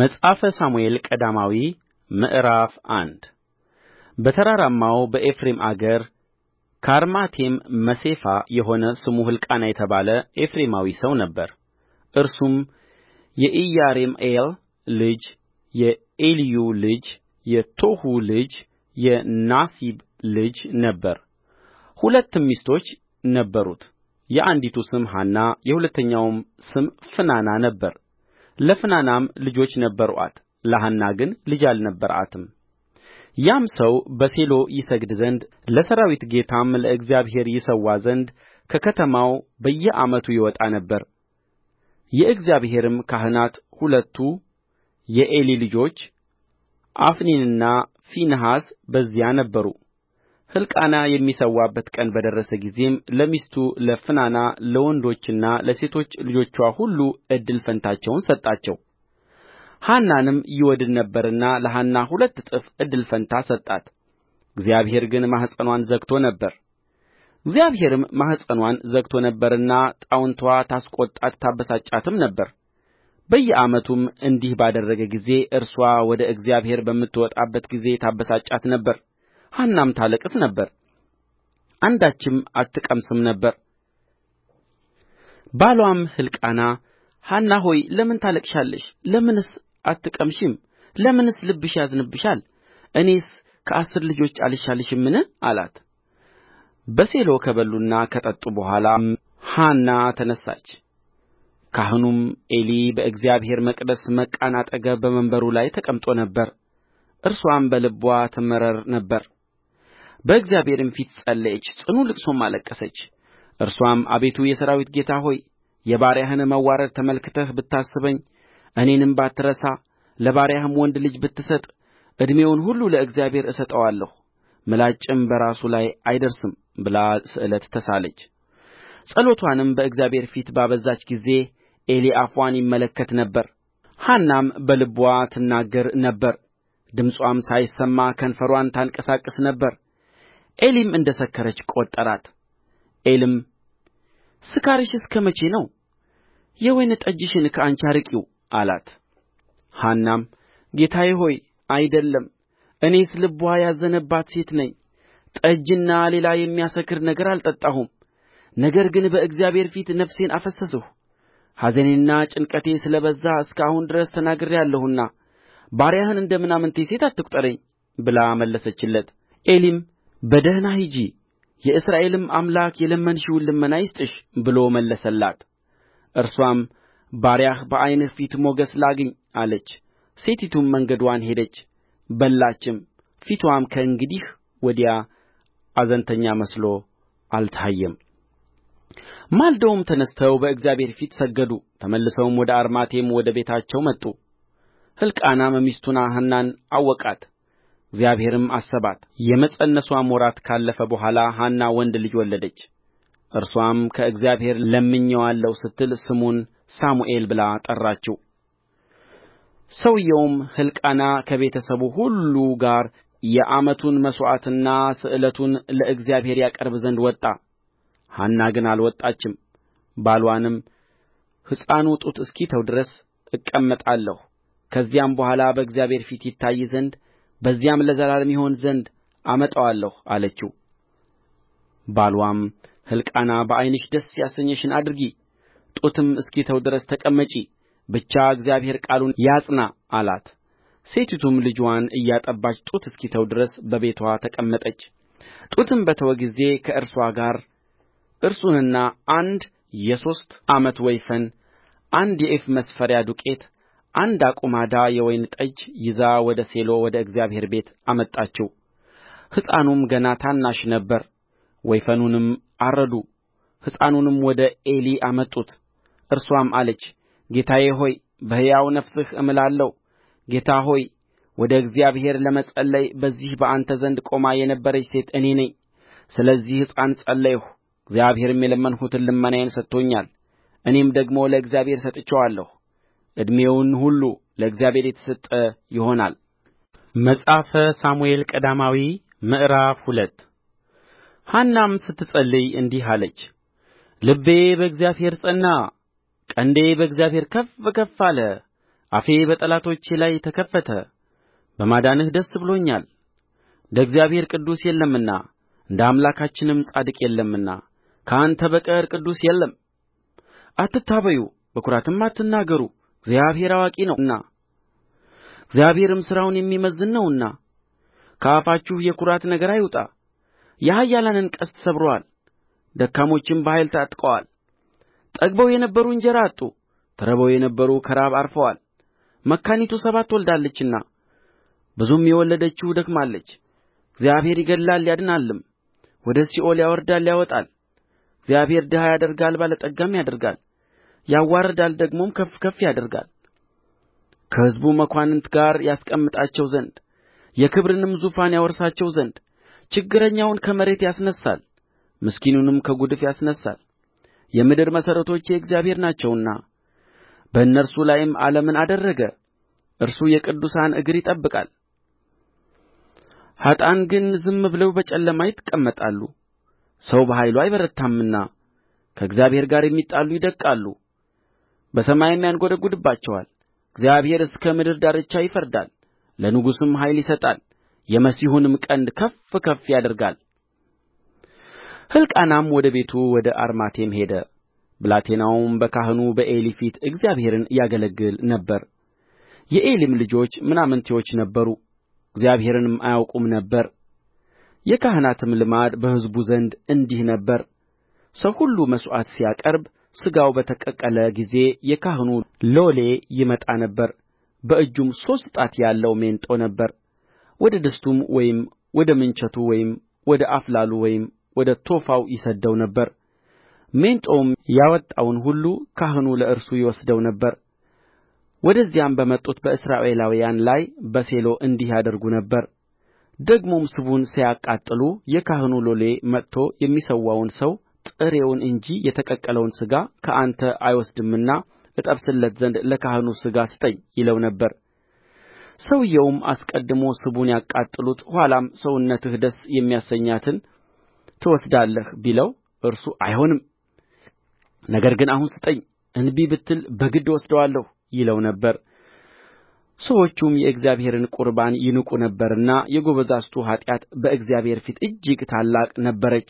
መጽሐፈ ሳሙኤል ቀዳማዊ ምዕራፍ አንድ በተራራማው በኤፍሬም አገር ከአርማቴም መሴፋ የሆነ ስሙ ሕልቃና የተባለ ኤፍሬማዊ ሰው ነበር። እርሱም የኢያሬምኤል ልጅ የኤልዩ ልጅ የቶሑ ልጅ የናሲብ ልጅ ነበር። ሁለትም ሚስቶች ነበሩት። የአንዲቱ ስም ሐና የሁለተኛውም ስም ፍናና ነበር። ለፍናናም ልጆች ነበሩአት ለሐና ግን ልጅ አልነበራትም ያም ሰው በሴሎ ይሰግድ ዘንድ ለሠራዊት ጌታም ለእግዚአብሔር ይሠዋ ዘንድ ከከተማው በየዓመቱ ይወጣ ነበር የእግዚአብሔርም ካህናት ሁለቱ የዔሊ ልጆች አፍኒንና ፊንሐስ በዚያ ነበሩ ሕልቃና የሚሠዋበት ቀን በደረሰ ጊዜም ለሚስቱ ለፍናና ለወንዶችና ለሴቶች ልጆችዋ ሁሉ እድል ፈንታቸውን ሰጣቸው ሐናንም ይወድድ ነበርና ለሐና ሁለት እጥፍ እድል ፈንታ ሰጣት እግዚአብሔር ግን ማኅፀንዋን ዘግቶ ነበር እግዚአብሔርም ማኅፀንዋን ዘግቶ ነበርና ጣውንትዋ ታስቈጣት ታበሳጫትም ነበር በየዓመቱም እንዲህ ባደረገ ጊዜ እርስዋ ወደ እግዚአብሔር በምትወጣበት ጊዜ ታበሳጫት ነበር ሐናም ታለቅስ ነበር አንዳችም አትቀምስም ነበር ባልዋም ሕልቃና ሐና ሆይ ለምን ታለቅሻለሽ ለምንስ አትቀምሺም ለምንስ ልብሽ ያዝንብሻል እኔስ ከአሥር ልጆች አልሻልልሽምን አላት በሴሎ ከበሉና ከጠጡ በኋላም ሐና ተነሣች ካህኑም ዔሊ በእግዚአብሔር መቅደስ መቃን አጠገብ በመንበሩ ላይ ተቀምጦ ነበር እርስዋም በልቧ ትመረር ነበር በእግዚአብሔርም ፊት ጸለየች ጽኑ ልቅሶም አለቀሰች እርስዋም አቤቱ የሠራዊት ጌታ ሆይ የባሪያህን መዋረድ ተመልክተህ ብታስበኝ እኔንም ባትረሳ ለባሪያህም ወንድ ልጅ ብትሰጥ ዕድሜውን ሁሉ ለእግዚአብሔር እሰጠዋለሁ ምላጭም በራሱ ላይ አይደርስም ብላ ስእለት ተሳለች። ጸሎቷንም በእግዚአብሔር ፊት ባበዛች ጊዜ ዔሊ አፏን ይመለከት ነበር፣ ሐናም በልቧ ትናገር ነበር፣ ድምፅዋም ሳይሰማ ከንፈሯን ታንቀሳቅስ ነበር። ዔሊም እንደ ሰከረች ቈጠራት ዔሊም ስካርሽ እስከ መቼ ነው የወይን ጠጅሽን ከአንቺ አርቂው አላት ሐናም ጌታዬ ሆይ አይደለም እኔስ ልብዋ ያዘነባት ሴት ነኝ ጠጅና ሌላ የሚያሰክር ነገር አልጠጣሁም ነገር ግን በእግዚአብሔር ፊት ነፍሴን አፈሰስሁ ኀዘኔና ጭንቀቴ ስለ በዛ እስከ አሁን ድረስ ተናግሬአለሁና ባሪያህን እንደ ምናምንቴ ሴት አትቍጠረኝ ብላ መለሰችለት ዔሊም በደኅና ሂጂ የእስራኤልም አምላክ የለመንሽውን ልመና ይስጥሽ ብሎ መለሰላት። እርሷም ባሪያህ በዓይንህ ፊት ሞገስ ላግኝ አለች። ሴቲቱም መንገድዋን ሄደች፣ በላችም። ፊትዋም ከእንግዲህ ወዲያ አዘንተኛ መስሎ አልታየም። ማልደውም ተነሥተው በእግዚአብሔር ፊት ሰገዱ። ተመልሰውም ወደ አርማቴም ወደ ቤታቸው መጡ። ሕልቃናም ሚስቱን ሐናን አወቃት። እግዚአብሔርም አሰባት የመፀነስዋም ወራት ካለፈ በኋላ ሐና ወንድ ልጅ ወለደች እርስዋም ከእግዚአብሔር ለምኜዋለሁ ስትል ስሙን ሳሙኤል ብላ ጠራችው ሰውየውም ሕልቃና ከቤተ ሰቡ ሁሉ ጋር የዓመቱን መሥዋዕትና ስእለቱን ለእግዚአብሔር ያቀርብ ዘንድ ወጣ ሐና ግን አልወጣችም ባልዋንም ሕፃኑ ጡት እስኪተው ድረስ እቀመጣለሁ ከዚያም በኋላ በእግዚአብሔር ፊት ይታይ ዘንድ በዚያም ለዘላለም ይሆን ዘንድ አመጣዋለሁ አለችው ባልዋም ሕልቃና በዓይንሽ ደስ ያሰኘሽን አድርጊ ጡትም እስኪተው ድረስ ተቀመጪ ብቻ እግዚአብሔር ቃሉን ያጽና አላት ሴቲቱም ልጅዋን እያጠባች ጡት እስኪተው ድረስ በቤትዋ ተቀመጠች ጡትም በተወ ጊዜ ከእርስዋ ጋር እርሱንና አንድ የሦስት ዓመት ወይፈን አንድ የኢፍ መስፈሪያ ዱቄት አንድ አቁማዳ የወይን ጠጅ ይዛ ወደ ሴሎ ወደ እግዚአብሔር ቤት አመጣችው ሕፃኑም ገና ታናሽ ነበረ ወይፈኑንም አረዱ ሕፃኑንም ወደ ዔሊ አመጡት እርስዋም አለች ጌታዬ ሆይ በሕያው ነፍስህ እምላለሁ ጌታ ሆይ ወደ እግዚአብሔር ለመጸለይ በዚህ በአንተ ዘንድ ቆማ የነበረች ሴት እኔ ነኝ ስለዚህ ሕፃን ጸለይሁ እግዚአብሔርም የለመንሁትን ልመናዬን ሰጥቶኛል እኔም ደግሞ ለእግዚአብሔር ሰጥቼዋለሁ ዕድሜውን ሁሉ ለእግዚአብሔር የተሰጠ ይሆናል መጽሐፈ ሳሙኤል ቀዳማዊ ምዕራፍ ሁለት ሐናም ስትጸልይ እንዲህ አለች ልቤ በእግዚአብሔር ጸና ቀንዴ በእግዚአብሔር ከፍ ከፍ አለ አፌ በጠላቶቼ ላይ ተከፈተ በማዳንህ ደስ ብሎኛል እንደ እግዚአብሔር ቅዱስ የለምና እንደ አምላካችንም ጻድቅ የለምና ከአንተ በቀር ቅዱስ የለም አትታበዩ በኵራትም አትናገሩ እግዚአብሔር አዋቂ ነውና እግዚአብሔርም ሥራውን የሚመዝን ነውና ከአፋችሁ የኵራት ነገር አይውጣ የኃያላንን ቀስት ሰብሮአል ደካሞችም በኃይል ታጥቀዋል ጠግበው የነበሩ እንጀራ አጡ ተርበው የነበሩ ከራብ ዐርፈዋል መካኒቱ ሰባት ወልዳለችና ብዙም የወለደችው ደክማለች እግዚአብሔር ይገድላል ያድናልም ወደ ሲኦል ያወርዳል ያወጣል እግዚአብሔር ድሀ ያደርጋል ባለጠጋም ያደርጋል ያዋርዳል ደግሞም ከፍ ከፍ ያደርጋል ከሕዝቡ መኳንንት ጋር ያስቀምጣቸው ዘንድ የክብርንም ዙፋን ያወርሳቸው ዘንድ ችግረኛውን ከመሬት ያስነሣል ምስኪኑንም ከጉድፍ ያስነሣል የምድር መሠረቶች የእግዚአብሔር ናቸውና በእነርሱ ላይም ዓለምን አደረገ እርሱ የቅዱሳን እግር ይጠብቃል ኀጥኣን ግን ዝም ብለው በጨለማ ይቀመጣሉ ሰው በኃይሉ አይበረታምና ከእግዚአብሔር ጋር የሚጣሉ ይደቅቃሉ በሰማይም ያንጐደጕድባቸዋል እግዚአብሔር እስከ ምድር ዳርቻ ይፈርዳል ለንጉሡም ኃይል ይሰጣል የመሲሑንም ቀንድ ከፍ ከፍ ያደርጋል ሕልቃናም ወደ ቤቱ ወደ አርማቴም ሄደ ብላቴናውም በካህኑ በዔሊ ፊት እግዚአብሔርን ያገለግል ነበር የዔሊም ልጆች ምናምንቴዎች ነበሩ እግዚአብሔርንም አያውቁም ነበር የካህናትም ልማድ በሕዝቡ ዘንድ እንዲህ ነበረ ሰው ሁሉ መሥዋዕት ሲያቀርብ ሥጋው በተቀቀለ ጊዜ የካህኑ ሎሌ ይመጣ ነበር በእጁም ሦስት ጣት ያለው ሜንጦ ነበረ ወደ ድስቱም ወይም ወደ ምንቸቱ ወይም ወደ አፍላሉ ወይም ወደ ቶፋው ይሰድደው ነበር ሜንጦውም ያወጣውን ሁሉ ካህኑ ለእርሱ ይወስደው ነበር ወደዚያም በመጡት በእስራኤላውያን ላይ በሴሎ እንዲህ ያደርጉ ነበር ደግሞም ስቡን ሳያቃጥሉ የካህኑ ሎሌ መጥቶ የሚሠዋውን ሰው ጥሬውን እንጂ የተቀቀለውን ሥጋ ከአንተ አይወስድምና እጠብስለት ዘንድ ለካህኑ ሥጋ ስጠኝ ይለው ነበር ሰውዮውም አስቀድሞ ስቡን ያቃጥሉት ኋላም ሰውነትህ ደስ የሚያሰኛትን ትወስዳለህ ቢለው እርሱ አይሆንም ነገር ግን አሁን ስጠኝ እንቢ ብትል በግድ እወስደዋለሁ ይለው ነበር ሰዎቹም የእግዚአብሔርን ቁርባን ይንቁ ነበርና የጎበዛዝቱ ኃጢአት በእግዚአብሔር ፊት እጅግ ታላቅ ነበረች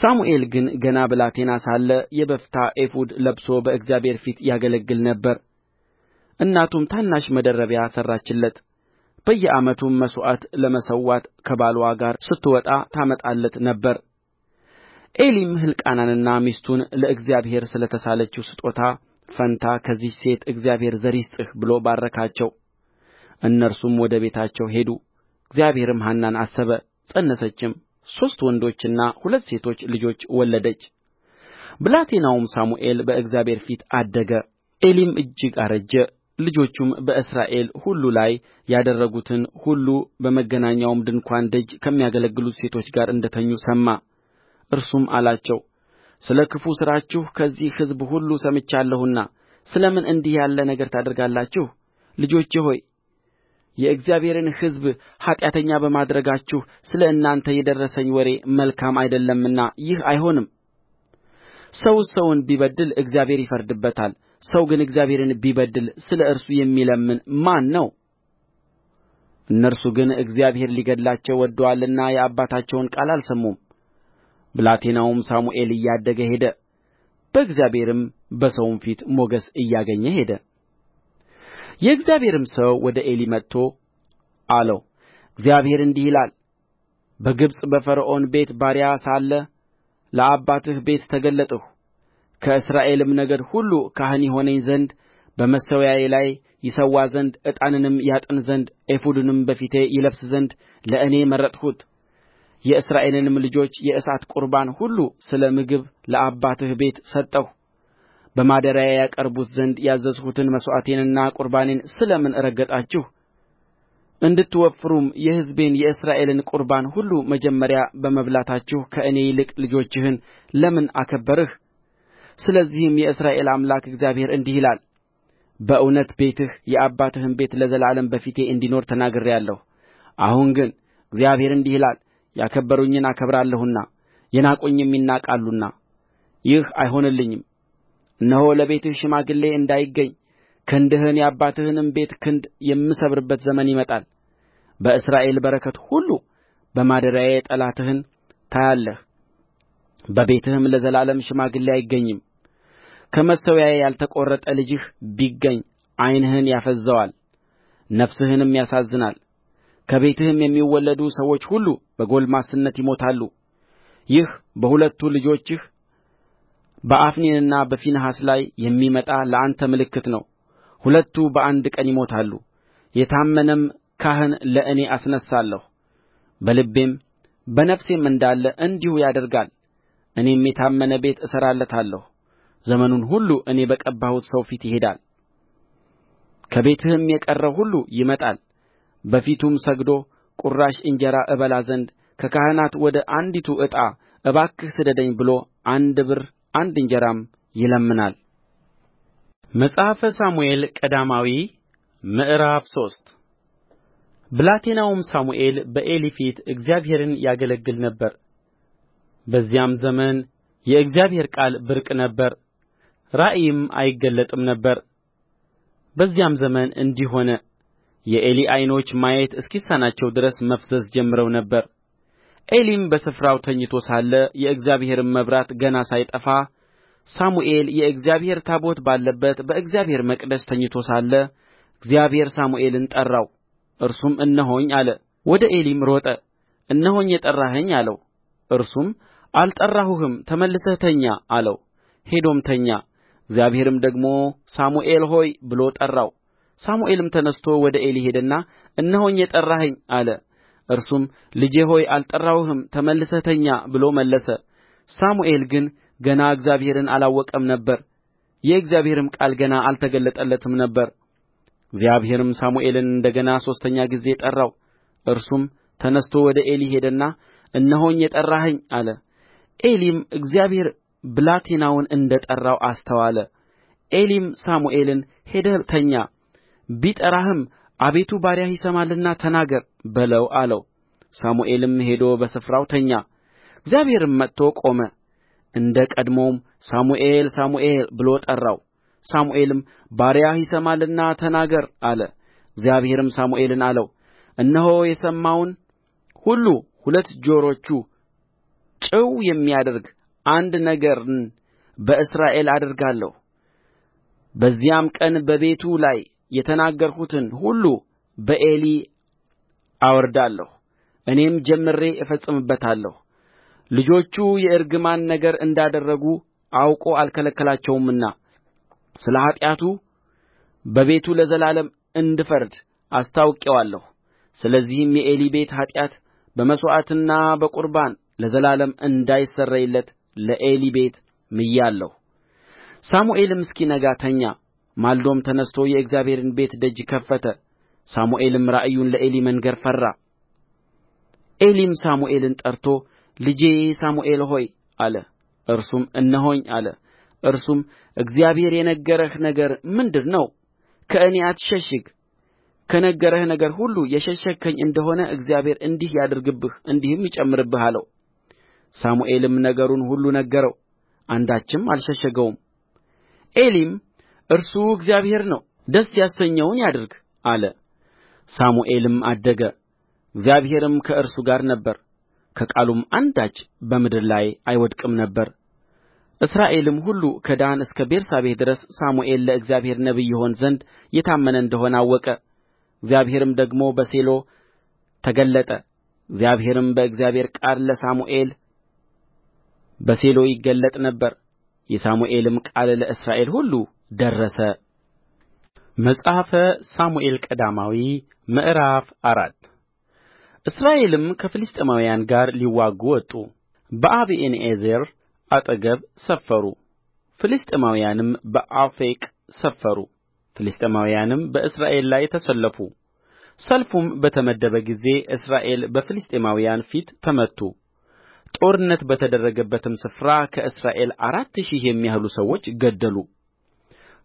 ሳሙኤል ግን ገና ብላቴና ሳለ የበፍታ ኤፉድ ለብሶ በእግዚአብሔር ፊት ያገለግል ነበር እናቱም ታናሽ መደረቢያ ሠራችለት በየዓመቱም መሥዋዕት ለመሠዋት ከባልዋ ጋር ስትወጣ ታመጣለት ነበር ዔሊም ሕልቃናንና ሚስቱን ለእግዚአብሔር ስለ ተሳለችው ስጦታ ፈንታ ከዚህች ሴት እግዚአብሔር ዘር ይስጥህ ብሎ ባረካቸው እነርሱም ወደ ቤታቸው ሄዱ እግዚአብሔርም ሐናን አሰበ ፀነሰችም ሦስት ወንዶችና ሁለት ሴቶች ልጆች ወለደች ብላቴናውም ሳሙኤል በእግዚአብሔር ፊት አደገ ዔሊም እጅግ አረጀ ልጆቹም በእስራኤል ሁሉ ላይ ያደረጉትን ሁሉ በመገናኛውም ድንኳን ደጅ ከሚያገለግሉት ሴቶች ጋር እንደ ተኙ ሰማ እርሱም አላቸው ስለ ክፉ ሥራችሁ ከዚህ ሕዝብ ሁሉ ሰምቻለሁና ስለ ምን እንዲህ ያለ ነገር ታደርጋላችሁ ልጆቼ ሆይ የእግዚአብሔርን ሕዝብ ኃጢአተኛ በማድረጋችሁ ስለ እናንተ የደረሰኝ ወሬ መልካም አይደለምና ይህ አይሆንም ሰውስ ሰውን ቢበድል እግዚአብሔር ይፈርድበታል ሰው ግን እግዚአብሔርን ቢበድል ስለ እርሱ የሚለምን ማን ነው እነርሱ ግን እግዚአብሔር ሊገድላቸው ወድዶአልና የአባታቸውን ቃል አልሰሙም ብላቴናውም ሳሙኤል እያደገ ሄደ በእግዚአብሔርም በሰውም ፊት ሞገስ እያገኘ ሄደ የእግዚአብሔርም ሰው ወደ ዔሊ መጥቶ አለው እግዚአብሔር እንዲህ ይላል በግብፅ በፈርዖን ቤት ባሪያ ሳለ ለአባትህ ቤት ተገለጥሁ ከእስራኤልም ነገድ ሁሉ ካህን ይሆነኝ ዘንድ በመሠዊያዬ ላይ ይሠዋ ዘንድ ዕጣንንም ያጥን ዘንድ ኤፉድንም በፊቴ ይለብስ ዘንድ ለእኔ መረጥሁት የእስራኤልንም ልጆች የእሳት ቍርባን ሁሉ ስለ ምግብ ለአባትህ ቤት ሰጠሁ በማደሪያዬ ያቀርቡት ዘንድ ያዘዝሁትን መሥዋዕቴንና ቍርባኔን ስለ ምን ረገጣችሁ እንድትወፍሩም የሕዝቤን የእስራኤልን ቍርባን ሁሉ መጀመሪያ በመብላታችሁ ከእኔ ይልቅ ልጆችህን ለምን አከበርህ ስለዚህም የእስራኤል አምላክ እግዚአብሔር እንዲህ ይላል በእውነት ቤትህ የአባትህም ቤት ለዘላለም በፊቴ እንዲኖር ተናግሬአለሁ አሁን ግን እግዚአብሔር እንዲህ ይላል ያከበሩኝን አከብራለሁና የናቁኝም ይናቃሉና ይህ አይሆንልኝም እነሆ ለቤትህ ሽማግሌ እንዳይገኝ ክንድህን የአባትህንም ቤት ክንድ የምሰብርበት ዘመን ይመጣል በእስራኤል በረከት ሁሉ በማደሪያዬ ጠላትህን ታያለህ በቤትህም ለዘላለም ሽማግሌ አይገኝም ከመሠዊያዬ ያልተቈረጠ ልጅህ ቢገኝ ዓይንህን ያፈዝዘዋል ነፍስህንም ያሳዝናል ከቤትህም የሚወለዱ ሰዎች ሁሉ በጎልማስነት ይሞታሉ ይህ በሁለቱ ልጆችህ በአፍኒንና በፊንሐስ ላይ የሚመጣ ለአንተ ምልክት ነው ሁለቱ በአንድ ቀን ይሞታሉ የታመነም ካህን ለእኔ አስነሣለሁ በልቤም በነፍሴም እንዳለ እንዲሁ ያደርጋል እኔም የታመነ ቤት እሠራለታለሁ ዘመኑን ሁሉ እኔ በቀባሁት ሰው ፊት ይሄዳል ከቤትህም የቀረው ሁሉ ይመጣል በፊቱም ሰግዶ ቍራሽ እንጀራ እበላ ዘንድ ከካህናት ወደ አንዲቱ ዕጣ እባክህ ስደደኝ ብሎ አንድ ብር አንድ እንጀራም ይለምናል መጽሐፈ ሳሙኤል ቀዳማዊ ምዕራፍ ሶስት ብላቴናውም ሳሙኤል በዔሊ ፊት እግዚአብሔርን ያገለግል ነበር። በዚያም ዘመን የእግዚአብሔር ቃል ብርቅ ነበር፣ ራእይም አይገለጥም ነበር። በዚያም ዘመን እንዲህ ሆነ፣ የዔሊ ዐይኖች ማየት እስኪሳናቸው ድረስ መፍዘዝ ጀምረው ነበር። ዔሊም በስፍራው ተኝቶ ሳለ የእግዚአብሔርም መብራት ገና ሳይጠፋ ሳሙኤል የእግዚአብሔር ታቦት ባለበት በእግዚአብሔር መቅደስ ተኝቶ ሳለ እግዚአብሔር ሳሙኤልን ጠራው እርሱም እነሆኝ አለ ወደ ዔሊም ሮጠ እነሆኝ የጠራኸኝ አለው እርሱም አልጠራሁህም ተመልሰህ ተኛ አለው ሄዶም ተኛ እግዚአብሔርም ደግሞ ሳሙኤል ሆይ ብሎ ጠራው ሳሙኤልም ተነሥቶ ወደ ዔሊ ሄደና እነሆኝ የጠራኸኝ አለ እርሱም ልጄ ሆይ አልጠራሁህም ተመልሰህ ተኛ ብሎ መለሰ ሳሙኤል ግን ገና እግዚአብሔርን አላወቀም ነበር የእግዚአብሔርም ቃል ገና አልተገለጠለትም ነበር እግዚአብሔርም ሳሙኤልን እንደ ገና ሦስተኛ ጊዜ ጠራው እርሱም ተነሥቶ ወደ ዔሊ ሄደና እነሆኝ የጠራኸኝ አለ ዔሊም እግዚአብሔር ብላቴናውን እንደ ጠራው አስተዋለ ዔሊም ሳሙኤልን ሄደህ ተኛ ቢጠራህም አቤቱ ባሪያህ ይሰማልና ተናገር በለው አለው ሳሙኤልም ሄዶ በስፍራው ተኛ እግዚአብሔርም መጥቶ ቆመ እንደ ቀድሞም ሳሙኤል ሳሙኤል ብሎ ጠራው ሳሙኤልም ባሪያህ ይሰማልና ተናገር አለ እግዚአብሔርም ሳሙኤልን አለው እነሆ የሰማውን ሁሉ ሁለት ጆሮቹ ጭው የሚያደርግ አንድ ነገርን በእስራኤል አደርጋለሁ በዚያም ቀን በቤቱ ላይ የተናገርሁትን ሁሉ በዔሊ አወርዳለሁ እኔም ጀምሬ እፈጽምበታለሁ ልጆቹ የእርግማን ነገር እንዳደረጉ አውቆ አልከለከላቸውምና ስለ ኃጢአቱ በቤቱ ለዘላለም እንድፈርድ አስታውቄዋለሁ ስለዚህም የዔሊ ቤት ኃጢአት በመሥዋዕትና በቍርባን ለዘላለም እንዳይሰረይለት ለዔሊ ቤት ምያለሁ ሳሙኤልም እስኪነጋ ተኛ ማልዶም ተነሥቶ የእግዚአብሔርን ቤት ደጅ ከፈተ ሳሙኤልም ራእዩን ለዔሊ መንገር ፈራ ዔሊም ሳሙኤልን ጠርቶ ልጄ ሳሙኤል ሆይ አለ እርሱም እነሆኝ አለ እርሱም እግዚአብሔር የነገረህ ነገር ምንድር ነው ከእኔ አትሸሽግ ከነገረህ ነገር ሁሉ የሸሸግኸኝ እንደሆነ እግዚአብሔር እንዲህ ያድርግብህ እንዲህም ይጨምርብህ አለው ሳሙኤልም ነገሩን ሁሉ ነገረው አንዳችም አልሸሸገውም ዔሊም እርሱ እግዚአብሔር ነው ደስ ያሰኘውን ያድርግ አለ ሳሙኤልም አደገ እግዚአብሔርም ከእርሱ ጋር ነበረ ከቃሉም አንዳች በምድር ላይ አይወድቅም ነበር እስራኤልም ሁሉ ከዳን እስከ ቤርሳቤህ ድረስ ሳሙኤል ለእግዚአብሔር ነቢይ ይሆን ዘንድ የታመነ እንደሆነ አወቀ እግዚአብሔርም ደግሞ በሴሎ ተገለጠ እግዚአብሔርም በእግዚአብሔር ቃል ለሳሙኤል በሴሎ ይገለጥ ነበር የሳሙኤልም ቃል ለእስራኤል ሁሉ ደረሰ መጽሐፈ ሳሙኤል ቀዳማዊ ምዕራፍ አራት እስራኤልም ከፍልስጥኤማውያን ጋር ሊዋጉ ወጡ በአቤንኤዘር አጠገብ ሰፈሩ ፍልስጥኤማውያንም በአፌቅ ሰፈሩ ፍልስጥኤማውያንም በእስራኤል ላይ ተሰለፉ ሰልፉም በተመደበ ጊዜ እስራኤል በፍልስጥኤማውያን ፊት ተመቱ ጦርነት በተደረገበትም ስፍራ ከእስራኤል አራት ሺህ የሚያህሉ ሰዎች ገደሉ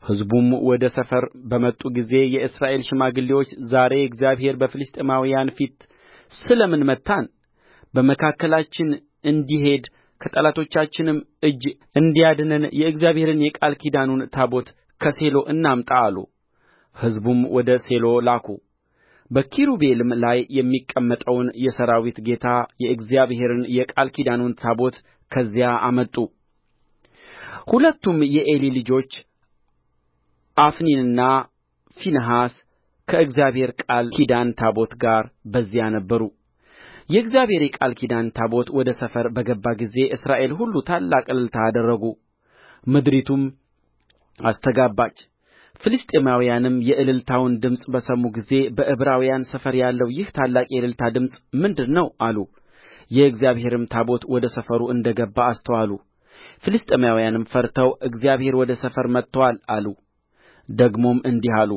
ሕዝቡም ወደ ሰፈር በመጡ ጊዜ የእስራኤል ሽማግሌዎች ዛሬ እግዚአብሔር በፍልስጥኤማውያን ፊት ስለ ምን መታን በመካከላችን እንዲሄድ ከጠላቶቻችንም እጅ እንዲያድነን የእግዚአብሔርን የቃል ኪዳኑን ታቦት ከሴሎ እናምጣ አሉ ሕዝቡም ወደ ሴሎ ላኩ በኪሩቤልም ላይ የሚቀመጠውን የሠራዊት ጌታ የእግዚአብሔርን የቃል ኪዳኑን ታቦት ከዚያ አመጡ ሁለቱም የዔሊ ልጆች አፍኒንና ፊንሐስ ከእግዚአብሔር ቃል ኪዳን ታቦት ጋር በዚያ ነበሩ የእግዚአብሔር የቃል ኪዳን ታቦት ወደ ሰፈር በገባ ጊዜ እስራኤል ሁሉ ታላቅ እልልታ አደረጉ ምድሪቱም አስተጋባች ፍልስጥኤማውያንም የእልልታውን ድምፅ በሰሙ ጊዜ በዕብራውያን ሰፈር ያለው ይህ ታላቅ የእልልታ ድምፅ ምንድር ነው አሉ የእግዚአብሔርም ታቦት ወደ ሰፈሩ እንደ ገባ አስተዋሉ ፍልስጥኤማውያንም ፈርተው እግዚአብሔር ወደ ሰፈር መጥቶአል አሉ ደግሞም እንዲህ አሉ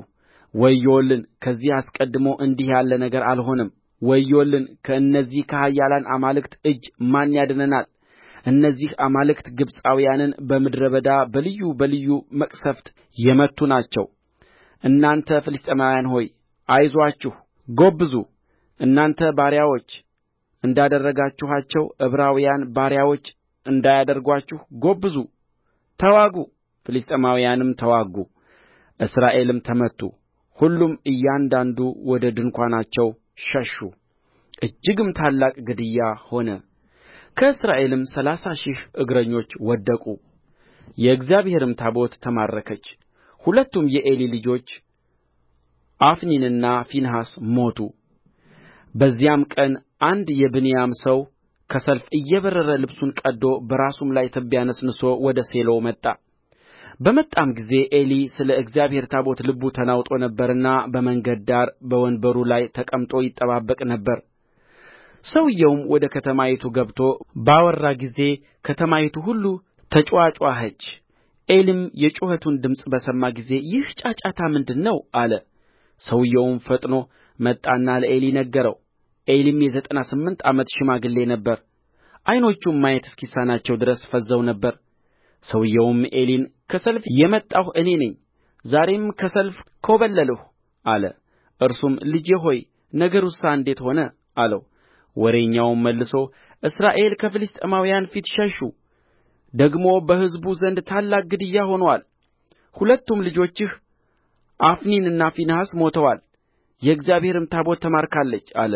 ወዮልን ከዚህ አስቀድሞ እንዲህ ያለ ነገር አልሆነም ወዮልን ከእነዚህ ከኃያላን አማልክት እጅ ማን ያድነናል እነዚህ አማልክት ግብፃውያንን በምድረ በዳ በልዩ በልዩ መቅሠፍት የመቱ ናቸው እናንተ ፍልስጥኤማውያን ሆይ አይዞአችሁ ጎብዙ እናንተ ባሪያዎች እንዳደረጋችኋቸው ዕብራውያን ባሪያዎች እንዳያደርጓችሁ ጎብዙ ተዋጉ ፍልስጥኤማውያንም ተዋጉ እስራኤልም ተመቱ ሁሉም እያንዳንዱ ወደ ድንኳናቸው ሸሹ እጅግም ታላቅ ግድያ ሆነ ከእስራኤልም ሠላሳ ሺህ እግረኞች ወደቁ የእግዚአብሔርም ታቦት ተማረከች ሁለቱም የዔሊ ልጆች አፍኒንና ፊንሐስ ሞቱ በዚያም ቀን አንድ የብንያም ሰው ከሰልፍ እየበረረ ልብሱን ቀድዶ በራሱም ላይ ትቢያ ነስንሶ ወደ ሴሎ መጣ በመጣም ጊዜ ዔሊ ስለ እግዚአብሔር ታቦት ልቡ ተናውጦ ነበርና በመንገድ ዳር በወንበሩ ላይ ተቀምጦ ይጠባበቅ ነበር ሰውዮውም ወደ ከተማይቱ ገብቶ ባወራ ጊዜ ከተማይቱ ሁሉ ተጭዋጭዋኸች ዔሊም የጩኸቱን ድምፅ በሰማ ጊዜ ይህ ጫጫታ ምንድር ነው አለ ሰውዮውም ፈጥኖ መጣና ለዔሊ ነገረው ዔሊም የዘጠና ስምንት ዓመት ሽማግሌ ነበር ዐይኖቹም ማየት እስኪሳናቸው ድረስ ፈዝዘው ነበር ሰውየውም ዔሊን ከሰልፍ የመጣሁ እኔ ነኝ ዛሬም ከሰልፍ ኮበለልሁ አለ እርሱም ልጄ ሆይ ነገሩሳ እንዴት ሆነ አለው ወሬኛውም መልሶ እስራኤል ከፍልስጥኤማውያን ፊት ሸሹ ደግሞ በሕዝቡ ዘንድ ታላቅ ግድያ ሆኖአል ሁለቱም ልጆችህ አፍኒንና ፊንሐስ ሞተዋል የእግዚአብሔርም ታቦት ተማርካለች አለ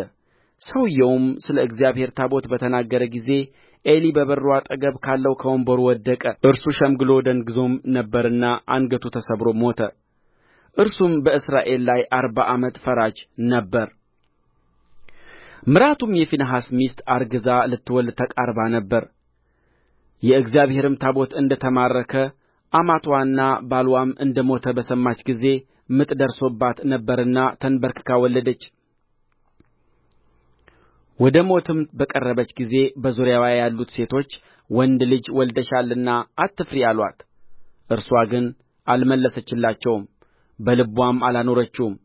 ሰውየውም ስለ እግዚአብሔር ታቦት በተናገረ ጊዜ ዔሊ በበሩ አጠገብ ካለው ከወንበሩ ወደቀ እርሱ ሸምግሎ ደንግዞም ነበርና አንገቱ ተሰብሮ ሞተ እርሱም በእስራኤል ላይ አርባ ዓመት ፈራጅ ነበር ምራቱም የፊንሐስ ሚስት አርግዛ ልትወልድ ተቃርባ ነበር የእግዚአብሔርም ታቦት እንደ ተማረከ አማትዋና ባልዋም እንደ ሞተ በሰማች ጊዜ ምጥ ደርሶባት ነበርና ተንበርክካ ወለደች ወደ ሞትም በቀረበች ጊዜ በዙሪያዋ ያሉት ሴቶች ወንድ ልጅ ወልደሻልና አትፍሪ አሏት እርስዋ ግን አልመለሰችላቸውም በልቧም አላኖረችውም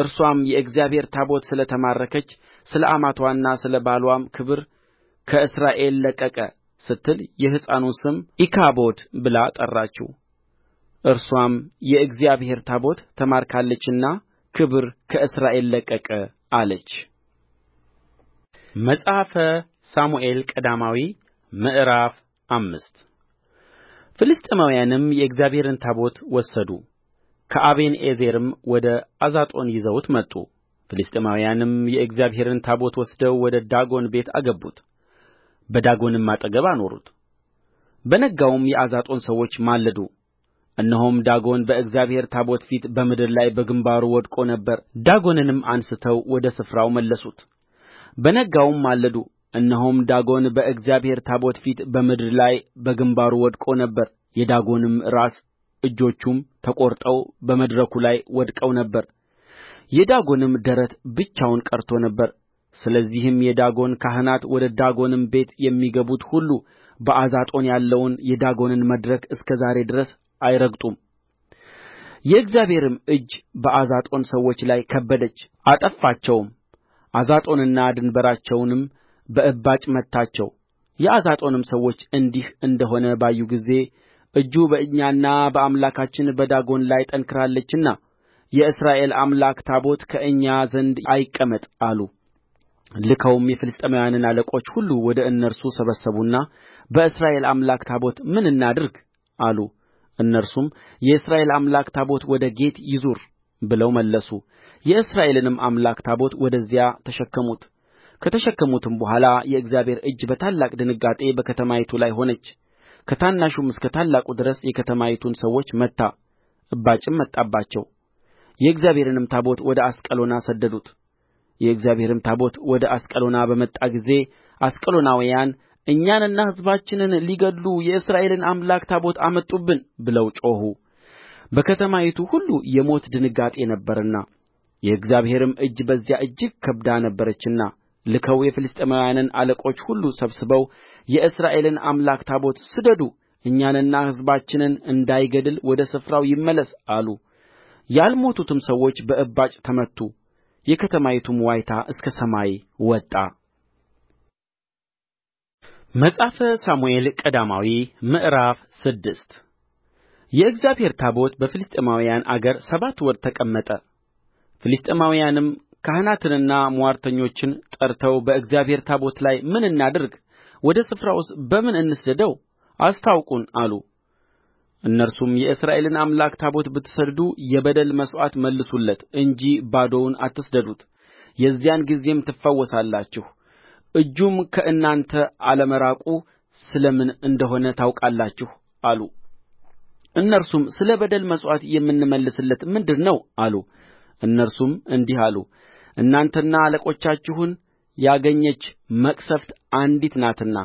እርሷም የእግዚአብሔር ታቦት ስለ ተማረከች ስለ አማትዋና ስለ ባልዋም ክብር ከእስራኤል ለቀቀ ስትል የሕፃኑን ስም ኢካቦድ ብላ ጠራችው እርስዋም የእግዚአብሔር ታቦት ተማርካለችና ክብር ከእስራኤል ለቀቀ አለች መጽሐፈ ሳሙኤል ቀዳማዊ ምዕራፍ አምስት ፍልስጥኤማውያንም የእግዚአብሔርን ታቦት ወሰዱ ከአቤንኤዘርም ወደ አዛጦን ይዘውት መጡ ፍልስጥኤማውያንም የእግዚአብሔርን ታቦት ወስደው ወደ ዳጎን ቤት አገቡት በዳጎንም አጠገብ አኖሩት በነጋውም የአዛጦን ሰዎች ማለዱ እነሆም ዳጎን በእግዚአብሔር ታቦት ፊት በምድር ላይ በግምባሩ ወድቆ ነበር ዳጎንንም አንሥተው ወደ ስፍራው መለሱት በነጋውም ማለዱ እነሆም ዳጎን በእግዚአብሔር ታቦት ፊት በምድር ላይ በግምባሩ ወድቆ ነበር የዳጎንም ራስ እጆቹም ተቈርጠው በመድረኩ ላይ ወድቀው ነበር የዳጎንም ደረት ብቻውን ቀርቶ ነበር ስለዚህም የዳጎን ካህናት ወደ ዳጎንም ቤት የሚገቡት ሁሉ በአዛጦን ያለውን የዳጎንን መድረክ እስከ ዛሬ ድረስ አይረግጡም የእግዚአብሔርም እጅ በአዛጦን ሰዎች ላይ ከበደች አጠፋቸውም አዛጦንና ድንበራቸውንም በእባጭ መታቸው የአዛጦንም ሰዎች እንዲህ እንደሆነ ባዩ ጊዜ እጁ በእኛና በአምላካችን በዳጎን ላይ ጠንክራለችና የእስራኤል አምላክ ታቦት ከእኛ ዘንድ አይቀመጥ አሉ ልከውም የፍልስጥኤማውያንን አለቆች ሁሉ ወደ እነርሱ ሰበሰቡና በእስራኤል አምላክ ታቦት ምን እናድርግ አሉ እነርሱም የእስራኤል አምላክ ታቦት ወደ ጌት ይዙር ብለው መለሱ የእስራኤልንም አምላክ ታቦት ወደዚያ ተሸከሙት ከተሸከሙትም በኋላ የእግዚአብሔር እጅ በታላቅ ድንጋጤ በከተማይቱ ላይ ሆነች ከታናሹም እስከ ታላቁ ድረስ የከተማይቱን ሰዎች መታ እባጭም መጣባቸው የእግዚአብሔርንም ታቦት ወደ አስቀሎና ሰደዱት የእግዚአብሔርም ታቦት ወደ አስቀሎና በመጣ ጊዜ አስቀሎናውያን እኛንና ሕዝባችንን ሊገድሉ የእስራኤልን አምላክ ታቦት አመጡብን ብለው ጮኹ በከተማይቱ ሁሉ የሞት ድንጋጤ ነበርና የእግዚአብሔርም እጅ በዚያ እጅግ ከብዳ ነበረችና ልከው የፍልስጥኤማውያንን አለቆች ሁሉ ሰብስበው የእስራኤልን አምላክ ታቦት ስደዱ እኛንና ሕዝባችንን እንዳይገድል ወደ ስፍራው ይመለስ አሉ ያልሞቱትም ሰዎች በእባጭ ተመቱ የከተማይቱም ዋይታ እስከ ሰማይ ወጣ መጽሐፈ ሳሙኤል ቀዳማዊ ምዕራፍ ስድስት የእግዚአብሔር ታቦት በፍልስጥኤማውያን አገር ሰባት ወር ተቀመጠ። ፍልስጥኤማውያንም ካህናትንና ሟርተኞችን ጠርተው በእግዚአብሔር ታቦት ላይ ምን እናድርግ? ወደ ስፍራውስ በምን እንስደደው? አስታውቁን አሉ። እነርሱም የእስራኤልን አምላክ ታቦት ብትሰድዱ የበደል መሥዋዕት መልሱለት እንጂ ባዶውን አትስደዱት የዚያን ጊዜም ትፈወሳላችሁ እጁም ከእናንተ አለመራቁ ስለ ምን እንደ ሆነ ታውቃላችሁ አሉ እነርሱም ስለ በደል መሥዋዕት የምንመልስለት ምንድር ነው አሉ እነርሱም እንዲህ አሉ እናንተና አለቆቻችሁን ያገኘች መቅሠፍት አንዲት ናትና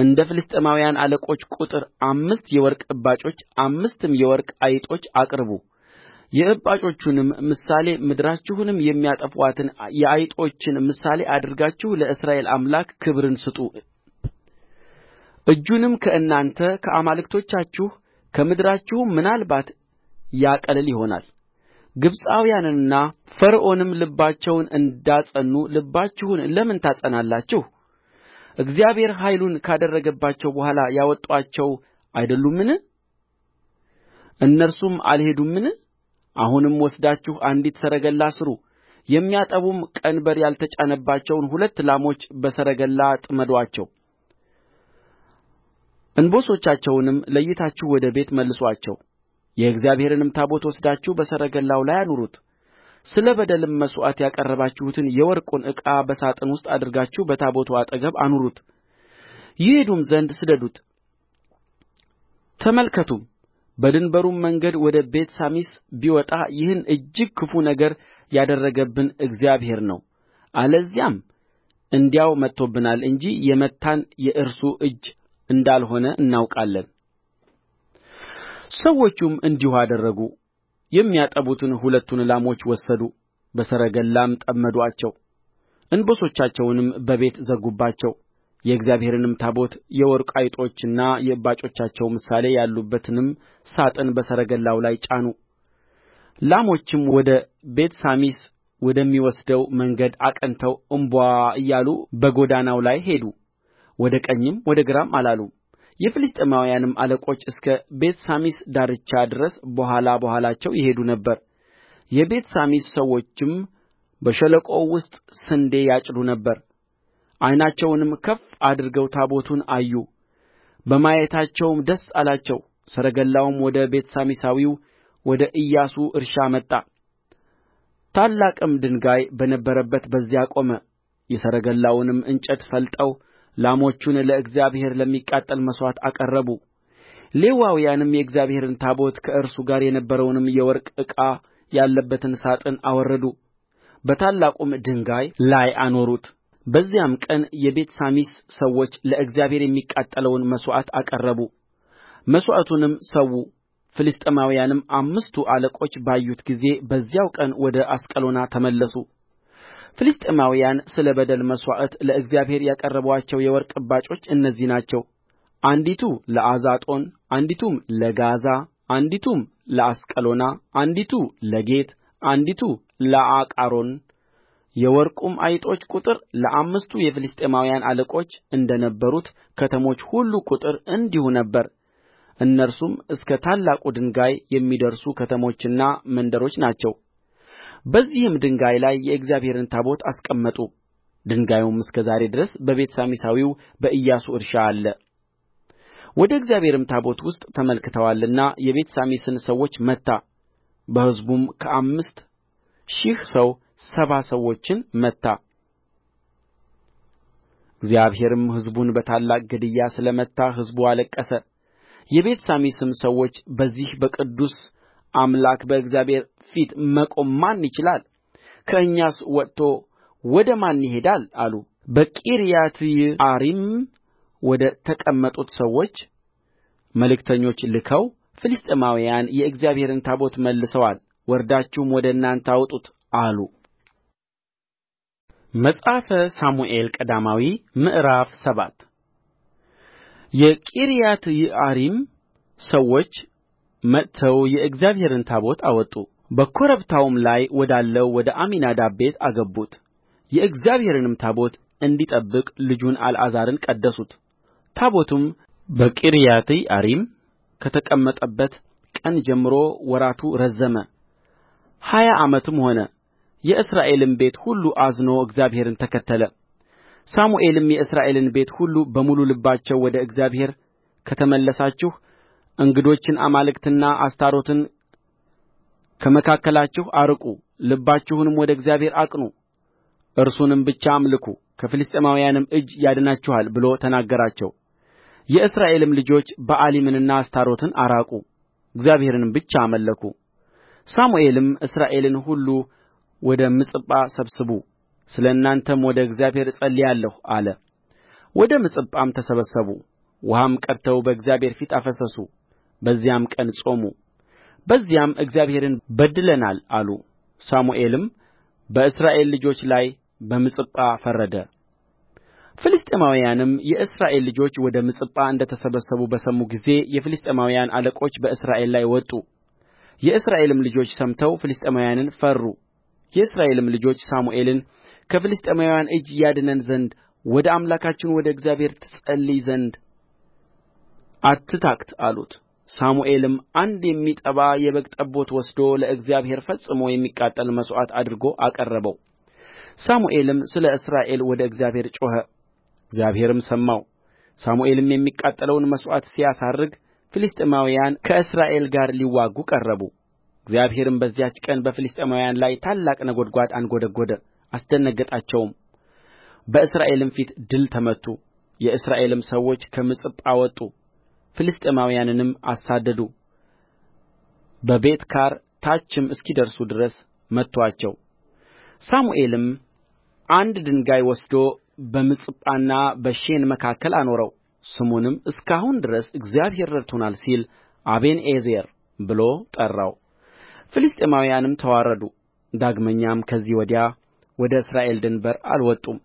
እንደ ፍልስጥኤማውያን አለቆች ቍጥር አምስት የወርቅ እባጮች አምስትም የወርቅ አይጦች አቅርቡ የእባጮቹንም ምሳሌ ምድራችሁንም የሚያጠፋአትን የአይጦችን ምሳሌ አድርጋችሁ ለእስራኤል አምላክ ክብርን ስጡ እጁንም ከእናንተ ከአማልክቶቻችሁ ከምድራችሁም ምናልባት ያቀልል ይሆናል ግብፃውያንና ፈርዖንም ልባቸውን እንዳጸኑ ልባችሁን ለምን ታጸናላችሁ እግዚአብሔር ኃይሉን ካደረገባቸው በኋላ ያወጡአቸው አይደሉምን እነርሱም አልሄዱምን አሁንም ወስዳችሁ አንዲት ሰረገላ ሥሩ የሚያጠቡም ቀንበር ያልተጫነባቸውን ሁለት ላሞች በሰረገላ ጥመዷቸው። እንቦሶቻቸውንም ለይታችሁ ወደ ቤት መልሱአቸው የእግዚአብሔርንም ታቦት ወስዳችሁ በሰረገላው ላይ አኑሩት ስለ በደልም መሥዋዕት ያቀረባችሁትን የወርቁን ዕቃ በሣጥን ውስጥ አድርጋችሁ በታቦቱ አጠገብ አኑሩት ይሄዱም ዘንድ ስደዱት ተመልከቱም በድንበሩም መንገድ ወደ ቤት ሳሚስ ቢወጣ ይህን እጅግ ክፉ ነገር ያደረገብን እግዚአብሔር ነው አለዚያም እንዲያው መጥቶብናል እንጂ የመታን የእርሱ እጅ እንዳልሆነ እናውቃለን ሰዎቹም እንዲሁ አደረጉ የሚያጠቡትን ሁለቱን ላሞች ወሰዱ በሰረገላም ጠመዱአቸው እንቦሶቻቸውንም በቤት ዘጉባቸው የእግዚአብሔርንም ታቦት የወርቁ አይጦችና የእባጮቻቸው ምሳሌ ያሉበትንም ሣጥን በሰረገላው ላይ ጫኑ ላሞችም ወደ ቤትሳሚስ ወደሚወስደው መንገድ አቅንተው እምቧ እያሉ በጎዳናው ላይ ሄዱ ወደ ቀኝም ወደ ግራም አላሉም የፍልስጥኤማውያንም አለቆች እስከ ቤትሳሚስ ዳርቻ ድረስ በኋላ በኋላቸው ይሄዱ ነበር የቤትሳሚስ ሰዎችም በሸለቆው ውስጥ ስንዴ ያጭዱ ነበር ዓይናቸውንም ከፍ አድርገው ታቦቱን አዩ በማየታቸውም ደስ አላቸው ሰረገላውም ወደ ቤትሳሚሳዊው ወደ ኢያሱ እርሻ መጣ ታላቅም ድንጋይ በነበረበት በዚያ ቆመ የሰረገላውንም እንጨት ፈልጠው ላሞቹን ለእግዚአብሔር ለሚቃጠል መሥዋዕት አቀረቡ ሌዋውያንም የእግዚአብሔርን ታቦት ከእርሱ ጋር የነበረውንም የወርቅ ዕቃ ያለበትን ሣጥን አወረዱ በታላቁም ድንጋይ ላይ አኖሩት በዚያም ቀን የቤትሳሚስ ሰዎች ለእግዚአብሔር የሚቃጠለውን መሥዋዕት አቀረቡ መሥዋዕቱንም ሠዉ ፍልስጥኤማውያንም አምስቱ አለቆች ባዩት ጊዜ በዚያው ቀን ወደ አስቀሎና ተመለሱ ፍልስጥኤማውያን ስለ በደል መሥዋዕት ለእግዚአብሔር ያቀረቡአቸው የወርቅ እባጮች እነዚህ ናቸው አንዲቱ ለአዛጦን አንዲቱም ለጋዛ አንዲቱም ለአስቀሎና አንዲቱ ለጌት አንዲቱ ለአቃሮን የወርቁም አይጦች ቍጥር ለአምስቱ የፍልስጥኤማውያን አለቆች እንደ ነበሩት ከተሞች ሁሉ ቍጥር እንዲሁ ነበረ እነርሱም እስከ ታላቁ ድንጋይ የሚደርሱ ከተሞችና መንደሮች ናቸው በዚህም ድንጋይ ላይ የእግዚአብሔርን ታቦት አስቀመጡ ድንጋዩም እስከ ዛሬ ድረስ በቤትሳሚሳዊው በኢያሱ እርሻ አለ ወደ እግዚአብሔርም ታቦት ውስጥ ተመልክተዋልና የቤትሳሚስን ሰዎች መታ በሕዝቡም ከአምስት ሺህ ሰው ሰባ ሰዎችን መታ እግዚአብሔርም ሕዝቡን በታላቅ ግድያ ስለ መታ ሕዝቡ አለቀሰ የቤትሳሚስም ሰዎች በዚህ በቅዱስ አምላክ በእግዚአብሔር ፊት መቆም ማን ይችላል ከእኛስ ወጥቶ ወደ ማን ይሄዳል አሉ በቂርያትይዓሪም ወደ ተቀመጡት ሰዎች መልእክተኞች ልከው ፍልስጥኤማውያን የእግዚአብሔርን ታቦት መልሰዋል ወርዳችሁም ወደ እናንተ አውጡት አሉ መጽሐፈ ሳሙኤል ቀዳማዊ ምዕራፍ ሰባት የቂርያትይዓሪም ሰዎች መጥተው የእግዚአብሔርን ታቦት አወጡ በኮረብታውም ላይ ወዳለው ወደ አሚናዳብ ቤት አገቡት የእግዚአብሔርንም ታቦት እንዲጠብቅ ልጁን አልዓዛርን ቀደሱት ታቦቱም በቂርያትይዓሪም ከተቀመጠበት ቀን ጀምሮ ወራቱ ረዘመ ሀያ ዓመትም ሆነ የእስራኤልም ቤት ሁሉ አዝኖ እግዚአብሔርን ተከተለ ሳሙኤልም የእስራኤልን ቤት ሁሉ በሙሉ ልባቸው ወደ እግዚአብሔር ከተመለሳችሁ እንግዶችን አማልክትና አስታሮትን ከመካከላችሁ አርቁ ልባችሁንም ወደ እግዚአብሔር አቅኑ እርሱንም ብቻ አምልኩ ከፍልስጥኤማውያንም እጅ ያድናችኋል ብሎ ተናገራቸው የእስራኤልም ልጆች በኣሊምንና አስታሮትን አራቁ እግዚአብሔርንም ብቻ አመለኩ ሳሙኤልም እስራኤልን ሁሉ ወደ ምጽጳ ሰብስቡ ስለ እናንተም ወደ እግዚአብሔር እጸልያለሁ አለ ወደ ምጽጳም ተሰበሰቡ ውሃም ቀድተው በእግዚአብሔር ፊት አፈሰሱ በዚያም ቀን ጾሙ በዚያም እግዚአብሔርን በድለናል አሉ ሳሙኤልም በእስራኤል ልጆች ላይ በምጽጳ ፈረደ ፍልስጥኤማውያንም የእስራኤል ልጆች ወደ ምጽጳ እንደ ተሰበሰቡ በሰሙ ጊዜ የፍልስጥኤማውያን አለቆች በእስራኤል ላይ ወጡ የእስራኤልም ልጆች ሰምተው ፍልስጥኤማውያንን ፈሩ የእስራኤልም ልጆች ሳሙኤልን ከፍልስጥኤማውያን እጅ ያድነን ዘንድ ወደ አምላካችን ወደ እግዚአብሔር ትጸልይ ዘንድ አትታክት አሉት ሳሙኤልም አንድ የሚጠባ የበግ ጠቦት ወስዶ ለእግዚአብሔር ፈጽሞ የሚቃጠል መሥዋዕት አድርጎ አቀረበው ሳሙኤልም ስለ እስራኤል ወደ እግዚአብሔር ጮኸ እግዚአብሔርም ሰማው ሳሙኤልም የሚቃጠለውን መሥዋዕት ሲያሳርግ ፍልስጥኤማውያን ከእስራኤል ጋር ሊዋጉ ቀረቡ እግዚአብሔርም በዚያች ቀን በፍልስጥኤማውያን ላይ ታላቅ ነጐድጓድ አንጐደጐደ አስደነገጣቸውም በእስራኤልም ፊት ድል ተመቱ የእስራኤልም ሰዎች ከምጽጳ ወጡ ፍልስጥኤማውያንንም አሳደዱ በቤትካር ታችም እስኪደርሱ ድረስ መቱአቸው ሳሙኤልም አንድ ድንጋይ ወስዶ በምጽጳና በሼን መካከል አኖረው ስሙንም እስከ አሁን ድረስ እግዚአብሔር ረድቶናል ሲል አቤንኤዘር ብሎ ጠራው ፍልስጥኤማውያንም ተዋረዱ ዳግመኛም ከዚህ ወዲያ ወደ እስራኤል ድንበር አልወጡም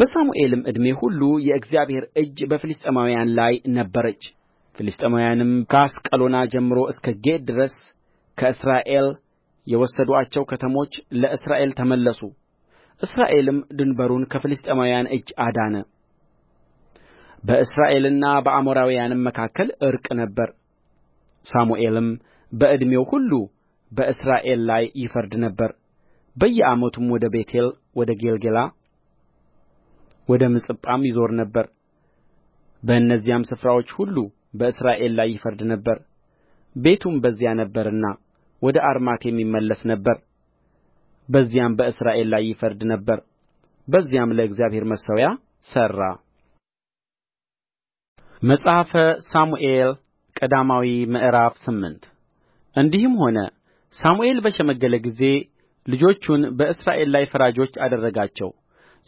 በሳሙኤልም ዕድሜ ሁሉ የእግዚአብሔር እጅ በፍልስጥኤማውያን ላይ ነበረች ፍልስጥኤማውያንም ከአስቀሎና ጀምሮ እስከ ጌት ድረስ ከእስራኤል የወሰዱአቸው ከተሞች ለእስራኤል ተመለሱ እስራኤልም ድንበሩን ከፍልስጥኤማውያን እጅ አዳነ በእስራኤልና በአሞራውያንም መካከል ዕርቅ ነበር ሳሙኤልም በዕድሜው ሁሉ በእስራኤል ላይ ይፈርድ ነበር በየዓመቱም ወደ ቤቴል ወደ ጌልገላ ወደ ምጽጳም ይዞር ነበር በእነዚያም ስፍራዎች ሁሉ በእስራኤል ላይ ይፈርድ ነበር ቤቱም በዚያ ነበረና ወደ አርማቴም የሚመለስ ነበር በዚያም በእስራኤል ላይ ይፈርድ ነበር በዚያም ለእግዚአብሔር መሠዊያ ሠራ መጽሐፈ ሳሙኤል ቀዳማዊ ምዕራፍ ስምንት እንዲህም ሆነ ሳሙኤል በሸመገለ ጊዜ ልጆቹን በእስራኤል ላይ ፈራጆች አደረጋቸው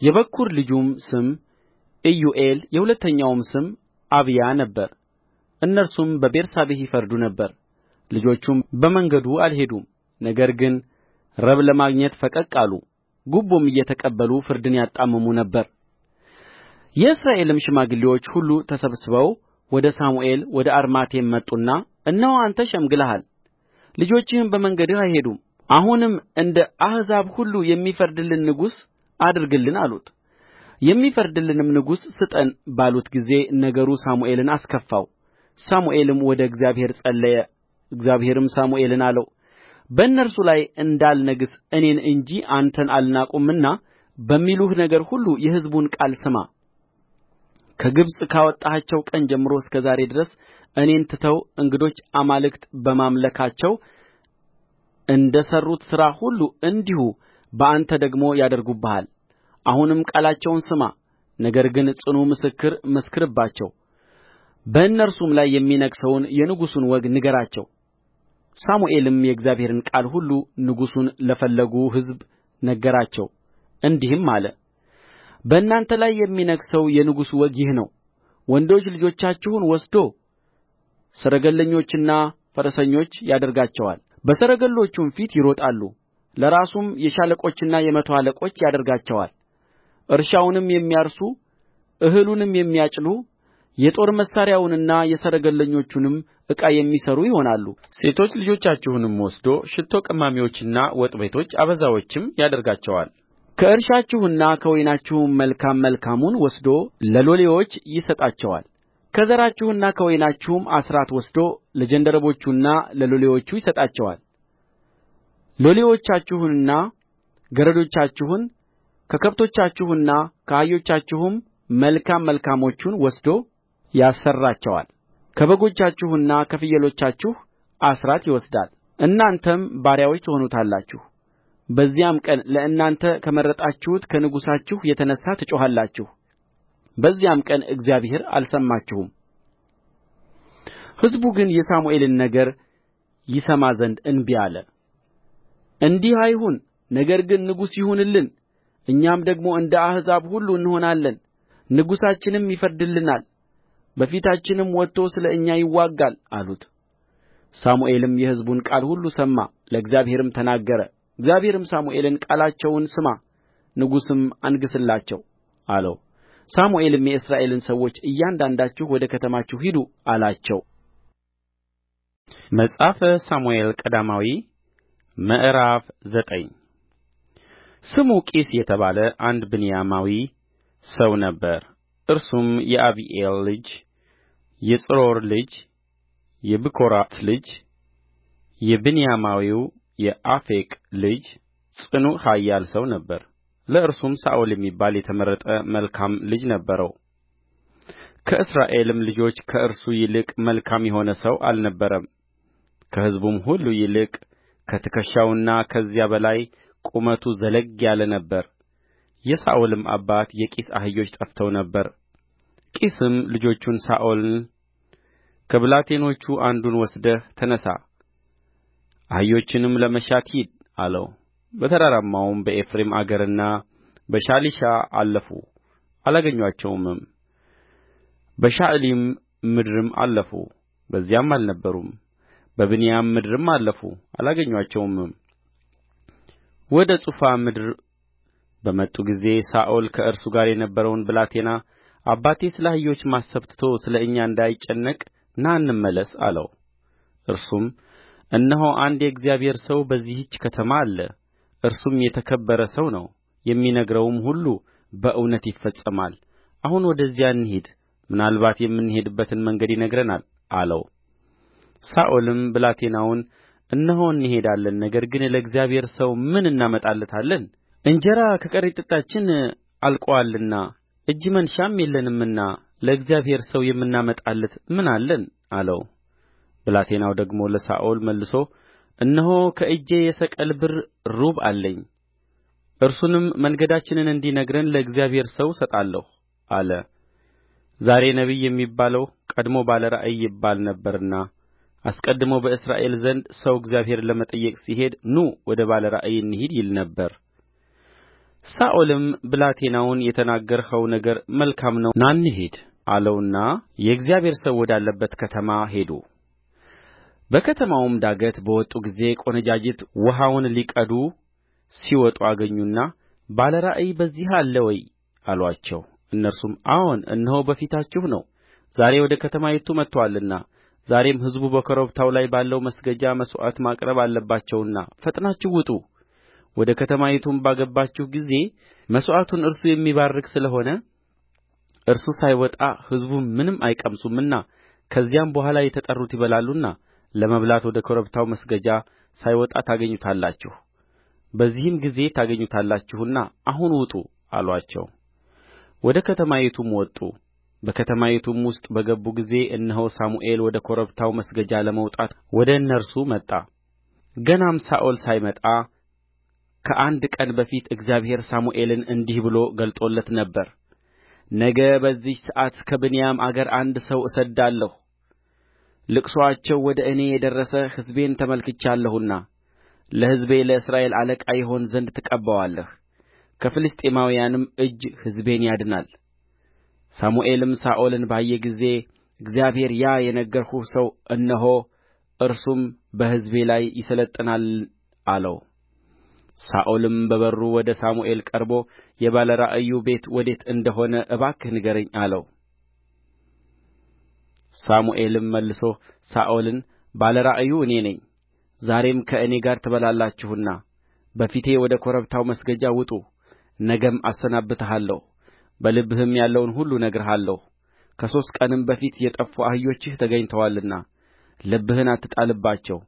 የበኵር ልጁም ስም ኢዮኤል የሁለተኛውም ስም አብያ ነበረ እነርሱም በቤርሳቤህ ይፈርዱ ነበር ልጆቹም በመንገዱ አልሄዱም ነገር ግን ረብ ለማግኘት ፈቀቅ አሉ ጉቦም እየተቀበሉ ፍርድን ያጣምሙ ነበር የእስራኤልም ሽማግሌዎች ሁሉ ተሰብስበው ወደ ሳሙኤል ወደ አርማቴም መጡና እነሆ አንተ ሸምግለሃል ልጆችህም በመንገድህ አይሄዱም አሁንም እንደ አሕዛብ ሁሉ የሚፈርድልን ንጉሥ አድርግልን አሉት የሚፈርድልንም ንጉሥ ስጠን ባሉት ጊዜ ነገሩ ሳሙኤልን አስከፋው ሳሙኤልም ወደ እግዚአብሔር ጸለየ እግዚአብሔርም ሳሙኤልን አለው በእነርሱ ላይ እንዳልነግሥ እኔን እንጂ አንተን አልናቁምና በሚሉህ ነገር ሁሉ የሕዝቡን ቃል ስማ ከግብፅ ካወጣሃቸው ቀን ጀምሮ እስከ ዛሬ ድረስ እኔን ትተው እንግዶች አማልክት በማምለካቸው እንደ ሠሩት ሥራ ሁሉ እንዲሁ በአንተ ደግሞ ያደርጉብሃል አሁንም ቃላቸውን ስማ ነገር ግን ጽኑ ምስክር መስክርባቸው በእነርሱም ላይ የሚነግሠውን የንጉሡን ወግ ንገራቸው ሳሙኤልም የእግዚአብሔርን ቃል ሁሉ ንጉሡን ለፈለጉ ሕዝብ ነገራቸው እንዲህም አለ በእናንተ ላይ የሚነግሠው የንጉሡ ወግ ይህ ነው ወንዶች ልጆቻችሁን ወስዶ ሰረገለኞችና ፈረሰኞች ያደርጋቸዋል በሰረገሎቹም ፊት ይሮጣሉ ለራሱም የሻለቆችና የመቶ አለቆች ያደርጋቸዋል እርሻውንም የሚያርሱ እህሉንም የሚያጭዱ የጦር መሣሪያውንና የሰረገለኞቹንም ዕቃ የሚሠሩ ይሆናሉ ሴቶች ልጆቻችሁንም ወስዶ ሽቶ ቀማሚዎችና ወጥ ቤቶች አበዛዎችም ያደርጋቸዋል ከእርሻችሁና ከወይናችሁም መልካም መልካሙን ወስዶ ለሎሌዎች ይሰጣቸዋል ከዘራችሁና ከወይናችሁም አሥራት ወስዶ ለጃንደረቦቹና ለሎሌዎቹ ይሰጣቸዋል ሎሌዎቻችሁንና ገረዶቻችሁን ከከብቶቻችሁና ከአህዮቻችሁም መልካም መልካሞቹን ወስዶ ያሠራቸዋል ከበጎቻችሁና ከፍየሎቻችሁ አሥራት ይወስዳል እናንተም ባሪያዎች ትሆኑታላችሁ በዚያም ቀን ለእናንተ ከመረጣችሁት ከንጉሣችሁ የተነሣ ትጮኻላችሁ በዚያም ቀን እግዚአብሔር አልሰማችሁም ሕዝቡ ግን የሳሙኤልን ነገር ይሰማ ዘንድ እንቢ አለ እንዲህ አይሁን ነገር ግን ንጉሥ ይሁንልን እኛም ደግሞ እንደ አሕዛብ ሁሉ እንሆናለን ንጉሣችንም ይፈርድልናል በፊታችንም ወጥቶ ስለ እኛ ይዋጋል አሉት ሳሙኤልም የሕዝቡን ቃል ሁሉ ሰማ ለእግዚአብሔርም ተናገረ እግዚአብሔርም ሳሙኤልን ቃላቸውን ስማ ንጉሥም አንግሥላቸው አለው ሳሙኤልም የእስራኤልን ሰዎች እያንዳንዳችሁ ወደ ከተማችሁ ሂዱ አላቸው መጽሐፈ ሳሙኤል ቀዳማዊ ምዕራፍ ዘጠኝ ስሙ ቂስ የተባለ አንድ ብንያማዊ ሰው ነበረ። እርሱም የአቢኤል ልጅ የጽሮር ልጅ የብኮራት ልጅ የብንያማዊው የአፌቅ ልጅ ጽኑዕ ኃያል ሰው ነበር። ለእርሱም ሳኦል የሚባል የተመረጠ መልካም ልጅ ነበረው። ከእስራኤልም ልጆች ከእርሱ ይልቅ መልካም የሆነ ሰው አልነበረም። ከሕዝቡም ሁሉ ይልቅ ከትከሻውና ከዚያ በላይ ቁመቱ ዘለግ ያለ ነበረ የሳኦልም አባት የቂስ አህዮች ጠፍተው ነበር ቂስም ልጆቹን ሳኦልን ከብላቴኖቹ አንዱን ወስደህ ተነሣ አህዮችንም ለመሻት ሂድ አለው በተራራማውም በኤፍሬም አገርና በሻሊሻ አለፉ አላገኙአቸውምም በሻዕሊም ምድርም አለፉ በዚያም አልነበሩም በብንያም ምድርም አለፉ አላገኙአቸውምም ወደ ጹፍ ምድር በመጡ ጊዜ ሳኦል ከእርሱ ጋር የነበረውን ብላቴና አባቴ ስለ አህዮች ማሰብ ትቶ ስለ እኛ እንዳይጨነቅ ና እንመለስ አለው። እርሱም እነሆ አንድ የእግዚአብሔር ሰው በዚህች ከተማ አለ፣ እርሱም የተከበረ ሰው ነው፣ የሚነግረውም ሁሉ በእውነት ይፈጸማል። አሁን ወደዚያ እንሂድ፣ ምናልባት የምንሄድበትን መንገድ ይነግረናል አለው። ሳኦልም ብላቴናውን እነሆ እንሄዳለን ነገር ግን ለእግዚአብሔር ሰው ምን እናመጣለታለን እንጀራ ከከረጢታችን አልቆአልና እጅ መንሻም የለንምና ለእግዚአብሔር ሰው የምናመጣለት ምን አለን አለው ብላቴናው ደግሞ ለሳኦል መልሶ እነሆ ከእጄ የሰቅል ብር ሩብ አለኝ እርሱንም መንገዳችንን እንዲነግረን ለእግዚአብሔር ሰው እሰጣለሁ አለ ዛሬ ነቢይ የሚባለው ቀድሞ ባለ ራእይ ይባል ነበርና አስቀድሞ በእስራኤል ዘንድ ሰው እግዚአብሔርን ለመጠየቅ ሲሄድ ኑ ወደ ባለ ራእይ እንሂድ ይል ነበር ሳኦልም ብላቴናውን የተናገርኸው ነገር መልካም ነው ና እንሂድ አለውና የእግዚአብሔር ሰው ወዳለበት ከተማ ሄዱ በከተማውም ዳገት በወጡ ጊዜ ቆነጃጅት ውኃውን ሊቀዱ ሲወጡ አገኙና ባለ ራእይ በዚህ አለ ወይ አሉአቸው እነርሱም አዎን እነሆ በፊታችሁ ነው ዛሬ ወደ ከተማይቱ መጥቶአልና ዛሬም ሕዝቡ በኮረብታው ላይ ባለው መስገጃ መሥዋዕት ማቅረብ አለባቸውና ፈጥናችሁ ውጡ ወደ ከተማይቱም ባገባችሁ ጊዜ መሥዋዕቱን እርሱ የሚባርክ ስለ ሆነ እርሱ ሳይወጣ ሕዝቡ ምንም አይቀምሱምና ከዚያም በኋላ የተጠሩት ይበላሉና ለመብላት ወደ ኮረብታው መስገጃ ሳይወጣ ታገኙታላችሁ በዚህም ጊዜ ታገኙታላችሁና አሁን ውጡ አሉአቸው ወደ ከተማይቱም ወጡ በከተማይቱም ውስጥ በገቡ ጊዜ እነሆ ሳሙኤል ወደ ኮረብታው መስገጃ ለመውጣት ወደ እነርሱ መጣ ገናም ሳኦል ሳይመጣ ከአንድ ቀን በፊት እግዚአብሔር ሳሙኤልን እንዲህ ብሎ ገልጦለት ነበር ነገ በዚህች ሰዓት ከብንያም አገር አንድ ሰው እሰድዳለሁ ልቅሶአቸው ወደ እኔ የደረሰ ሕዝቤን ተመልክቻለሁና ለሕዝቤ ለእስራኤል አለቃ ይሆን ዘንድ ትቀባዋለህ ከፍልስጥኤማውያንም እጅ ሕዝቤን ያድናል ሳሙኤልም ሳኦልን ባየ ጊዜ እግዚአብሔር ያ የነገርሁህ ሰው እነሆ እርሱም በሕዝቤ ላይ ይሠለጥናል አለው ሳኦልም በበሩ ወደ ሳሙኤል ቀርቦ የባለ ራእዩ ቤት ወዴት እንደ ሆነ እባክህ ንገረኝ አለው ሳሙኤልም መልሶ ሳኦልን ባለ ራእዩ እኔ ነኝ ዛሬም ከእኔ ጋር ትበላላችሁና በፊቴ ወደ ኮረብታው መስገጃ ውጡ ነገም አሰናብትሃለሁ በልብህም ያለውን ሁሉ እነግርሃለሁ ከሦስት ቀንም በፊት የጠፉ አህዮችህ ተገኝተዋልና ልብህን አትጣልባቸው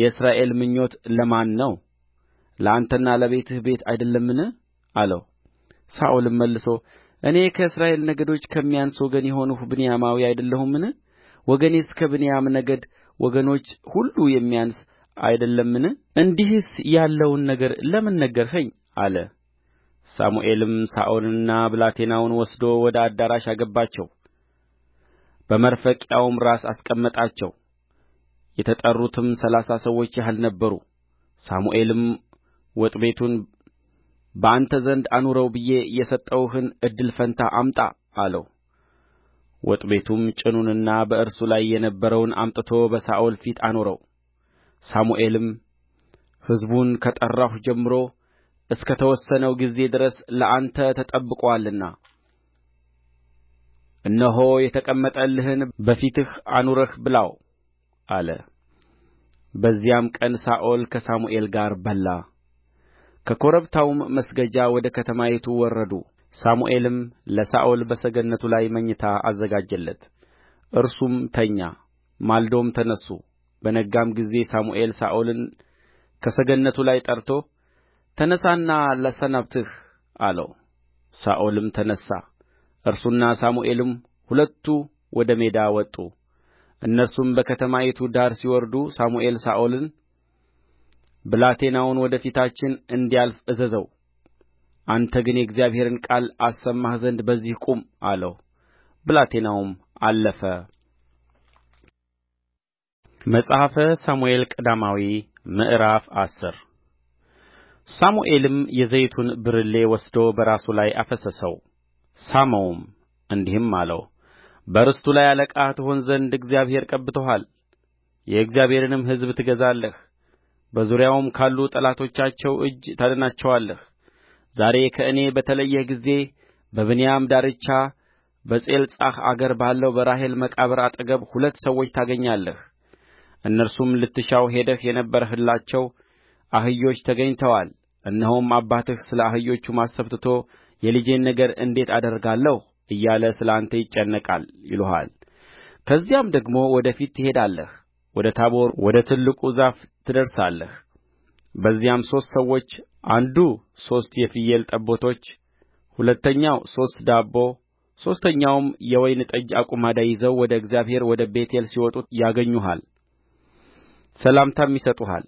የእስራኤል ምኞት ለማን ነው ለአንተና ለቤትህ ቤት አይደለምን አለው ሳኦልም መልሶ እኔ ከእስራኤል ነገዶች ከሚያንስ ወገን የሆንሁ ብንያማዊ አይደለሁምን ወገኔስ ከብንያም ነገድ ወገኖች ሁሉ የሚያንስ አይደለምን እንዲህስ ያለውን ነገር ለምን ነገርኸኝ አለ ሳሙኤልም ሳኦልንና ብላቴናውን ወስዶ ወደ አዳራሽ አገባቸው በመርፈቂያውም ራስ አስቀመጣቸው የተጠሩትም ሠላሳ ሰዎች ያህል ነበሩ ሳሙኤልም ወጥቤቱን በአንተ ዘንድ አኑረው ብዬ የሰጠሁህን እድል ፈንታ አምጣ አለው ወጥቤቱም ጭኑንና በእርሱ ላይ የነበረውን አምጥቶ በሳኦል ፊት አኖረው ሳሙኤልም ሕዝቡን ከጠራሁ ጀምሮ እስከ ተወሰነው ጊዜ ድረስ ለአንተ ተጠብቆአልና እነሆ የተቀመጠልህን በፊትህ አኑረህ ብላው አለ በዚያም ቀን ሳኦል ከሳሙኤል ጋር በላ ከኮረብታውም መስገጃ ወደ ከተማይቱ ወረዱ ሳሙኤልም ለሳኦል በሰገነቱ ላይ መኝታ አዘጋጀለት እርሱም ተኛ ማልዶም ተነሡ በነጋም ጊዜ ሳሙኤል ሳኦልን ከሰገነቱ ላይ ጠርቶ ተነሣና ላሰናብትህ አለው ሳኦልም ተነሣ እርሱና ሳሙኤልም ሁለቱ ወደ ሜዳ ወጡ እነርሱም በከተማይቱ ዳር ሲወርዱ ሳሙኤል ሳኦልን ብላቴናውን ወደ ፊታችን እንዲያልፍ እዘዘው አንተ ግን የእግዚአብሔርን ቃል አሰማህ ዘንድ በዚህ ቁም አለው ብላቴናውም አለፈ መጽሐፈ ሳሙኤል ቀዳማዊ ምዕራፍ አስር ሳሙኤልም የዘይቱን ብርሌ ወስዶ በራሱ ላይ አፈሰሰው ሳመውም፣ እንዲህም አለው በርስቱ ላይ አለቃ ትሆን ዘንድ እግዚአብሔር ቀብቶሃል። የእግዚአብሔርንም ሕዝብ ትገዛለህ፣ በዙሪያውም ካሉ ጠላቶቻቸው እጅ ታድናቸዋለህ። ዛሬ ከእኔ በተለየህ ጊዜ በብንያም ዳርቻ በጼልጻህ አገር ባለው በራሔል መቃብር አጠገብ ሁለት ሰዎች ታገኛለህ። እነርሱም ልትሻው ሄደህ የነበርህላቸው አህዮች ተገኝተዋል እነሆም አባትህ ስለ አህዮቹ ማሰብ ትቶ የልጄን ነገር እንዴት አደርጋለሁ እያለ ስለ አንተ ይጨነቃል ይሉሃል ከዚያም ደግሞ ወደ ፊት ትሄዳለህ ወደ ታቦር ወደ ትልቁ ዛፍ ትደርሳለህ በዚያም ሦስት ሰዎች አንዱ ሦስት የፍየል ጠቦቶች ሁለተኛው ሦስት ዳቦ ሦስተኛውም የወይን ጠጅ አቁማዳ ይዘው ወደ እግዚአብሔር ወደ ቤቴል ሲወጡ ያገኙሃል ሰላምታም ይሰጡሃል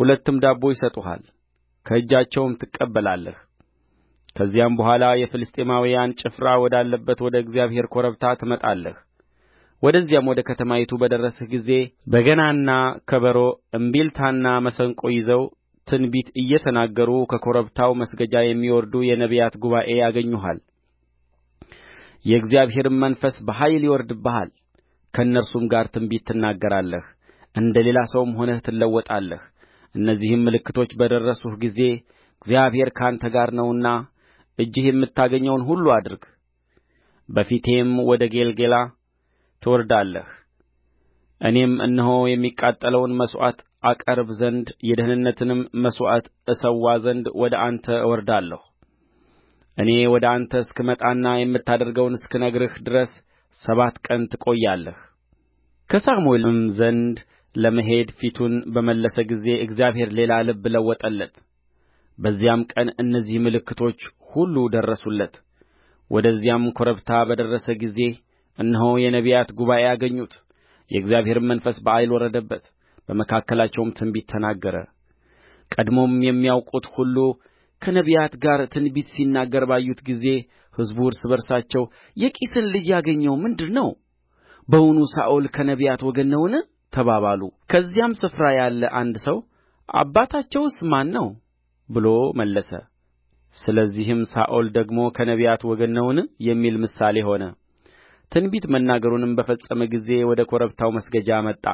ሁለትም ዳቦ ይሰጡሃል ከእጃቸውም ትቀበላለህ ከዚያም በኋላ የፍልስጥኤማውያን ጭፍራ ወዳለበት ወደ እግዚአብሔር ኮረብታ ትመጣለህ ወደዚያም ወደ ከተማይቱ በደረስህ ጊዜ በገናና ከበሮ እምቢልታና መሰንቆ ይዘው ትንቢት እየተናገሩ ከኮረብታው መስገጃ የሚወርዱ የነቢያት ጉባኤ ያገኙሃል የእግዚአብሔርም መንፈስ በኃይል ይወርድብሃል ከእነርሱም ጋር ትንቢት ትናገራለህ እንደ ሌላ ሰውም ሆነህ ትለወጣለህ እነዚህም ምልክቶች በደረሱህ ጊዜ እግዚአብሔር ከአንተ ጋር ነውና እጅህ የምታገኘውን ሁሉ አድርግ በፊቴም ወደ ጌልገላ ትወርዳለህ እኔም እነሆ የሚቃጠለውን መሥዋዕት አቀርብ ዘንድ የደኅንነትንም መሥዋዕት እሠዋ ዘንድ ወደ አንተ እወርዳለሁ እኔ ወደ አንተ እስክመጣና የምታደርገውን እስክነግርህ ድረስ ሰባት ቀን ትቆያለህ ከሳሙኤልም ዘንድ ለመሄድ ፊቱን በመለሰ ጊዜ እግዚአብሔር ሌላ ልብ ለወጠለት በዚያም ቀን እነዚህ ምልክቶች ሁሉ ደረሱለት ወደዚያም ኮረብታ በደረሰ ጊዜ እነሆ የነቢያት ጉባኤ አገኙት የእግዚአብሔርም መንፈስ በኃይል ወረደበት በመካከላቸውም ትንቢት ተናገረ ቀድሞም የሚያውቁት ሁሉ ከነቢያት ጋር ትንቢት ሲናገር ባዩት ጊዜ ሕዝቡ እርስ በርሳቸው የቂስን ልጅ ያገኘው ምንድር ነው በውኑ ሳኦል ከነቢያት ወገን ነውን ተባባሉ ከዚያም ስፍራ ያለ አንድ ሰው አባታቸውስ ማን ነው ብሎ መለሰ ስለዚህም ሳኦል ደግሞ ከነቢያት ወገን ነውን የሚል ምሳሌ ሆነ ትንቢት መናገሩንም በፈጸመ ጊዜ ወደ ኮረብታው መስገጃ መጣ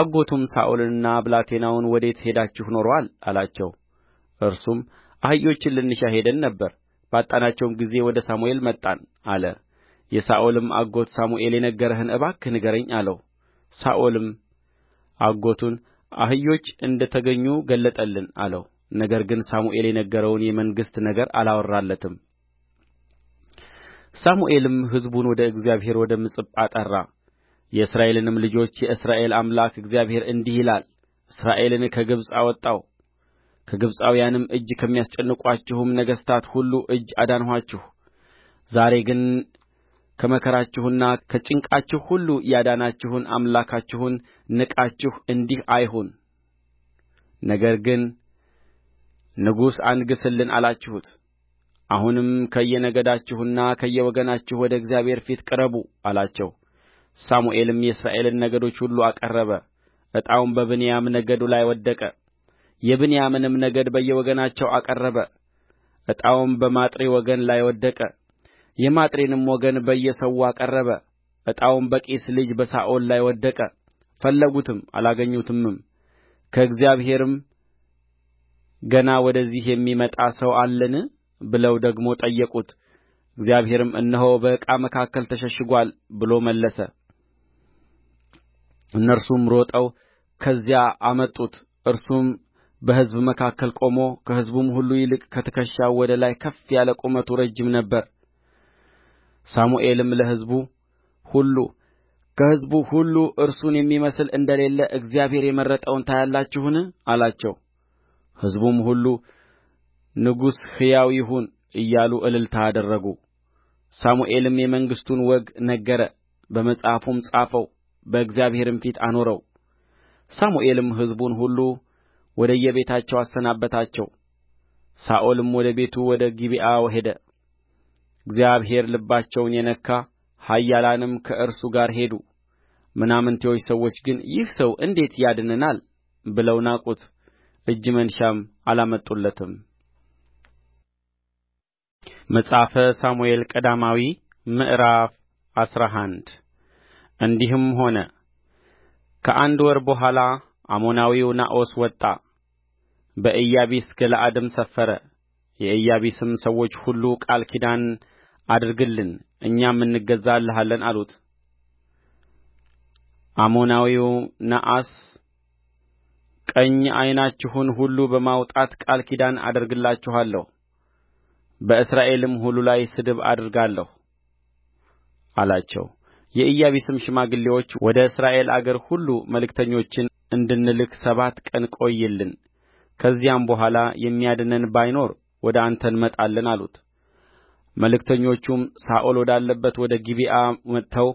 አጎቱም ሳኦልንና ብላቴናውን ወዴት ሄዳችሁ ኖሮአል አላቸው እርሱም አህዮችን ልንሻ ሄደን ነበር ባጣናቸውም ጊዜ ወደ ሳሙኤል መጣን አለ የሳኦልም አጎት ሳሙኤል የነገረህን እባክህ ንገረኝ አለው ሳኦልም አጎቱን አህዮች እንደ ተገኙ ገለጠልን አለው ነገር ግን ሳሙኤል የነገረውን የመንግሥት ነገር አላወራለትም ሳሙኤልም ሕዝቡን ወደ እግዚአብሔር ወደ ምጽጳ ጠራ የእስራኤልንም ልጆች የእስራኤል አምላክ እግዚአብሔር እንዲህ ይላል እስራኤልን ከግብፅ አወጣሁ ከግብፃውያንም እጅ ከሚያስጨንቋችሁም ነገሥታት ሁሉ እጅ አዳንኋችሁ ዛሬ ግን ከመከራችሁና ከጭንቃችሁ ሁሉ ያዳናችሁን አምላካችሁን ንቃችሁ እንዲህ አይሁን ነገር ግን ንጉሥ አንግሥልን አላችሁት አሁንም ከየነገዳችሁና ከየወገናችሁ ወደ እግዚአብሔር ፊት ቅረቡ አላቸው ሳሙኤልም የእስራኤልን ነገዶች ሁሉ አቀረበ ዕጣውም በብንያም ነገድ ላይ ወደቀ የብንያምንም ነገድ በየወገናቸው አቀረበ ዕጣውም በማጥሪ ወገን ላይ ወደቀ የማጥሬንም ወገን በየሰዉ አቀረበ ዕጣውም በቂስ ልጅ በሳኦል ላይ ወደቀ ፈለጉትም አላገኙትምም ከእግዚአብሔርም ገና ወደዚህ የሚመጣ ሰው አለን ብለው ደግሞ ጠየቁት እግዚአብሔርም እነሆ በዕቃ መካከል ተሸሽጎአል ብሎ መለሰ እነርሱም ሮጠው ከዚያ አመጡት እርሱም በሕዝብ መካከል ቆሞ ከሕዝቡም ሁሉ ይልቅ ከትከሻው ወደ ላይ ከፍ ያለ ቁመቱ ረጅም ነበረ ሳሙኤልም ለሕዝቡ ሁሉ ከሕዝቡ ሁሉ እርሱን የሚመስል እንደሌለ እግዚአብሔር የመረጠውን ታያላችሁን አላቸው ሕዝቡም ሁሉ ንጉሥ ሕያው ይሁን እያሉ እልልታ አደረጉ ሳሙኤልም የመንግሥቱን ወግ ነገረ በመጽሐፍም ጻፈው በእግዚአብሔርም ፊት አኖረው ሳሙኤልም ሕዝቡን ሁሉ ወደየቤታቸው አሰናበታቸው ሳኦልም ወደ ቤቱ ወደ ጊብዓ ሄደ እግዚአብሔር ልባቸውን የነካ ኃያላንም ከእርሱ ጋር ሄዱ ምናምንቴዎች ሰዎች ግን ይህ ሰው እንዴት ያድነናል ብለው ናቁት እጅ መንሻም አላመጡለትም መጽሐፈ ሳሙኤል ቀዳማዊ ምዕራፍ አስራ አንድ እንዲህም ሆነ ከአንድ ወር በኋላ አሞናዊው ናዖስ ወጣ በኢያቢስ ገለዓድም ሰፈረ የኢያቢስም ሰዎች ሁሉ ቃል ኪዳን አድርግልን እኛም እንገዛልሃለን አሉት አሞናዊው ነአስ ቀኝ ዓይናችሁን ሁሉ በማውጣት ቃል ኪዳን አደርግላችኋለሁ በእስራኤልም ሁሉ ላይ ስድብ አደርጋለሁ አላቸው። የኢያቢስም ሽማግሌዎች ወደ እስራኤል አገር ሁሉ መልእክተኞችን እንድንልክ ሰባት ቀን ቆይልን፣ ከዚያም በኋላ የሚያድነን ባይኖር ወደ አንተ እንመጣለን አሉት። መልእክተኞቹም ሳኦል ወዳለበት ወደ ጊብዓ መጥተው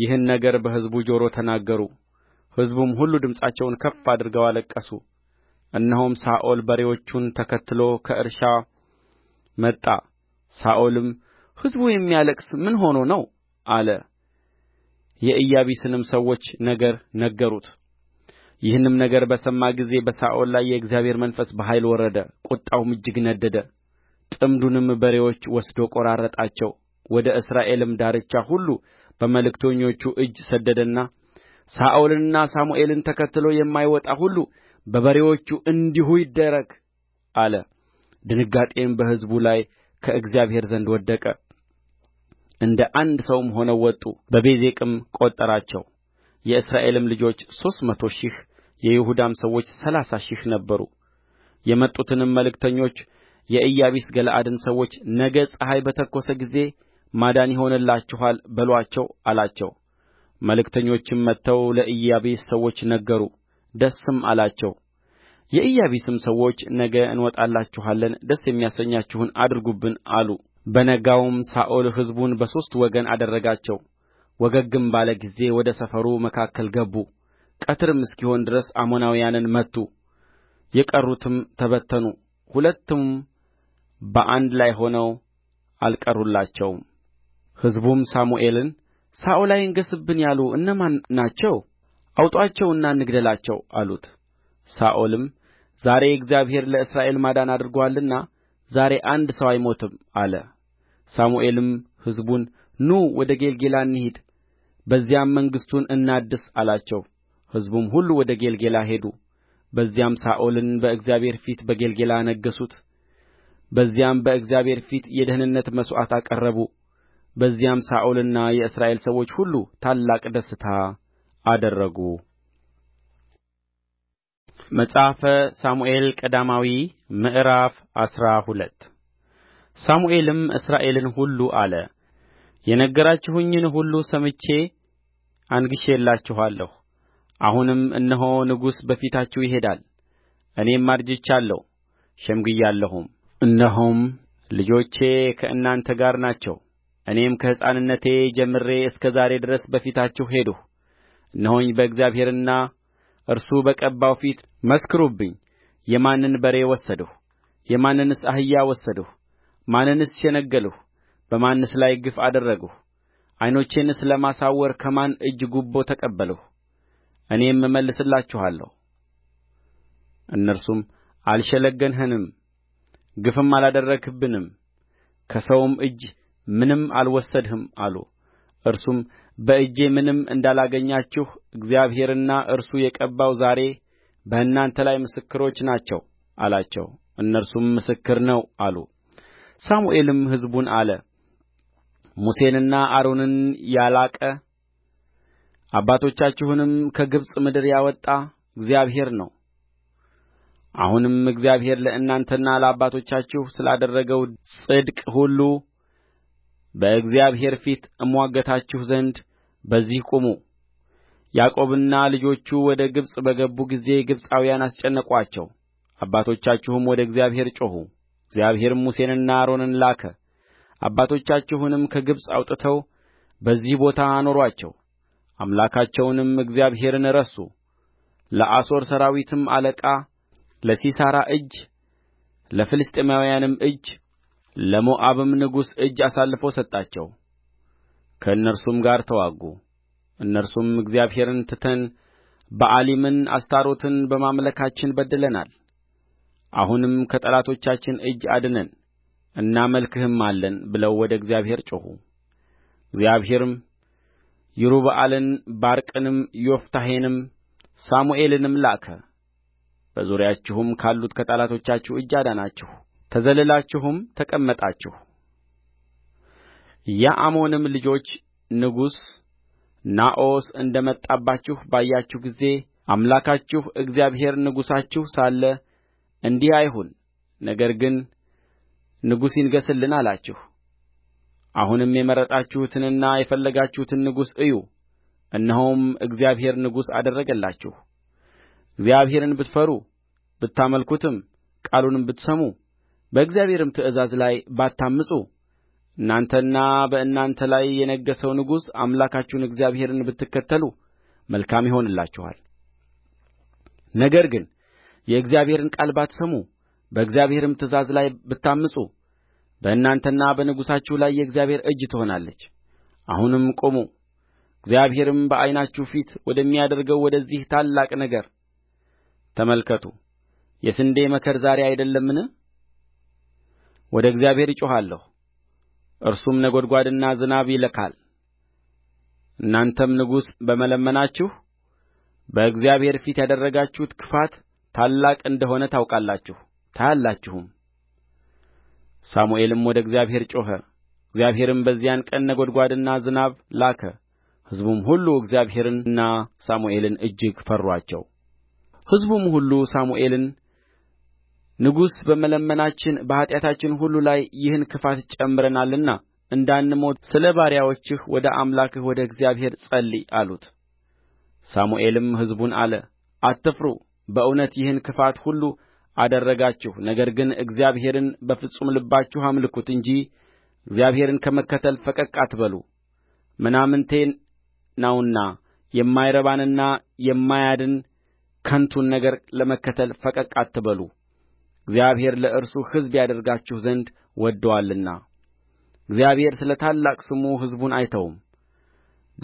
ይህን ነገር በሕዝቡ ጆሮ ተናገሩ ሕዝቡም ሁሉ ድምፃቸውን ከፍ አድርገው አለቀሱ እነሆም ሳኦል በሬዎቹን ተከትሎ ከእርሻ መጣ ሳኦልም ሕዝቡ የሚያለቅስ ምን ሆኖ ነው አለ የኢያቢስንም ሰዎች ነገር ነገሩት ይህንም ነገር በሰማ ጊዜ በሳኦል ላይ የእግዚአብሔር መንፈስ በኃይል ወረደ ቍጣውም እጅግ ነደደ ጥምዱንም በሬዎች ወስዶ ቈራረጣቸው ወደ እስራኤልም ዳርቻ ሁሉ በመልእክተኞቹ እጅ ሰደደና ሳኦልንና ሳሙኤልን ተከትሎ የማይወጣ ሁሉ በበሬዎቹ እንዲሁ ይደረግ አለ ድንጋጤም በሕዝቡ ላይ ከእግዚአብሔር ዘንድ ወደቀ እንደ አንድ ሰውም ሆነው ወጡ በቤዜቅም ቈጠራቸው የእስራኤልም ልጆች ሦስት መቶ ሺህ የይሁዳም ሰዎች ሠላሳ ሺህ ነበሩ የመጡትንም መልእክተኞች የኢያቢስ ገለዓድን ሰዎች ነገ ፀሐይ በተኰሰ ጊዜ ማዳን ይሆንላችኋል በሉአቸው አላቸው መልእክተኞችም መጥተው ለኢያቢስ ሰዎች ነገሩ ደስም አላቸው የኢያቢስም ሰዎች ነገ እንወጣላችኋለን ደስ የሚያሰኛችሁን አድርጉብን አሉ በነጋውም ሳኦል ሕዝቡን በሦስት ወገን አደረጋቸው ወገግም ባለ ጊዜ ወደ ሰፈሩ መካከል ገቡ ቀትርም እስኪሆን ድረስ አሞናውያንን መቱ የቀሩትም ተበተኑ ሁለትም ። በአንድ ላይ ሆነው አልቀሩላቸውም ሕዝቡም ሳሙኤልን ሳኦል አይንገሥብን ያሉ እነማን ናቸው አውጡአቸውና እንግደላቸው አሉት ሳኦልም ዛሬ እግዚአብሔር ለእስራኤል ማዳን አድርጎአልና ዛሬ አንድ ሰው አይሞትም አለ ሳሙኤልም ሕዝቡን ኑ ወደ ጌልገላ እንሂድ በዚያም መንግሥቱን እናድስ አላቸው ሕዝቡም ሁሉ ወደ ጌልገላ ሄዱ በዚያም ሳኦልን በእግዚአብሔር ፊት በጌልገላ አነገሡት በዚያም በእግዚአብሔር ፊት የደኅንነት መሥዋዕት አቀረቡ በዚያም ሳኦልና የእስራኤል ሰዎች ሁሉ ታላቅ ደስታ አደረጉ መጽሐፈ ሳሙኤል ቀዳማዊ ምዕራፍ አስራ ሁለት ሳሙኤልም እስራኤልን ሁሉ አለ የነገራችሁኝን ሁሉ ሰምቼ አንግሼላችኋለሁ አሁንም እነሆ ንጉሥ በፊታችሁ ይሄዳል እኔም አርጅቻለሁ ሸምግያለሁም እነሆም ልጆቼ ከእናንተ ጋር ናቸው እኔም ከሕፃንነቴ ጀምሬ እስከ ዛሬ ድረስ በፊታችሁ ሄድሁ እነሆኝ በእግዚአብሔርና እርሱ በቀባው ፊት መስክሩብኝ የማንን በሬ ወሰድሁ የማንንስ አህያ ወሰድሁ ማንንስ ሸነገልሁ በማንስ ላይ ግፍ አደረግሁ ዐይኖቼንስ ለማሳወር ከማን እጅ ጉቦ ተቀበልሁ እኔም እመልስላችኋለሁ እነርሱም አልሸነገልኸንም ግፍም አላደረግህብንም ከሰውም እጅ ምንም አልወሰድህም አሉ እርሱም በእጄ ምንም እንዳላገኛችሁ እግዚአብሔርና እርሱ የቀባው ዛሬ በእናንተ ላይ ምስክሮች ናቸው አላቸው እነርሱም ምስክር ነው አሉ ሳሙኤልም ሕዝቡን አለ ሙሴንና አሮንን ያላቀ አባቶቻችሁንም ከግብፅ ምድር ያወጣ እግዚአብሔር ነው አሁንም እግዚአብሔር ለእናንተና ለአባቶቻችሁ ስላደረገው ጽድቅ ሁሉ በእግዚአብሔር ፊት እምዋገታችሁ ዘንድ በዚህ ቁሙ ያዕቆብና ልጆቹ ወደ ግብጽ በገቡ ጊዜ ግብጻውያን አስጨነቁአቸው አባቶቻችሁም ወደ እግዚአብሔር ጮኹ እግዚአብሔርም ሙሴንና አሮንን ላከ አባቶቻችሁንም ከግብጽ አውጥተው በዚህ ቦታ አኖሯቸው አምላካቸውንም እግዚአብሔርን ረሱ ለአሦር ሠራዊትም አለቃ ለሲሣራ እጅ ለፍልስጥኤማውያንም እጅ ለሞዓብም ንጉሥ እጅ አሳልፎ ሰጣቸው ከእነርሱም ጋር ተዋጉ እነርሱም እግዚአብሔርን ትተን በኣሊምን አስታሮትን በማምለካችን በድለናል አሁንም ከጠላቶቻችን እጅ አድነን እናመልክህማለን ብለው ወደ እግዚአብሔር ጮኹ እግዚአብሔርም ይሩበኣልን ባርቅንም ዮፍታሔንም ሳሙኤልንም ላከ በዙሪያችሁም ካሉት ከጠላቶቻችሁ እጅ አዳናችሁ ተዘልላችሁም ተቀመጣችሁ የአሞንም ልጆች ንጉሥ ናዖስ እንደ መጣባችሁ ባያችሁ ጊዜ አምላካችሁ እግዚአብሔር ንጉሣችሁ ሳለ እንዲህ አይሁን፣ ነገር ግን ንጉሥ ይንገሥልን አላችሁ። አሁንም የመረጣችሁትንና የፈለጋችሁትን ንጉሥ እዩ፣ እነሆም እግዚአብሔር ንጉሥ አደረገላችሁ። እግዚአብሔርን ብትፈሩ ብታመልኩትም ቃሉንም ብትሰሙ በእግዚአብሔርም ትእዛዝ ላይ ባታምፁ እናንተና በእናንተ ላይ የነገሠው ንጉሥ አምላካችሁን እግዚአብሔርን ብትከተሉ መልካም ይሆንላችኋል ነገር ግን የእግዚአብሔርን ቃል ባትሰሙ በእግዚአብሔርም ትእዛዝ ላይ ብታምፁ በእናንተና በንጉሣችሁ ላይ የእግዚአብሔር እጅ ትሆናለች አሁንም ቁሙ እግዚአብሔርም በዓይናችሁ ፊት ወደሚያደርገው ወደዚህ ታላቅ ነገር ተመልከቱ የስንዴ መከር ዛሬ አይደለምን ወደ እግዚአብሔር እጮኻለሁ እርሱም ነጐድጓድና ዝናብ ይልካል እናንተም ንጉሥ በመለመናችሁ በእግዚአብሔር ፊት ያደረጋችሁት ክፋት ታላቅ እንደ ሆነ ታውቃላችሁ ታያላችሁም ሳሙኤልም ወደ እግዚአብሔር ጮኸ እግዚአብሔርም በዚያን ቀን ነጐድጓድና ዝናብ ላከ ሕዝቡም ሁሉ እግዚአብሔርንና ሳሙኤልን እጅግ ፈሩአቸው ሕዝቡም ሁሉ ሳሙኤልን ንጉሥ በመለመናችን በኃጢአታችን ሁሉ ላይ ይህን ክፋት ጨምረናልና እንዳንሞት ስለ ባሪያዎችህ ወደ አምላክህ ወደ እግዚአብሔር ጸልይ አሉት ሳሙኤልም ሕዝቡን አለ አትፍሩ በእውነት ይህን ክፋት ሁሉ አደረጋችሁ ነገር ግን እግዚአብሔርን በፍጹም ልባችሁ አምልኩት እንጂ እግዚአብሔርን ከመከተል ፈቀቅ አትበሉ ምናምንቴ ነውና የማይረባንና የማያድን ከንቱን ነገር ለመከተል ፈቀቅ አትበሉ እግዚአብሔር ለእርሱ ሕዝብ ያደርጋችሁ ዘንድ ወድዶአልና እግዚአብሔር ስለ ታላቅ ስሙ ሕዝቡን አይተውም።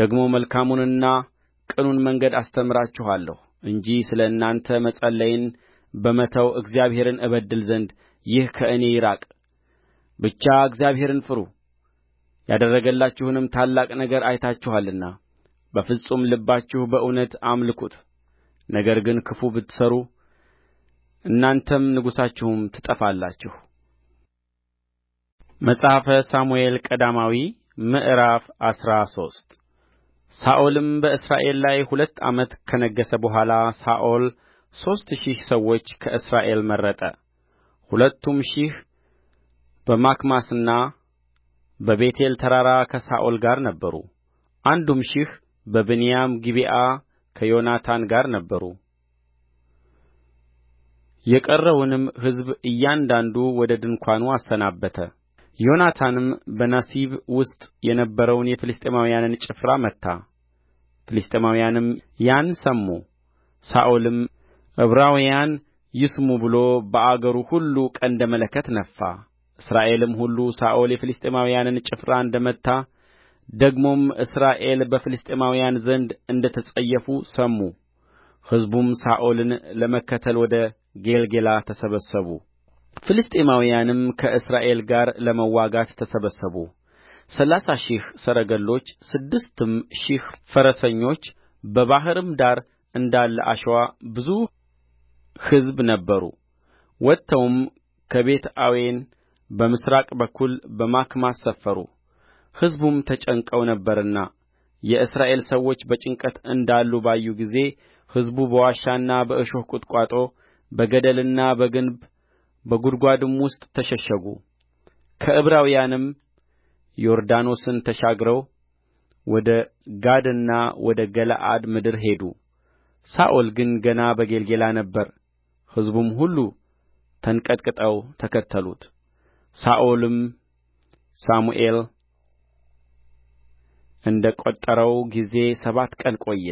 ደግሞ መልካሙንና ቅኑን መንገድ አስተምራችኋለሁ እንጂ ስለ እናንተ መጸለይን በመተው እግዚአብሔርን እበድል ዘንድ ይህ ከእኔ ይራቅ። ብቻ እግዚአብሔርን ፍሩ፣ ያደረገላችሁንም ታላቅ ነገር አይታችኋልና በፍጹም ልባችሁ በእውነት አምልኩት። ነገር ግን ክፉ ብትሠሩ እናንተም ንጉሣችሁም ትጠፋላችሁ። መጽሐፈ ሳሙኤል ቀዳማዊ ምዕራፍ አስራ ሶስት ሳኦልም በእስራኤል ላይ ሁለት ዓመት ከነገሠ በኋላ ሳኦል ሦስት ሺህ ሰዎች ከእስራኤል መረጠ። ሁለቱም ሺህ በማክማስና በቤቴል ተራራ ከሳኦል ጋር ነበሩ። አንዱም ሺህ በብንያም ጊብዓ ከዮናታን ጋር ነበሩ። የቀረውንም ሕዝብ እያንዳንዱ ወደ ድንኳኑ አሰናበተ ዮናታንም በናሲብ ውስጥ የነበረውን የፍልስጥኤማውያንን ጭፍራ መታ ፍልስጥኤማውያንም ያን ሰሙ ሳኦልም ዕብራውያን ይስሙ ብሎ በአገሩ ሁሉ ቀንደ መለከት ነፋ እስራኤልም ሁሉ ሳኦል የፍልስጥኤማውያንን ጭፍራ እንደ መታ ደግሞም እስራኤል በፍልስጥኤማውያን ዘንድ እንደ ተጸየፉ ሰሙ ሕዝቡም ሳኦልን ለመከተል ወደ ጌልገላ ተሰበሰቡ ፍልስጥኤማውያንም ከእስራኤል ጋር ለመዋጋት ተሰበሰቡ ሠላሳ ሺህ ሰረገሎች ስድስትም ሺህ ፈረሰኞች በባሕርም ዳር እንዳለ አሸዋ ብዙ ሕዝብ ነበሩ ወጥተውም ከቤትአዌን በምሥራቅ በኩል በማክማስ ሰፈሩ ሕዝቡም ተጨንቀው ነበርና የእስራኤል ሰዎች በጭንቀት እንዳሉ ባዩ ጊዜ ሕዝቡ በዋሻና በእሾህ ቍጥቋጦ በገደልና በግንብ በጕድጓድም ውስጥ ተሸሸጉ ከዕብራውያንም ዮርዳኖስን ተሻግረው ወደ ጋድና ወደ ገለዓድ ምድር ሄዱ። ሳኦል ግን ገና በጌልገላ ነበር፣ ሕዝቡም ሁሉ ተንቀጥቅጠው ተከተሉት። ሳኦልም ሳሙኤል እንደ ቈጠረው ጊዜ ሰባት ቀን ቆየ።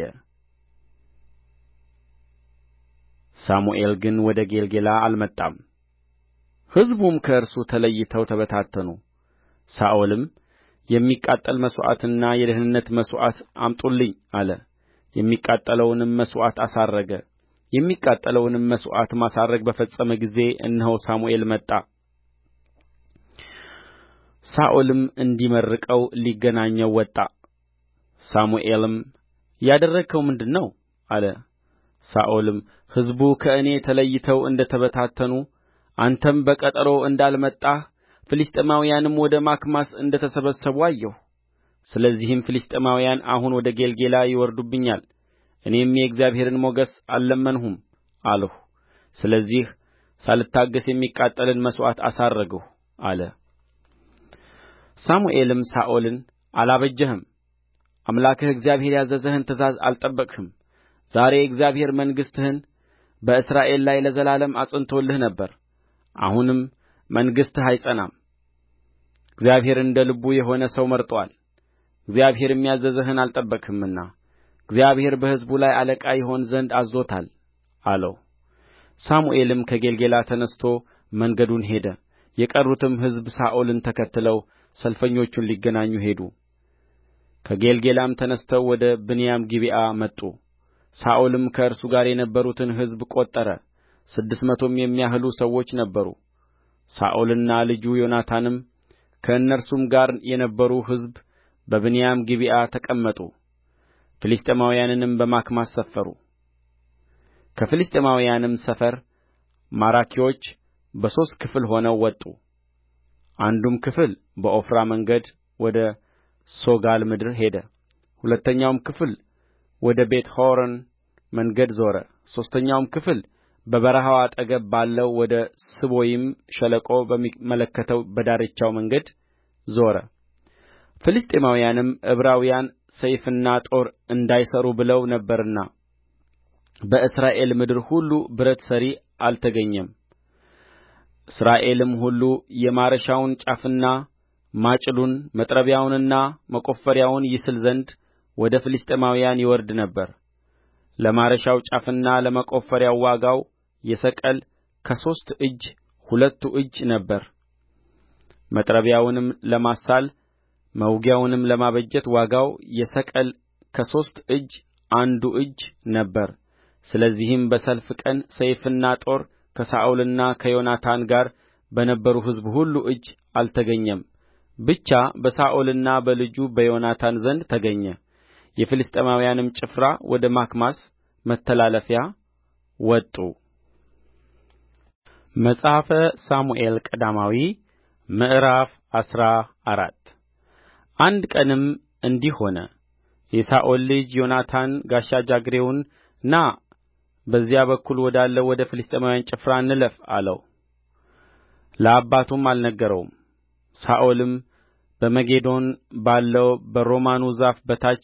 ሳሙኤል ግን ወደ ጌልገላ አልመጣም ሕዝቡም ከእርሱ ተለይተው ተበታተኑ ሳኦልም የሚቃጠል መሥዋዕትና የደኅንነት መሥዋዕት አምጡልኝ አለ የሚቃጠለውንም መሥዋዕት አሳረገ የሚቃጠለውንም መሥዋዕት ማሳረግ በፈጸመ ጊዜ እነሆ ሳሙኤል መጣ ሳኦልም እንዲመርቀው ሊገናኘው ወጣ ሳሙኤልም ያደረግኸው ምንድር ነው አለ ሳኦልም ሕዝቡ ከእኔ ተለይተው እንደ ተበታተኑ አንተም በቀጠሮው እንዳልመጣህ ፍልስጥኤማውያንም ወደ ማክማስ እንደ ተሰበሰቡ አየሁ ስለዚህም ፍልስጥኤማውያን አሁን ወደ ጌልገላ ይወርዱብኛል እኔም የእግዚአብሔርን ሞገስ አልለመንሁም አልሁ ስለዚህ ሳልታገሥ የሚቃጠልን መሥዋዕት አሳረግሁ አለ ሳሙኤልም ሳኦልን አላበጀህም አምላክህ እግዚአብሔር ያዘዘህን ትእዛዝ አልጠበቅህም ዛሬ እግዚአብሔር መንግሥትህን በእስራኤል ላይ ለዘላለም አጽንቶልህ ነበር አሁንም መንግሥትህ አይጸናም እግዚአብሔር እንደ ልቡ የሆነ ሰው መርጦአል እግዚአብሔርም ያዘዘህን አልጠበቅህምና እግዚአብሔር በሕዝቡ ላይ አለቃ ይሆን ዘንድ አዝዞታል አለው ሳሙኤልም ከጌልገላ ተነሥቶ መንገዱን ሄደ የቀሩትም ሕዝብ ሳኦልን ተከትለው ሰልፈኞቹን ሊገናኙ ሄዱ ከጌልገላም ተነሥተው ወደ ብንያም ጊብዓ መጡ ሳኦልም ከእርሱ ጋር የነበሩትን ሕዝብ ቈጠረ ስድስት መቶም የሚያህሉ ሰዎች ነበሩ ሳኦልና ልጁ ዮናታንም ከእነርሱም ጋር የነበሩ ሕዝብ በብንያም ጊብዓ ተቀመጡ ፍልስጥኤማውያንንም በማክማስ ሰፈሩ ከፍልስጥኤማውያንም ሰፈር ማራኪዎች በሦስት ክፍል ሆነው ወጡ አንዱም ክፍል በዖፍራ መንገድ ወደ ሶጋል ምድር ሄደ ሁለተኛውም ክፍል ወደ ቤትሖሮን መንገድ ዞረ ሦስተኛውም ክፍል በበረሃው አጠገብ ባለው ወደ ስቦይም ሸለቆ በሚመለከተው በዳርቻው መንገድ ዞረ ፍልስጥኤማውያንም ዕብራውያን ሰይፍና ጦር እንዳይሠሩ ብለው ነበርና በእስራኤል ምድር ሁሉ ብረት ሠሪ አልተገኘም እስራኤልም ሁሉ የማረሻውን ጫፍና ማጭዱን መጥረቢያውንና መቆፈሪያውን ይስል ዘንድ ወደ ፍልስጥኤማውያን ይወርድ ነበር ለማረሻው ጫፍና ለመቈፈሪያው ዋጋው የሰቅል ከሦስት እጅ ሁለቱ እጅ ነበረ መጥረቢያውንም ለማሳል መውጊያውንም ለማበጀት ዋጋው የሰቅል ከሦስት እጅ አንዱ እጅ ነበረ ስለዚህም በሰልፍ ቀን ሰይፍና ጦር ከሳኦልና ከዮናታን ጋር በነበሩ ሕዝብ ሁሉ እጅ አልተገኘም ብቻ በሳኦልና በልጁ በዮናታን ዘንድ ተገኘ የፍልስጥኤማውያንም ጭፍራ ወደ ማክማስ መተላለፊያ ወጡ መጽሐፈ ሳሙኤል ቀዳማዊ ምዕራፍ አስራ አራት አንድ ቀንም እንዲህ ሆነ የሳኦል ልጅ ዮናታን ጋሻ ጃግሬውን ና በዚያ በኩል ወዳለው ወደ ፍልስጥኤማውያን ጭፍራ እንለፍ አለው። ለአባቱም አልነገረውም። ሳኦልም በመጌዶን ባለው በሮማኑ ዛፍ በታች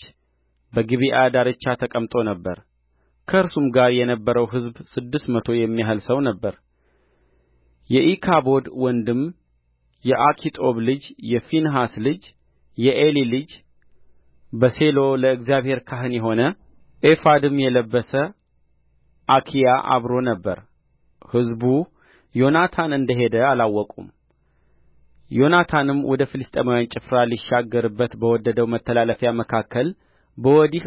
በጊብዓ ዳርቻ ተቀምጦ ነበር ከእርሱም ጋር የነበረው ሕዝብ ስድስት መቶ የሚያህል ሰው ነበረ የኢካቦድ ወንድም የአኪጦብ ልጅ የፊንሐስ ልጅ የዔሊ ልጅ በሴሎ ለእግዚአብሔር ካህን የሆነ ኤፉድም የለበሰ አኪያ አብሮ ነበር። ሕዝቡ ዮናታን እንደ ሄደ አላወቁም። ዮናታንም ወደ ፍልስጥኤማውያን ጭፍራ ሊሻገርበት በወደደው መተላለፊያ መካከል በወዲህ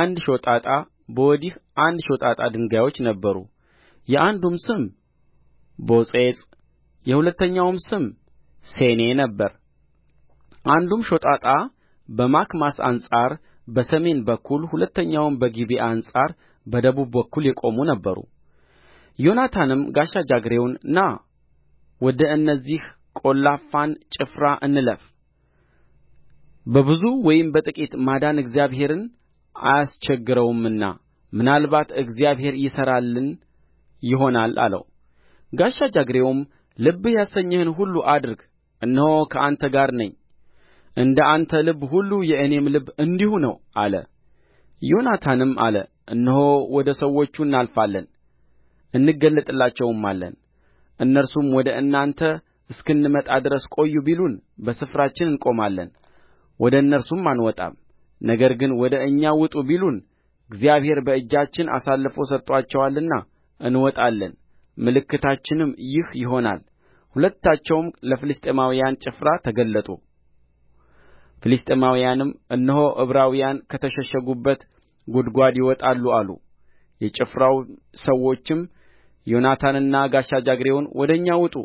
አንድ ሾጣጣ በወዲህ አንድ ሾጣጣ ድንጋዮች ነበሩ የአንዱም ስም ቦጼጽ የሁለተኛውም ስም ሴኔ ነበረ አንዱም ሾጣጣ በማክማስ አንጻር በሰሜን በኩል ሁለተኛውም በጊብዓ አንጻር በደቡብ በኩል የቆሙ ነበሩ ዮናታንም ጋሻ ጃግሬውን ና ወደ እነዚህ ቈላፋን ጭፍራ እንለፍ በብዙ ወይም በጥቂት ማዳን እግዚአብሔርን አያስቸግረውምና ምናልባት እግዚአብሔር ይሠራልን ይሆናል አለው ጋሻ ጃግሬውም ልብህ ያሰኘህን ሁሉ አድርግ እነሆ ከአንተ ጋር ነኝ እንደ አንተ ልብ ሁሉ የእኔም ልብ እንዲሁ ነው አለ ዮናታንም አለ እነሆ ወደ ሰዎቹ እናልፋለን እንገለጥላቸውማለን እነርሱም ወደ እናንተ እስክንመጣ ድረስ ቆዩ ቢሉን በስፍራችን እንቆማለን ወደ እነርሱም አንወጣም ነገር ግን ወደ እኛ ውጡ ቢሉን እግዚአብሔር በእጃችን አሳልፎ ሰጥቶአቸዋልና እንወጣለን ምልክታችንም ይህ ይሆናል ሁለታቸውም ለፍልስጥኤማውያን ጭፍራ ተገለጡ ፍልስጥኤማውያንም እነሆ ዕብራውያን ከተሸሸጉበት ጕድጓድ ይወጣሉ አሉ የጭፍራው ሰዎችም ዮናታንንና ጋሻ ጃግሬውን ወደ እኛ ውጡ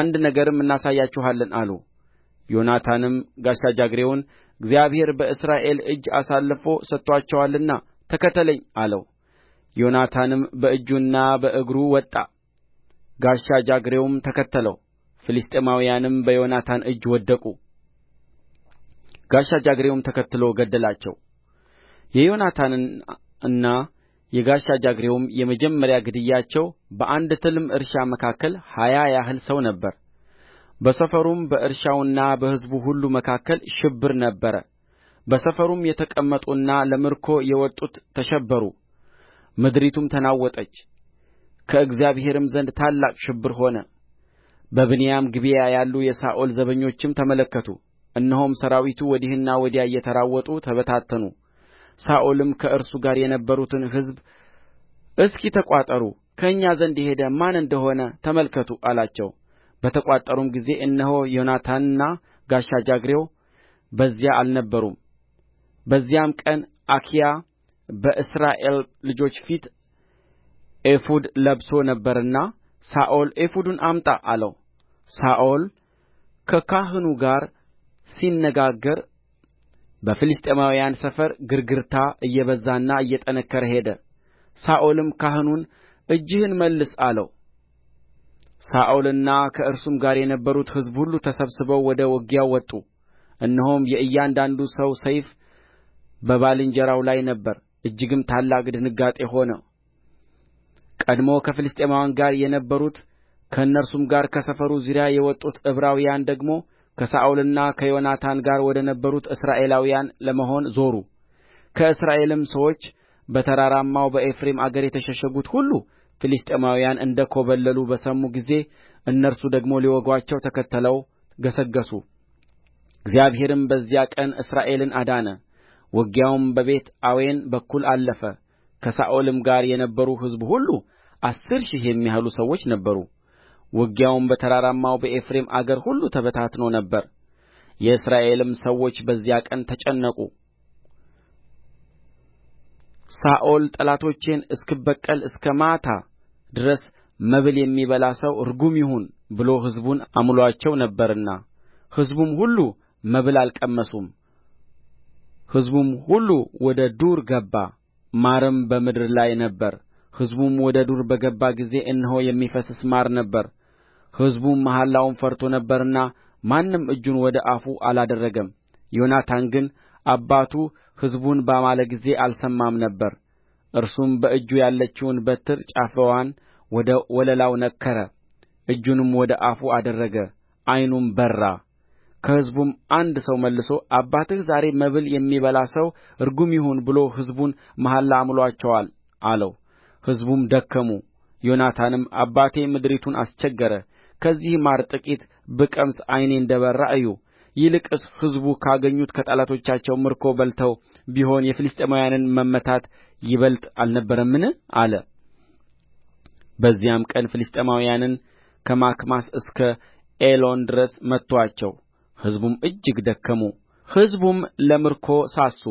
አንድ ነገርም እናሳያችኋለን አሉ ዮናታንም ጋሻ ጃግሬውን እግዚአብሔር በእስራኤል እጅ አሳልፎ ሰጥቶአቸዋልና ተከተለኝ አለው ዮናታንም በእጁና በእግሩ ወጣ ጋሻ ጃግሬውም ተከተለው ፍልስጥኤማውያንም በዮናታን እጅ ወደቁ ጋሻ ጃግሬውም ተከትሎ ገደላቸው የዮናታንና የጋሻ ጃግሬውም የመጀመሪያ ግድያቸው በአንድ ትልም እርሻ መካከል ሀያ ያህል ሰው ነበር በሰፈሩም በእርሻውና በሕዝቡ ሁሉ መካከል ሽብር ነበረ በሰፈሩም የተቀመጡና ለምርኮ የወጡት ተሸበሩ ምድሪቱም ተናወጠች ከእግዚአብሔርም ዘንድ ታላቅ ሽብር ሆነ በብንያም ጊብዓ ያሉ የሳኦል ዘበኞችም ተመለከቱ እነሆም ሠራዊቱ ወዲህና ወዲያ እየተራወጡ ተበታተኑ ሳኦልም ከእርሱ ጋር የነበሩትን ሕዝብ እስኪ ተቋጠሩ ከእኛ ዘንድ የሄደ ማን እንደሆነ ተመልከቱ አላቸው በተቋጠሩም ጊዜ እነሆ ዮናታንና ጋሻ ጃግሬው በዚያ አልነበሩም በዚያም ቀን አኪያ በእስራኤል ልጆች ፊት ኤፉድ ለብሶ ነበርና ሳኦል ኤፉዱን አምጣ አለው ሳኦል ከካህኑ ጋር ሲነጋገር በፍልስጥኤማውያን ሰፈር ግርግርታ እየበዛና እየጠነከረ ሄደ ሳኦልም ካህኑን እጅህን መልስ አለው ሳኦልና ከእርሱም ጋር የነበሩት ሕዝብ ሁሉ ተሰብስበው ወደ ውጊያው ወጡ እነሆም የእያንዳንዱ ሰው ሰይፍ በባልንጀራው ላይ ነበረ እጅግም ታላቅ ድንጋጤ ሆነ ቀድሞ ከፍልስጥኤማውያን ጋር የነበሩት ከእነርሱም ጋር ከሰፈሩ ዙሪያ የወጡት ዕብራውያን ደግሞ ከሳኦልና ከዮናታን ጋር ወደ ነበሩት እስራኤላውያን ለመሆን ዞሩ ከእስራኤልም ሰዎች በተራራማው በኤፍሬም አገር የተሸሸጉት ሁሉ ፍልስጥኤማውያን እንደ ኰበለሉ በሰሙ ጊዜ እነርሱ ደግሞ ሊወጉአቸው ተከትለው ገሰገሱ እግዚአብሔርም በዚያ ቀን እስራኤልን አዳነ ውጊያውም በቤት አዌን በኩል አለፈ ከሳኦልም ጋር የነበሩ ሕዝብ ሁሉ አሥር ሺህ የሚያህሉ ሰዎች ነበሩ ውጊያውም በተራራማው በኤፍሬም አገር ሁሉ ተበታትኖ ነበር የእስራኤልም ሰዎች በዚያ ቀን ተጨነቁ ሳኦል ጠላቶቼን እስክበቀል እስከ ማታ ድረስ መብል የሚበላ ሰው ርጉም ይሁን ብሎ ሕዝቡን አምሎአቸው ነበርና ሕዝቡም ሁሉ መብል አልቀመሱም ሕዝቡም ሁሉ ወደ ዱር ገባ ማርም በምድር ላይ ነበረ ሕዝቡም ወደ ዱር በገባ ጊዜ እነሆ የሚፈስስ ማር ነበረ ሕዝቡም መሐላውን ፈርቶ ነበርና ማንም እጁን ወደ አፉ አላደረገም ዮናታን ግን አባቱ ሕዝቡን ባማለ ጊዜ አልሰማም ነበር እርሱም በእጁ ያለችውን በትር ጫፍዋን ወደ ወለላው ነከረ እጁንም ወደ አፉ አደረገ ዓይኑም በራ ከሕዝቡም አንድ ሰው መልሶ አባትህ ዛሬ መብል የሚበላ ሰው ርጉም ይሁን ብሎ ሕዝቡን መሐላ አምሎአቸዋል አለው ሕዝቡም ደከሙ ዮናታንም አባቴ ምድሪቱን አስቸገረ ከዚህ ማር ጥቂት ብቀምስ ዓይኔ እንደ በራ እዩ ይልቅስ ሕዝቡ ካገኙት ከጠላቶቻቸው ምርኮ በልተው ቢሆን የፍልስጥኤማውያንን መመታት ይበልጥ አልነበረምን አለ በዚያም ቀን ፍልስጥኤማውያንን ከማክማስ እስከ ኤሎን ድረስ መቱአቸው ሕዝቡም እጅግ ደከሙ ሕዝቡም ለምርኮ ሳሱ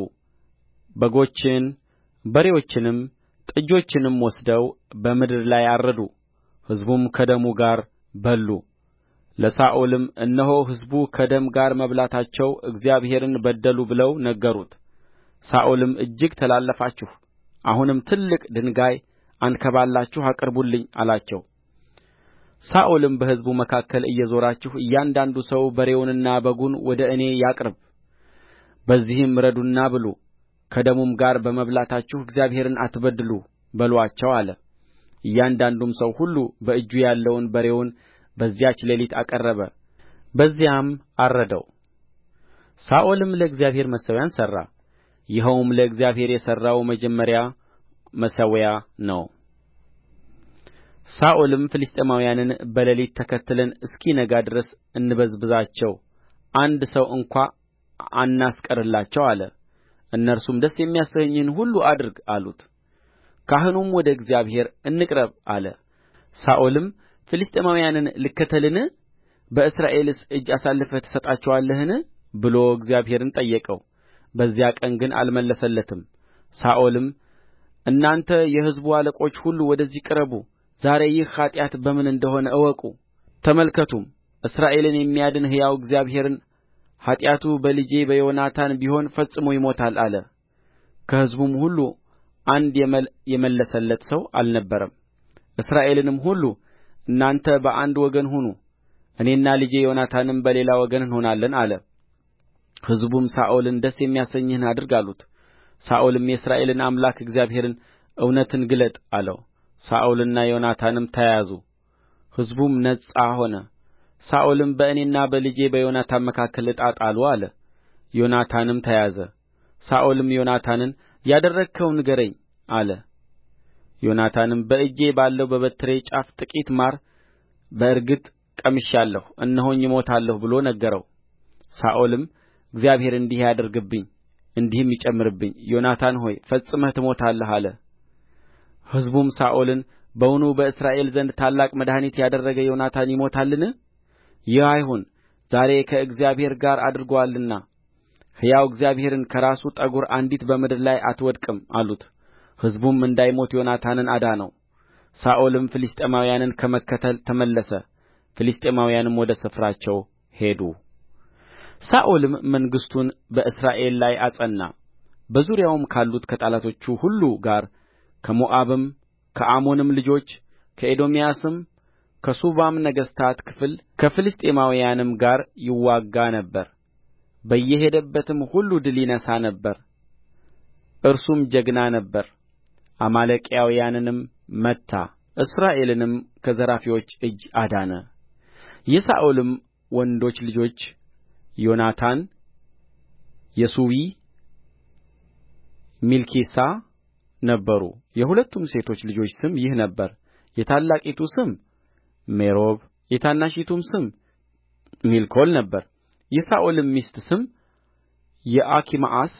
በጎችን በሬዎችንም ጥጆችንም ወስደው በምድር ላይ አረዱ ሕዝቡም ከደሙ ጋር በሉ ለሳኦልም እነሆ ሕዝቡ ከደም ጋር መብላታቸው እግዚአብሔርን በደሉ ብለው ነገሩት ሳኦልም እጅግ ተላለፋችሁ አሁንም ትልቅ ድንጋይ አንከባላችሁ አቅርቡልኝ አላቸው ሳኦልም በሕዝቡ መካከል እየዞራችሁ እያንዳንዱ ሰው በሬውንና በጉን ወደ እኔ ያቅርብ በዚህም እረዱና ብሉ ከደሙም ጋር በመብላታችሁ እግዚአብሔርን አትበድሉ በሉአቸው አለ እያንዳንዱም ሰው ሁሉ በእጁ ያለውን በሬውን በዚያች ሌሊት አቀረበ በዚያም አረደው ሳኦልም ለእግዚአብሔር መሠዊያን ሠራ ይኸውም ለእግዚአብሔር የሠራው መጀመሪያ መሠዊያ ነው ሳኦልም ፍልስጥኤማውያንን በሌሊት ተከትለን እስኪነጋ ድረስ እንበዝብዛቸው አንድ ሰው እንኳ አናስቀርላቸው አለ እነርሱም ደስ የሚያሰኝህን ሁሉ አድርግ አሉት ካህኑም ወደ እግዚአብሔር እንቅረብ አለ ሳኦልም ፍልስጥኤማውያንን ልከተልን በእስራኤልስ እጅ አሳልፈህ ትሰጣቸዋለህን ብሎ እግዚአብሔርን ጠየቀው በዚያ ቀን ግን አልመለሰለትም ሳኦልም እናንተ የሕዝቡ አለቆች ሁሉ ወደዚህ ቅረቡ ዛሬ ይህ ኃጢአት በምን እንደ ሆነ እወቁ ተመልከቱም እስራኤልን የሚያድን ሕያው እግዚአብሔርን ኃጢአቱ በልጄ በዮናታን ቢሆን ፈጽሞ ይሞታል አለ ከሕዝቡም ሁሉ አንድ የመለሰለት ሰው አልነበረም እስራኤልንም ሁሉ እናንተ በአንድ ወገን ሁኑ እኔና ልጄ ዮናታንም በሌላ ወገን እንሆናለን አለ ሕዝቡም ሳኦልን ደስ የሚያሰኝህን አድርግ አሉት ሳኦልም የእስራኤልን አምላክ እግዚአብሔርን እውነትን ግለጥ አለው ሳኦልና ዮናታንም ተያዙ ሕዝቡም ነጻ ሆነ ሳኦልም በእኔና በልጄ በዮናታን መካከል ዕጣ ጣሉ አለ ዮናታንም ተያዘ ሳኦልም ዮናታንን ያደረግኸውን ንገረኝ አለ ዮናታንም በእጄ ባለው በበትሬ ጫፍ ጥቂት ማር በእርግጥ ቀምሻለሁ እነሆኝ እሞታለሁ ብሎ ነገረው ሳኦልም እግዚአብሔር እንዲህ ያድርግብኝ እንዲህም ይጨምርብኝ ዮናታን ሆይ ፈጽመህ ትሞታለህ አለ ሕዝቡም ሳኦልን በውኑ በእስራኤል ዘንድ ታላቅ መድኃኒት ያደረገ ዮናታን ይሞታልን ይህ አይሁን ዛሬ ከእግዚአብሔር ጋር አድርጎአልና ሕያው እግዚአብሔርን ከራሱ ጠጕር አንዲት በምድር ላይ አትወድቅም አሉት ሕዝቡም እንዳይሞት ዮናታንን አዳነው ሳኦልም ፍልስጥኤማውያንን ከመከተል ተመለሰ ፍልስጥኤማውያንም ወደ ስፍራቸው ሄዱ ሳኦልም መንግሥቱን በእስራኤል ላይ አጸና በዙሪያውም ካሉት ከጠላቶቹ ሁሉ ጋር ከሞዓብም ከአሞንም ልጆች ከኤዶምያስም ከሱባም ነገሥታት ክፍል ከፍልስጥኤማውያንም ጋር ይዋጋ ነበር በየሄደበትም ሁሉ ድል ይነሣ ነበር እርሱም ጀግና ነበረ አማሌቃውያንንም መታ እስራኤልንም ከዘራፊዎች እጅ አዳነ የሳኦልም ወንዶች ልጆች ዮናታን የሱዊ ሜልኪሳ ነበሩ የሁለቱም ሴቶች ልጆች ስም ይህ ነበረ የታላቂቱ ስም ሜሮብ የታናሺቱም ስም ሜልኮል ነበረ የሳኦልም ሚስት ስም የአኪማአስ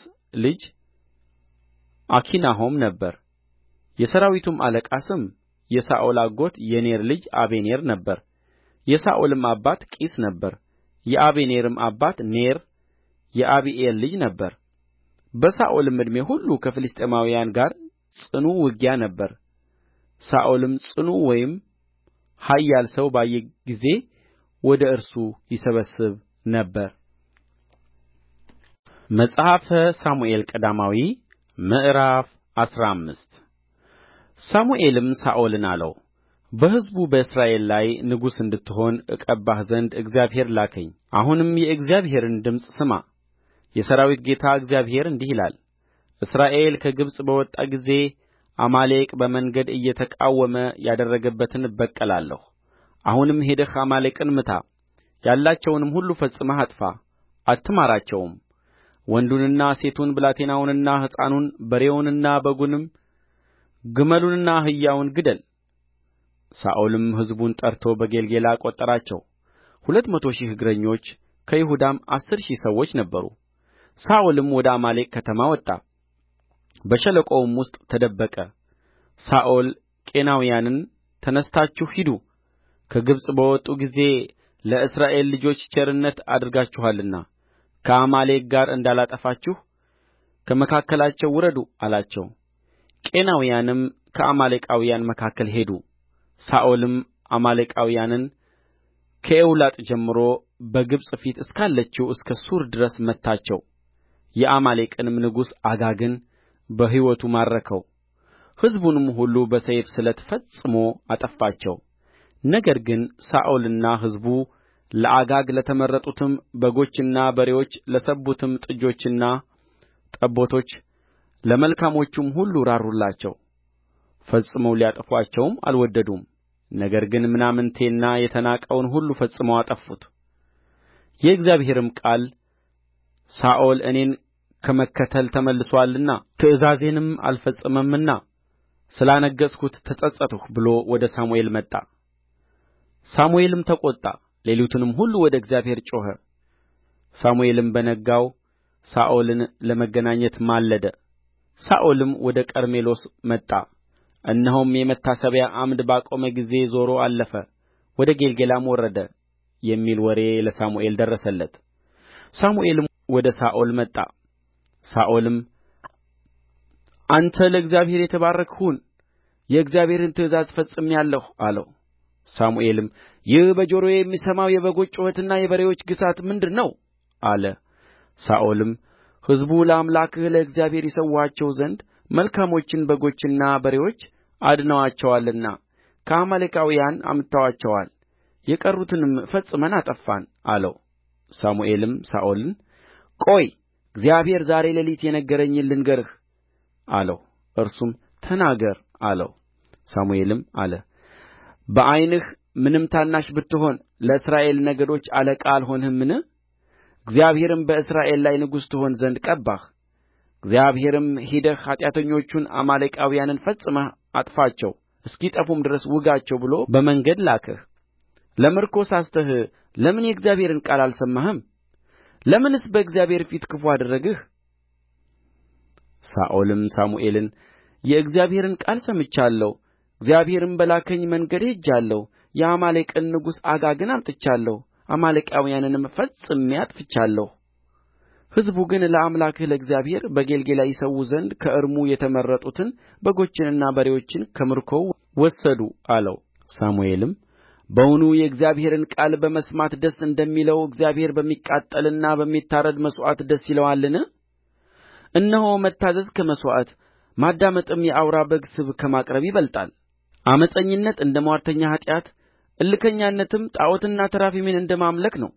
ልጅ አኪናሆም ነበረ የሠራዊቱም አለቃ ስም የሳኦል አጎት የኔር ልጅ አበኔር ነበረ የሳኦልም አባት ቂስ ነበረ የአበኔርም አባት ኔር የአቢኤል ልጅ ነበረ በሳኦልም ዕድሜ ሁሉ ከፍልስጥኤማውያን ጋር ጽኑ ውጊያ ነበረ ሳኦልም ጽኑ ወይም ኃያል ሰው ባየ ጊዜ ወደ እርሱ ይሰበስብ ነበር መጽሐፈ ሳሙኤል ቀዳማዊ ምዕራፍ አስራ አምስት ሳሙኤልም ሳኦልን አለው በሕዝቡ በእስራኤል ላይ ንጉሥ እንድትሆን እቀባህ ዘንድ እግዚአብሔር ላከኝ አሁንም የእግዚአብሔርን ድምፅ ስማ የሠራዊት ጌታ እግዚአብሔር እንዲህ ይላል እስራኤል ከግብጽ በወጣ ጊዜ አማሌቅ በመንገድ እየተቃወመ ያደረገበትን እበቀላለሁ አሁንም ሄደህ አማሌቅን ምታ ያላቸውንም ሁሉ ፈጽመህ አጥፋ አትማራቸውም ወንዱንና ሴቱን ብላቴናውንና ሕፃኑን በሬውንና በጉንም ግመሉንና አህያውን ግደል ሳኦልም ሕዝቡን ጠርቶ በጌልገላ ቈጠራቸው ሁለት መቶ ሺህ እግረኞች ከይሁዳም አሥር ሺህ ሰዎች ነበሩ ሳኦልም ወደ አማሌቅ ከተማ ወጣ በሸለቆውም ውስጥ ተደበቀ ሳኦል ቄናውያንን ተነሥታችሁ ሂዱ ከግብጽ በወጡ ጊዜ ለእስራኤል ልጆች ቸርነት አድርጋችኋልና ከአማሌቅ ጋር እንዳላጠፋችሁ ከመካከላቸው ውረዱ አላቸው ቄናውያንም ከአማሌቃውያን መካከል ሄዱ ሳኦልም አማሌቃውያንን ከኤውላጥ ጀምሮ በግብጽ ፊት እስካለችው እስከ ሱር ድረስ መታቸው የአማሌቅንም ንጉሥ አጋግን በሕይወቱ ማረከው ሕዝቡንም ሁሉ በሰይፍ ስለት ፈጽሞ አጠፋቸው ነገር ግን ሳኦልና ሕዝቡ ለአጋግ ለተመረጡትም በጎችና በሬዎች ለሰቡትም ጥጆችና ጠቦቶች ለመልካሞቹም ሁሉ ራሩላቸው ፈጽመው ሊያጠፉአቸውም አልወደዱም ነገር ግን ምናምንቴንና የተናቀውን ሁሉ ፈጽመው አጠፉት የእግዚአብሔርም ቃል ሳኦል እኔን ከመከተል ተመልሶአልና ትእዛዜንም አልፈጸመምና ስላነገሥሁት ተጸጸትሁ ብሎ ወደ ሳሙኤል መጣ ሳሙኤልም ተቈጣ ሌሊቱንም ሁሉ ወደ እግዚአብሔር ጮኸ ሳሙኤልም በነጋው ሳኦልን ለመገናኘት ማለደ ሳኦልም ወደ ቀርሜሎስ መጣ እነሆም የመታሰቢያ ዓምድ ባቆመ ጊዜ ዞሮ አለፈ ወደ ጌልገላም ወረደ የሚል ወሬ ለሳሙኤል ደረሰለት ሳሙኤልም ወደ ሳኦል መጣ ሳኦልም አንተ ለእግዚአብሔር የተባረክህ ሁን የእግዚአብሔርን ትእዛዝ ፈጽሜአለሁ አለው ሳሙኤልም ይህ በጆሮዬ የምሰማው የበጎች ጩኸትና የበሬዎች ግሣት ምንድር ነው አለ ሳኦልም ሕዝቡ ለአምላክህ ለእግዚአብሔር ይሠዉአቸው ዘንድ መልካሞችን በጎችና በሬዎች አድነዋቸዋልና ከአማሌቃውያን አምጥተዋቸዋል የቀሩትንም ፈጽመን አጠፋን አለው ሳሙኤልም ሳኦልን ቆይ እግዚአብሔር ዛሬ ሌሊት የነገረኝን ልንገርህ አለው እርሱም ተናገር አለው ሳሙኤልም አለ በዓይንህ ምንም ታናሽ ብትሆን ለእስራኤል ነገዶች አለቃ አልሆንህምን እግዚአብሔርም በእስራኤል ላይ ንጉሥ ትሆን ዘንድ ቀባህ እግዚአብሔርም ሄደህ ኃጢአተኞቹን አማሌቃውያንን ፈጽመህ አጥፋቸው እስኪጠፉም ድረስ ውጋቸው ብሎ በመንገድ ላከህ ለምርኮ ሳስተህ ለምን የእግዚአብሔርን ቃል አልሰማህም ለምንስ በእግዚአብሔር ፊት ክፉ አደረግህ ሳኦልም ሳሙኤልን የእግዚአብሔርን ቃል ሰምቻለሁ እግዚአብሔርም በላከኝ መንገድ ሄጃለሁ የአማሌቅን ንጉሥ አጋግን አምጥቻለሁ አማሌቃውያንንም ፈጽሜ አጥፍቻለሁ ሕዝቡ ግን ለአምላክህ ለእግዚአብሔር በጌልገላ ይሠዉ ዘንድ ከእርሙ የተመረጡትን በጎችንና በሬዎችን ከምርኮው ወሰዱ አለው ሳሙኤልም በውኑ የእግዚአብሔርን ቃል በመስማት ደስ እንደሚለው እግዚአብሔር በሚቃጠልና በሚታረድ መሥዋዕት ደስ ይለዋልን እነሆ መታዘዝ ከመሥዋዕት ማዳመጥም የአውራ በግ ስብ ከማቅረብ ይበልጣል ዓመፀኝነት እንደ ምዋርተኛ ኃጢአት እልከኛነትም ጣዖትና ተራፊምን እንደ ማምለክ ነው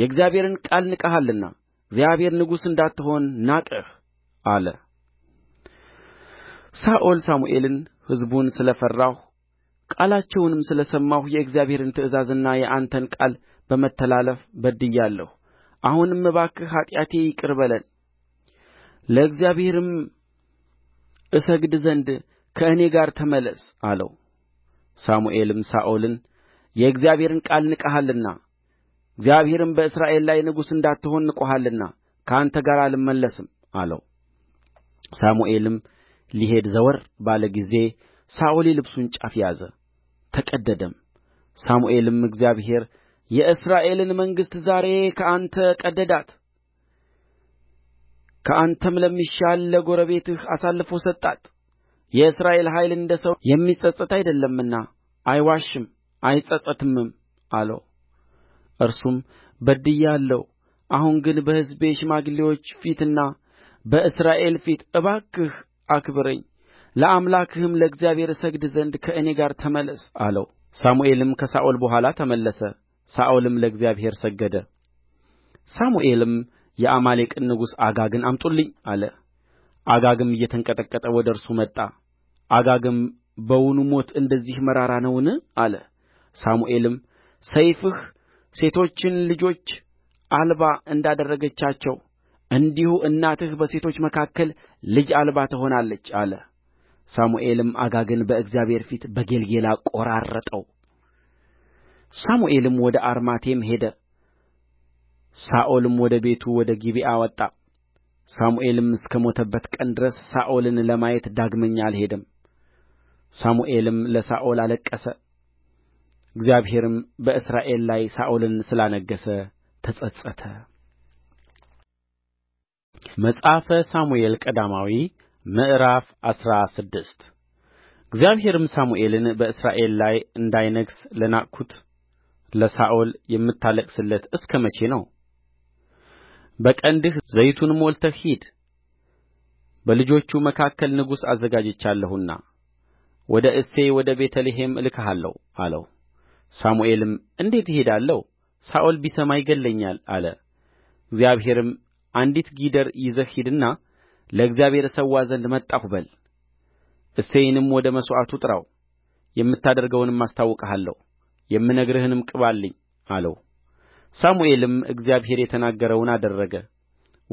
የእግዚአብሔርን ቃል ንቀሃልና እግዚአብሔር ንጉሥ እንዳትሆን ናቀህ አለ ሳኦል ሳሙኤልን ሕዝቡን ስለ ፈራሁ ቃላቸውንም ስለ ሰማሁ የእግዚአብሔርን ትእዛዝና የአንተን ቃል በመተላለፍ በድያለሁ አሁንም እባክህ ኃጢአቴ ይቅር በለን፣ ለእግዚአብሔርም እሰግድ ዘንድ ከእኔ ጋር ተመለስ አለው ሳሙኤልም ሳኦልን የእግዚአብሔርን ቃል ንቀሃልና እግዚአብሔርም በእስራኤል ላይ ንጉሥ እንዳትሆን ንቆሃልና ከአንተ ጋር አልመለስም አለው ሳሙኤልም ሊሄድ ዘወር ባለ ጊዜ ሳኦል የልብሱን ጫፍ ያዘ ተቀደደም ሳሙኤልም እግዚአብሔር የእስራኤልን መንግሥት ዛሬ ከአንተ ቀደዳት ከአንተም ለሚሻል ለጎረቤትህ አሳልፎ ሰጣት የእስራኤል ኃይል እንደ ሰው የሚጸጸት አይደለምና አይዋሽም አይጸጸትምም አለው እርሱም በድያለሁ አሁን ግን በሕዝቤ ሽማግሌዎች ፊትና በእስራኤል ፊት እባክህ አክብረኝ ለአምላክህም ለእግዚአብሔር እሰግድ ዘንድ ከእኔ ጋር ተመለስ አለው ሳሙኤልም ከሳኦል በኋላ ተመለሰ ሳኦልም ለእግዚአብሔር ሰገደ ሳሙኤልም የአማሌቅን ንጉሥ አጋግን አምጡልኝ አለ አጋግም እየተንቀጠቀጠ ወደ እርሱ መጣ አጋግም በውኑ ሞት እንደዚህ መራራ ነውን አለ ሳሙኤልም ሰይፍህ ሴቶችን ልጆች አልባ እንዳደረገቻቸው እንዲሁ እናትህ በሴቶች መካከል ልጅ አልባ ትሆናለች አለ ሳሙኤልም አጋግን በእግዚአብሔር ፊት በጌልገላ ቈራረጠው ሳሙኤልም ወደ አርማቴም ሄደ ሳኦልም ወደ ቤቱ ወደ ጊብዓ ወጣ ሳሙኤልም እስከ ሞተበት ቀን ድረስ ሳኦልን ለማየት ዳግመኛ አልሄደም ሳሙኤልም ለሳኦል አለቀሰ እግዚአብሔርም በእስራኤል ላይ ሳኦልን ስላነገሠ ተጸጸተ መጽሐፈ ሳሙኤል ቀዳማዊ ምዕራፍ አስራ ስድስት እግዚአብሔርም ሳሙኤልን በእስራኤል ላይ እንዳይነግሥ ለናቅሁት ለሳኦል የምታለቅስለት እስከ መቼ ነው? በቀንድህ ዘይቱን ሞልተህ ሂድ፣ በልጆቹ መካከል ንጉሥ አዘጋጅቻለሁና ወደ እሴይ ወደ ቤተ ልሔም እልክሃለሁ አለው። ሳሙኤልም እንዴት እሄዳለሁ ሳኦል ቢሰማ ይገድለኛል አለ እግዚአብሔርም አንዲት ጊደር ይዘህ ሂድና ለእግዚአብሔር እሠዋ ዘንድ መጣሁ በል እሴይንም ወደ መሥዋዕቱ ጥራው የምታደርገውንም አስታውቅሃለሁ የምነግርህንም ቅባልኝ አለው ሳሙኤልም እግዚአብሔር የተናገረውን አደረገ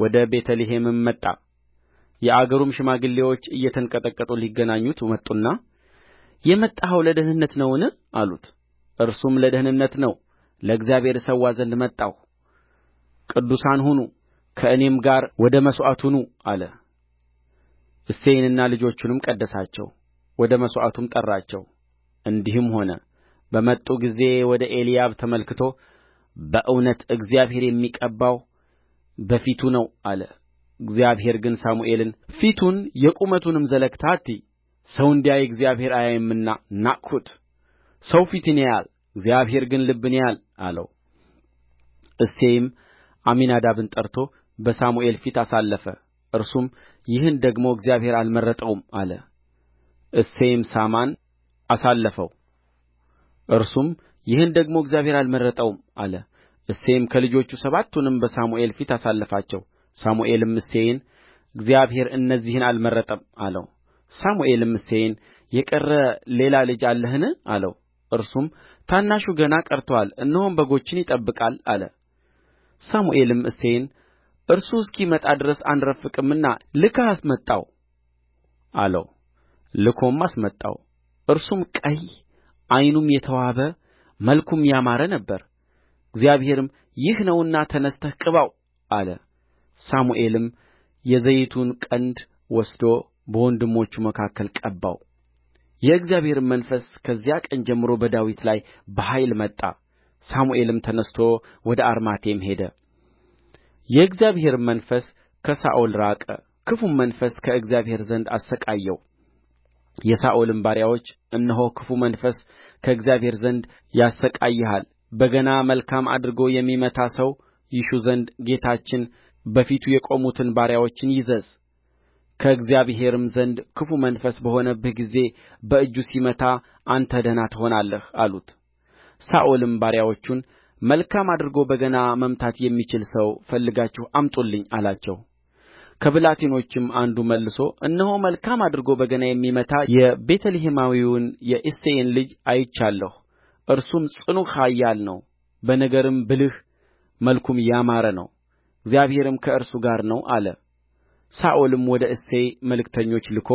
ወደ ቤተ ልሔምም መጣ የአገሩም ሽማግሌዎች እየተንቀጠቀጡ ሊገናኙት መጡና የመጣኸው ለደኅንነት ነውን አሉት እርሱም ለደኅንነት ነው ለእግዚአብሔር እሠዋ ዘንድ መጣሁ ቅዱሳን ሁኑ ከእኔም ጋር ወደ መሥዋዕቱ ኑ አለ እሴይንና ልጆቹንም ቀደሳቸው ወደ መሥዋዕቱም ጠራቸው እንዲህም ሆነ በመጡ ጊዜ ወደ ኤልያብ ተመልክቶ በእውነት እግዚአብሔር የሚቀባው በፊቱ ነው አለ እግዚአብሔር ግን ሳሙኤልን ፊቱን የቁመቱንም ዘለግታ አትይ ሰው እንዲያይ እግዚአብሔር አያይምና ናቅሁት ሰው ፊትን ያያል እግዚአብሔር ግን ልብን ያያል አለው እሴይም አሚናዳብን ጠርቶ በሳሙኤል ፊት አሳለፈ እርሱም ይህን ደግሞ እግዚአብሔር አልመረጠውም አለ እሴይም ሳማን አሳለፈው እርሱም ይህን ደግሞ እግዚአብሔር አልመረጠውም አለ እሴይም ከልጆቹ ሰባቱንም በሳሙኤል ፊት አሳለፋቸው ሳሙኤልም እሴይን እግዚአብሔር እነዚህን አልመረጠም አለው ሳሙኤልም እሴይን የቀረ ሌላ ልጅ አለህን አለው እርሱም ታናሹ ገና ቀርቶአል እነሆም በጎችን ይጠብቃል አለ ሳሙኤልም እሴይን እርሱ እስኪመጣ ድረስ አንረፍቅምና ልከህ አስመጣው አለው ልኮም አስመጣው እርሱም ቀይ ዓይኑም የተዋበ መልኩም ያማረ ነበረ እግዚአብሔርም ይህ ነውና ተነሥተህ ቅባው አለ ሳሙኤልም የዘይቱን ቀንድ ወስዶ በወንድሞቹ መካከል ቀባው የእግዚአብሔርም መንፈስ ከዚያ ቀን ጀምሮ በዳዊት ላይ በኃይል መጣ ሳሙኤልም ተነሥቶ ወደ አርማቴም ሄደ የእግዚአብሔርም መንፈስ ከሳኦል ራቀ ክፉም መንፈስ ከእግዚአብሔር ዘንድ አሠቃየው የሳኦልም ባሪያዎች እነሆ ክፉ መንፈስ ከእግዚአብሔር ዘንድ ያሠቃይሃል በገና መልካም አድርጎ የሚመታ ሰው ይሹ ዘንድ ጌታችን በፊቱ የቆሙትን ባሪያዎችን ይዘዝ ከእግዚአብሔርም ዘንድ ክፉ መንፈስ በሆነብህ ጊዜ በእጁ ሲመታ አንተ ደኅና ትሆናለህ አሉት ሳኦልም ባሪያዎቹን መልካም አድርጎ በገና መምታት የሚችል ሰው ፈልጋችሁ አምጡልኝ አላቸው ከብላቴኖችም አንዱ መልሶ እነሆ መልካም አድርጎ በገና የሚመታ የቤተ ልሔማዊውን የእሴይን ልጅ አይቻለሁ እርሱም ጽኑዕ ኃያል ነው በነገርም ብልህ መልኩም ያማረ ነው እግዚአብሔርም ከእርሱ ጋር ነው አለ ሳኦልም ወደ እሴይ መልእክተኞች ልኮ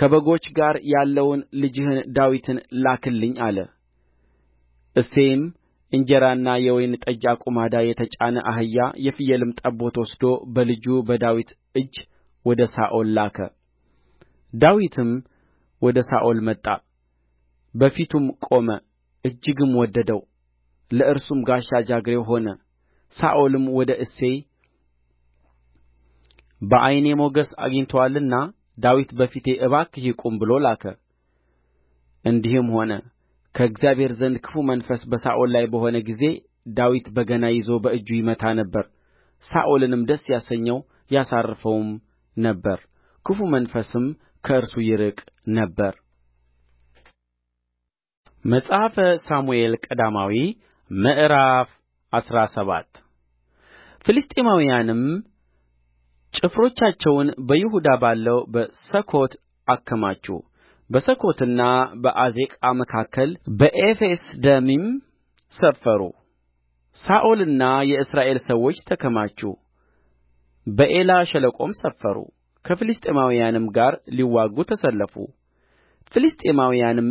ከበጎች ጋር ያለውን ልጅህን ዳዊትን ላክልኝ አለ እሴይም እንጀራና የወይን ጠጅ አቁማዳ የተጫነ አህያ የፍየልም ጠቦት ወስዶ በልጁ በዳዊት እጅ ወደ ሳኦል ላከ ዳዊትም ወደ ሳኦል መጣ በፊቱም ቆመ እጅግም ወደደው ለእርሱም ጋሻ ጃግሬው ሆነ ሳኦልም ወደ እሴይ በዓይኔ ሞገስ አግኝቶአልና ዳዊት በፊቴ እባክህ ይቁም ብሎ ላከ እንዲህም ሆነ ከእግዚአብሔር ዘንድ ክፉ መንፈስ በሳኦል ላይ በሆነ ጊዜ ዳዊት በገና ይዞ በእጁ ይመታ ነበር ሳኦልንም ደስ ያሰኘው ያሳርፈውም ነበር ክፉ መንፈስም ከእርሱ ይርቅ ነበር መጽሐፈ ሳሙኤል ቀዳማዊ ምዕራፍ አስራ ሰባት ፍልስጥኤማውያንም ጭፍሮቻቸውን በይሁዳ ባለው በሰኮት አከማቹ በሰኮትና በዓዜቃ መካከል በኤፌስደሚም ሰፈሩ ሳኦልና የእስራኤል ሰዎች ተከማቹ በዔላ ሸለቆም ሰፈሩ ከፍልስጥኤማውያንም ጋር ሊዋጉ ተሰለፉ ፍልስጥኤማውያንም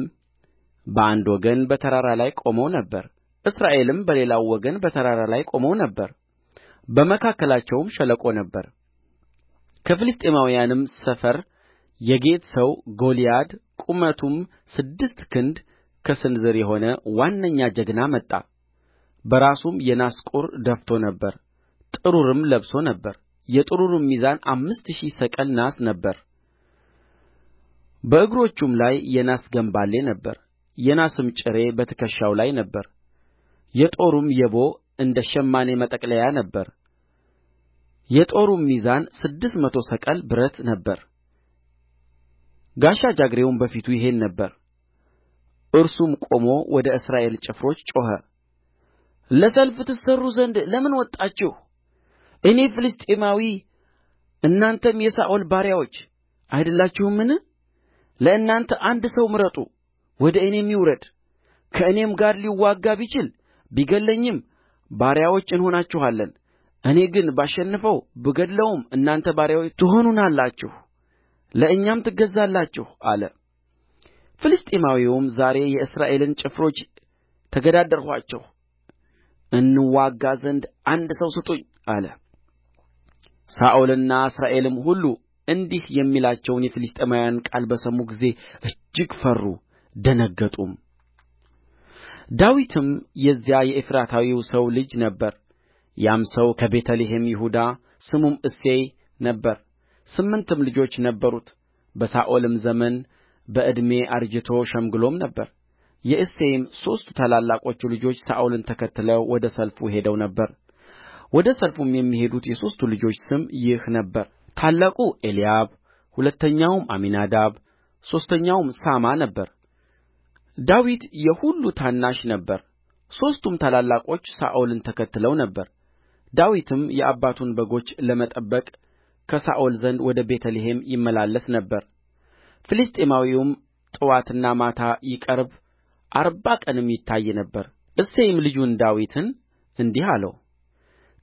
በአንድ ወገን በተራራ ላይ ቆመው ነበር እስራኤልም በሌላው ወገን በተራራ ላይ ቆመው ነበር በመካከላቸውም ሸለቆ ነበረ ከፍልስጥኤማውያንም ሰፈር የጌት ሰው ጎልያድ ቁመቱም ስድስት ክንድ ከስንዝር የሆነ ዋነኛ ጀግና መጣ በራሱም የናስ ቍር ደፍቶ ነበር ጥሩርም ለብሶ ነበር የጥሩሩም ሚዛን አምስት ሺህ ሰቅል ናስ ነበረ በእግሮቹም ላይ የናስ ገምባሌ ነበረ የናስም ጭሬ በትከሻው ላይ ነበረ የጦሩም የቦ እንደ ሸማኔ መጠቅለያ ነበረ የጦሩም ሚዛን ስድስት መቶ ሰቅል ብረት ነበረ ጋሻ ጃግሬውም በፊቱ ይሄድ ነበር እርሱም ቆሞ ወደ እስራኤል ጭፍሮች ጮኸ ለሰልፍ ትሠሩ ዘንድ ለምን ወጣችሁ እኔ ፍልስጥኤማዊ እናንተም የሳኦል ባሪያዎች አይደላችሁምን ለእናንተ አንድ ሰው ምረጡ ወደ እኔም ይውረድ ከእኔም ጋር ሊዋጋ ቢችል ቢገድለኝም ባሪያዎች እንሆናችኋለን እኔ ግን ባሸንፈው ብገድለውም እናንተ ባሪያዎች ትሆኑናላችሁ ለእኛም ትገዛላችሁ አለ ፍልስጥኤማዊውም ዛሬ የእስራኤልን ጭፍሮች ተገዳደርኋቸው እንዋጋ ዘንድ አንድ ሰው ስጡኝ አለ ሳኦልና እስራኤልም ሁሉ እንዲህ የሚላቸውን የፍልስጥኤማውያን ቃል በሰሙ ጊዜ እጅግ ፈሩ ደነገጡም ዳዊትም የዚያ የኤፍራታዊው ሰው ልጅ ነበረ ያም ሰው ከቤተ ልሔም ይሁዳ ስሙም እሴይ ነበረ ስምንትም ልጆች ነበሩት በሳኦልም ዘመን በዕድሜ አርጅቶ ሸምግሎም ነበር የእሴይም ሦስቱ ታላላቆቹ ልጆች ሳኦልን ተከትለው ወደ ሰልፉ ሄደው ነበር ወደ ሰልፉም የሚሄዱት የሦስቱ ልጆች ስም ይህ ነበረ ታላቁ ኤልያብ ሁለተኛውም አሚናዳብ ሦስተኛውም ሣማ ነበረ ዳዊት የሁሉ ታናሽ ነበረ ሦስቱም ታላላቆቹ ሳኦልን ተከትለው ነበር ዳዊትም የአባቱን በጎች ለመጠበቅ ከሳኦል ዘንድ ወደ ቤተ ልሔም ይመላለስ ነበር ፍልስጥኤማዊውም ጥዋትና ማታ ይቀርብ አርባ ቀንም ይታይ ነበር እሴይም ልጁን ዳዊትን እንዲህ አለው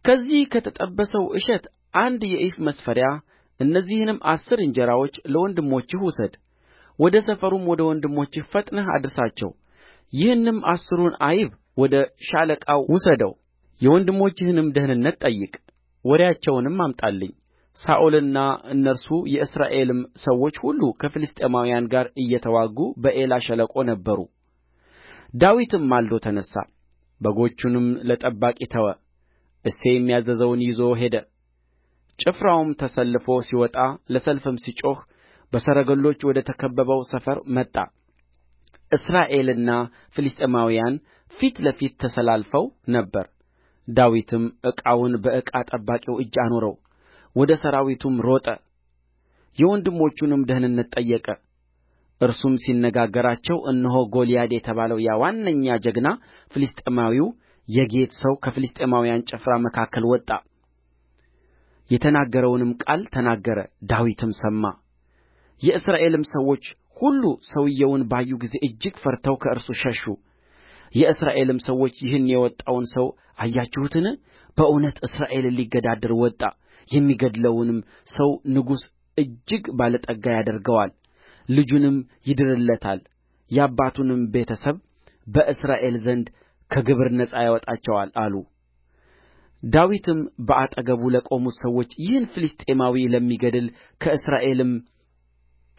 ከዚህ ከተጠበሰው እሸት አንድ የኢፍ መስፈሪያ እነዚህንም አሥር እንጀራዎች ለወንድሞችህ ውሰድ ወደ ሰፈሩም ወደ ወንድሞችህ ፈጥነህ አድርሳቸው ይህንም አሥሩን አይብ ወደ ሻለቃው ውሰደው የወንድሞችህንም ደኅንነት ጠይቅ ወሬአቸውንም አምጣልኝ ሳኦልና እነርሱ የእስራኤልም ሰዎች ሁሉ ከፍልስጥኤማውያን ጋር እየተዋጉ በዔላ ሸለቆ ነበሩ ዳዊትም ማልዶ ተነሣ በጎቹንም ለጠባቂ ተወ እሴይም ያዘዘውን ይዞ ሄደ ጭፍራውም ተሰልፎ ሲወጣ ለሰልፍም ሲጮኽ በሰረገሎች ወደ ተከበበው ሰፈር መጣ እስራኤልና ፍልስጥኤማውያን ፊት ለፊት ተሰላልፈው ነበር ዳዊትም ዕቃውን በዕቃ ጠባቂው እጅ አኖረው ወደ ሠራዊቱም ሮጠ የወንድሞቹንም ደኅንነት ጠየቀ እርሱም ሲነጋገራቸው እነሆ ጎልያድ የተባለው ያ ዋነኛ ጀግና ፍልስጥኤማዊው የጌት ሰው ከፍልስጥኤማውያን ጭፍራ መካከል ወጣ የተናገረውንም ቃል ተናገረ ዳዊትም ሰማ የእስራኤልም ሰዎች ሁሉ ሰውየውን ባዩ ጊዜ እጅግ ፈርተው ከእርሱ ሸሹ የእስራኤልም ሰዎች ይህን የወጣውን ሰው አያችሁትን በእውነት እስራኤልን ሊገዳደር ወጣ የሚገድለውንም ሰው ንጉሡ እጅግ ባለጠጋ ያደርገዋል ልጁንም ይድርለታል የአባቱንም ቤተ ሰብ በእስራኤል ዘንድ ከግብር ነጻ ያወጣቸዋል አሉ ዳዊትም በአጠገቡ ለቆሙት ሰዎች ይህን ፍልስጥኤማዊ ለሚገድል ከእስራኤልም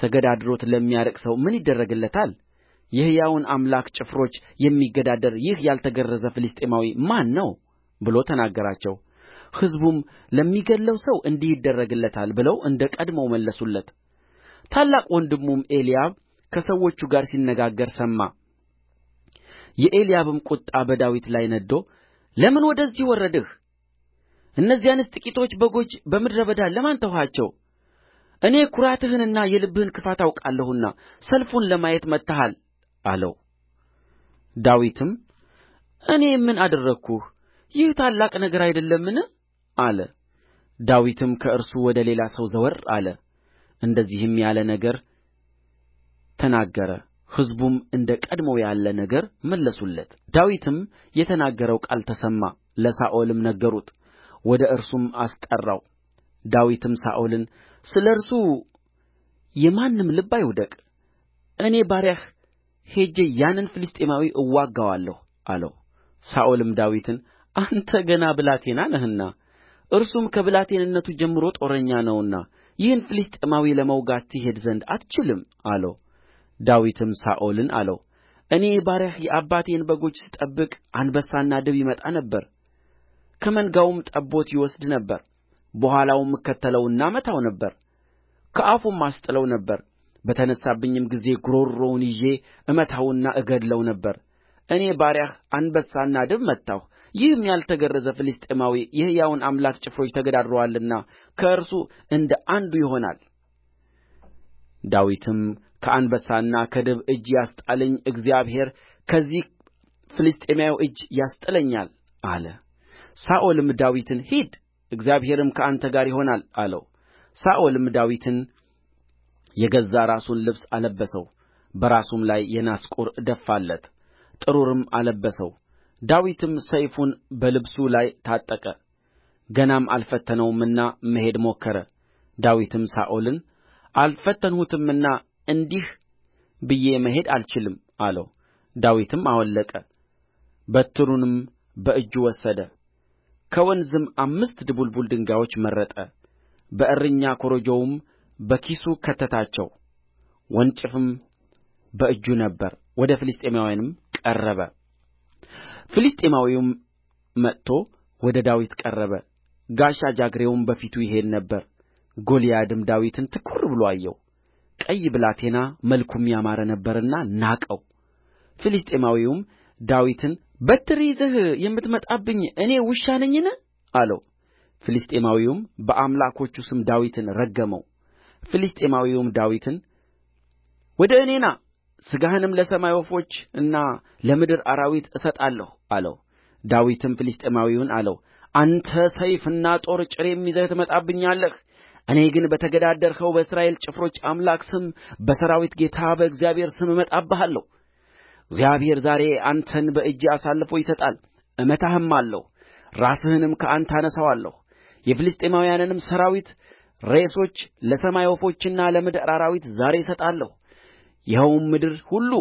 ተገዳድሮት ለሚያርቅ ሰው ምን ይደረግለታል የሕያውን አምላክ ጭፍሮች የሚገዳደር ይህ ያልተገረዘ ፍልስጥኤማዊ ማን ነው ብሎ ተናገራቸው ሕዝቡም ለሚገድለው ሰው እንዲህ ይደረግለታል ብለው እንደ ቀድሞው መለሱለት ታላቅ ወንድሙም ኤልያብ ከሰዎቹ ጋር ሲነጋገር ሰማ የኤልያብም ቍጣ በዳዊት ላይ ነድዶ ለምን ወደዚህ ወረድህ እነዚያንስ ጥቂቶች በጎች በምድረ በዳ ለማን ተውሃቸው እኔ ኵራትህንና የልብህን ክፋት አውቃለሁና ሰልፉን ለማየት መጥተሃል አለው ዳዊትም እኔ ምን አደረግሁ ይህ ታላቅ ነገር አይደለምን አለ ዳዊትም ከእርሱ ወደ ሌላ ሰው ዘወር አለ እንደዚህም ያለ ነገር ተናገረ ሕዝቡም እንደ ቀድሞው ያለ ነገር መለሱለት ዳዊትም የተናገረው ቃል ተሰማ ለሳኦልም ነገሩት ወደ እርሱም አስጠራው ዳዊትም ሳኦልን ስለ እርሱ የማንም ልብ አይውደቅ እኔ ባሪያህ ሄጄ ያንን ፍልስጥኤማዊ እዋጋዋለሁ አለው ሳኦልም ዳዊትን አንተ ገና ብላቴና ነህና እርሱም ከብላቴንነቱ ጀምሮ ጦረኛ ነውና ይህን ፍልስጥኤማዊ ለመውጋት ትሄድ ዘንድ አትችልም አለው ዳዊትም ሳኦልን አለው እኔ ባሪያህ የአባቴን በጎች ስጠብቅ አንበሳና ድብ ይመጣ ነበር ከመንጋውም ጠቦት ይወስድ ነበር በኋላውም እከተለውና እመታው ነበር ከአፉም አስጥለው ነበር በተነሣብኝም ጊዜ ጕሮሮውን ይዤ እመታውና እገድለው ነበር እኔ ባሪያህ አንበሳና ድብ መታሁ ይህም ያልተገረዘ ፍልስጥኤማዊ የሕያውን አምላክ ጭፍሮች ተገዳድሮአልና ከእርሱ እንደ አንዱ ይሆናል ዳዊትም ከአንበሳና ከድብ እጅ ያስጣለኝ እግዚአብሔር ከዚህ ፍልስጥኤማዊ እጅ ያስጥለኛል አለ ሳኦልም ዳዊትን ሂድ እግዚአብሔርም ከአንተ ጋር ይሆናል አለው ሳኦልም ዳዊትን የገዛ ራሱን ልብስ አለበሰው በራሱም ላይ የናስ ቁር ደፋለት ጥሩርም አለበሰው ዳዊትም ሰይፉን በልብሱ ላይ ታጠቀ ገናም አልፈተነውምና መሄድ ሞከረ ዳዊትም ሳኦልን አልፈተንሁትምና እንዲህ ብዬ መሄድ አልችልም አለው ዳዊትም አወለቀ በትሩንም በእጁ ወሰደ ከወንዝም አምስት ድቡልቡል ድንጋዮች መረጠ በእረኛ ኮረጆውም በኪሱ ከተታቸው ወንጭፍም በእጁ ነበረ ወደ ፍልስጥኤማውያንም ቀረበ ፍልስጥኤማዊውም መጥቶ ወደ ዳዊት ቀረበ ጋሻ ጃግሬውም በፊቱ ይሄድ ነበር ጎልያድም ዳዊትን ትኵር ብሎ አየው ቀይ ብላቴና መልኩም ያማረ ነበርና ናቀው ፍልስጥኤማዊውም ዳዊትን በትር ይዘህ የምትመጣብኝ እኔ ውሻ ነኝን አለው ፍልስጥኤማዊውም በአምላኮቹ ስም ዳዊትን ረገመው ፍልስጥኤማዊውም ዳዊትን ወደ እኔ ና ሥጋህንም ለሰማይ ወፎችና ለምድር አራዊት እሰጣለሁ አለው ዳዊትም ፍልስጥኤማዊውን አለው አንተ ሰይፍና ጦር ጭሬም ይዘህ ትመጣብኛለህ እኔ ግን በተገዳደርኸው በእስራኤል ጭፍሮች አምላክ ስም በሠራዊት ጌታ በእግዚአብሔር ስም እመጣብሃለሁ እግዚአብሔር ዛሬ አንተን በእጄ አሳልፎ ይሰጣል እመታህማለሁ ራስህንም ከአንተ አነሣዋለሁ የፍልስጥኤማውያንንም ሠራዊት ሬሶች ለሰማይ ወፎችና ለምድር አራዊት ዛሬ እሰጣለሁ ይኸውም ምድር ሁሉ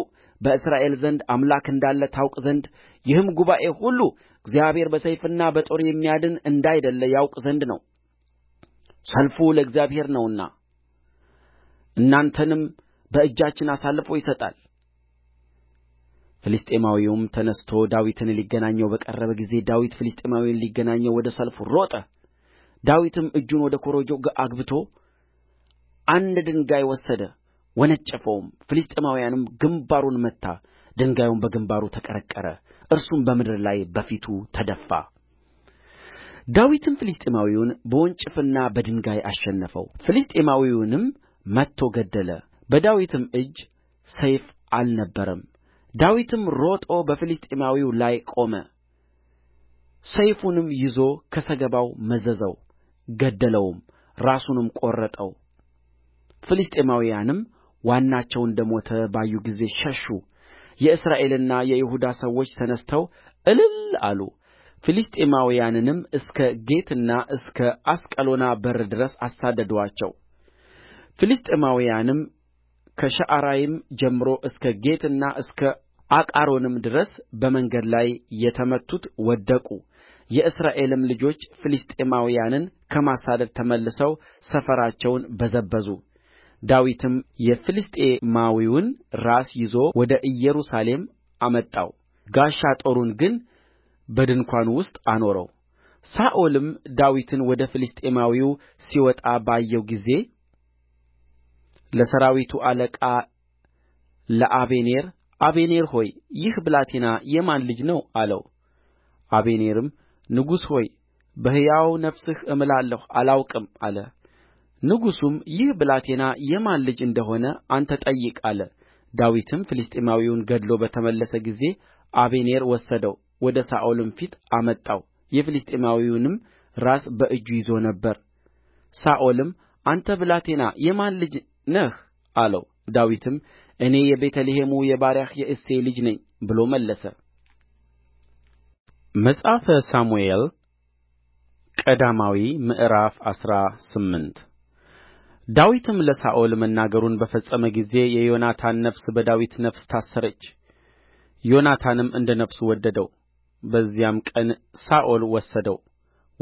በእስራኤል ዘንድ አምላክ እንዳለ ታውቅ ዘንድ ይህም ጉባኤ ሁሉ እግዚአብሔር በሰይፍና በጦር የሚያድን እንዳይደለ ያውቅ ዘንድ ነው። ሰልፉ ለእግዚአብሔር ነውና እናንተንም በእጃችን አሳልፎ ይሰጣል። ፍልስጥኤማዊውም ተነሥቶ ዳዊትን ሊገናኘው በቀረበ ጊዜ ዳዊት ፍልስጥኤማዊውን ሊገናኘው ወደ ሰልፉ ሮጠ። ዳዊትም እጁን ወደ ኮረጆው አግብቶ አንድ ድንጋይ ወሰደ ወነጨፈውም ፍልስጥኤማውያንም ግምባሩን መታ ድንጋዩም በግምባሩ ተቀረቀረ እርሱም በምድር ላይ በፊቱ ተደፋ ዳዊትም ፍልስጥኤማዊውን በወንጭፍና በድንጋይ አሸነፈው ፍልስጥኤማዊውንም መትቶ ገደለ በዳዊትም እጅ ሰይፍ አልነበረም ዳዊትም ሮጦ በፍልስጥኤማዊው ላይ ቆመ ሰይፉንም ይዞ ከሰገባው መዘዘው ገደለውም ራሱንም ቈረጠው ፍልስጥኤማውያንም ዋናቸው እንደ ሞተ ባዩ ጊዜ ሸሹ የእስራኤልና የይሁዳ ሰዎች ተነሥተው እልል አሉ ፍልስጥኤማውያንንም እስከ ጌትና እስከ አስቀሎና በር ድረስ አሳደዱአቸው ፍልስጥኤማውያንም ከሸዓራይም ጀምሮ እስከ ጌትና እስከ አቃሮንም ድረስ በመንገድ ላይ የተመቱት ወደቁ የእስራኤልም ልጆች ፍልስጥኤማውያንን ከማሳደድ ተመልሰው ሰፈራቸውን በዘበዙ ዳዊትም የፍልስጥኤማዊውን ራስ ይዞ ወደ ኢየሩሳሌም አመጣው ጋሻ ጦሩን ግን በድንኳኑ ውስጥ አኖረው ሳኦልም ዳዊትን ወደ ፍልስጥኤማዊው ሲወጣ ባየው ጊዜ ለሠራዊቱ አለቃ ለአበኔር አበኔር ሆይ ይህ ብላቴና የማን ልጅ ነው አለው አበኔርም ንጉሥ ሆይ በሕያው ነፍስህ እምላለሁ አላውቅም አለ ንጉሡም ይህ ብላቴና የማን ልጅ እንደ ሆነ አንተ ጠይቅ አለ ዳዊትም ፍልስጥኤማዊውን ገድሎ በተመለሰ ጊዜ አበኔር ወሰደው ወደ ሳኦልም ፊት አመጣው የፍልስጥኤማዊውንም ራስ በእጁ ይዞ ነበር ሳኦልም አንተ ብላቴና የማን ልጅ ነህ አለው ዳዊትም እኔ የቤተ ልሔሙ የባሪያህ የእሴይ ልጅ ነኝ ብሎ መለሰ መጽሐፈ ሳሙኤል ቀዳማዊ ምዕራፍ አስራ ስምንት ዳዊትም ለሳኦል መናገሩን በፈጸመ ጊዜ የዮናታን ነፍስ በዳዊት ነፍስ ታሰረች። ዮናታንም እንደ ነፍሱ ወደደው። በዚያም ቀን ሳኦል ወሰደው፣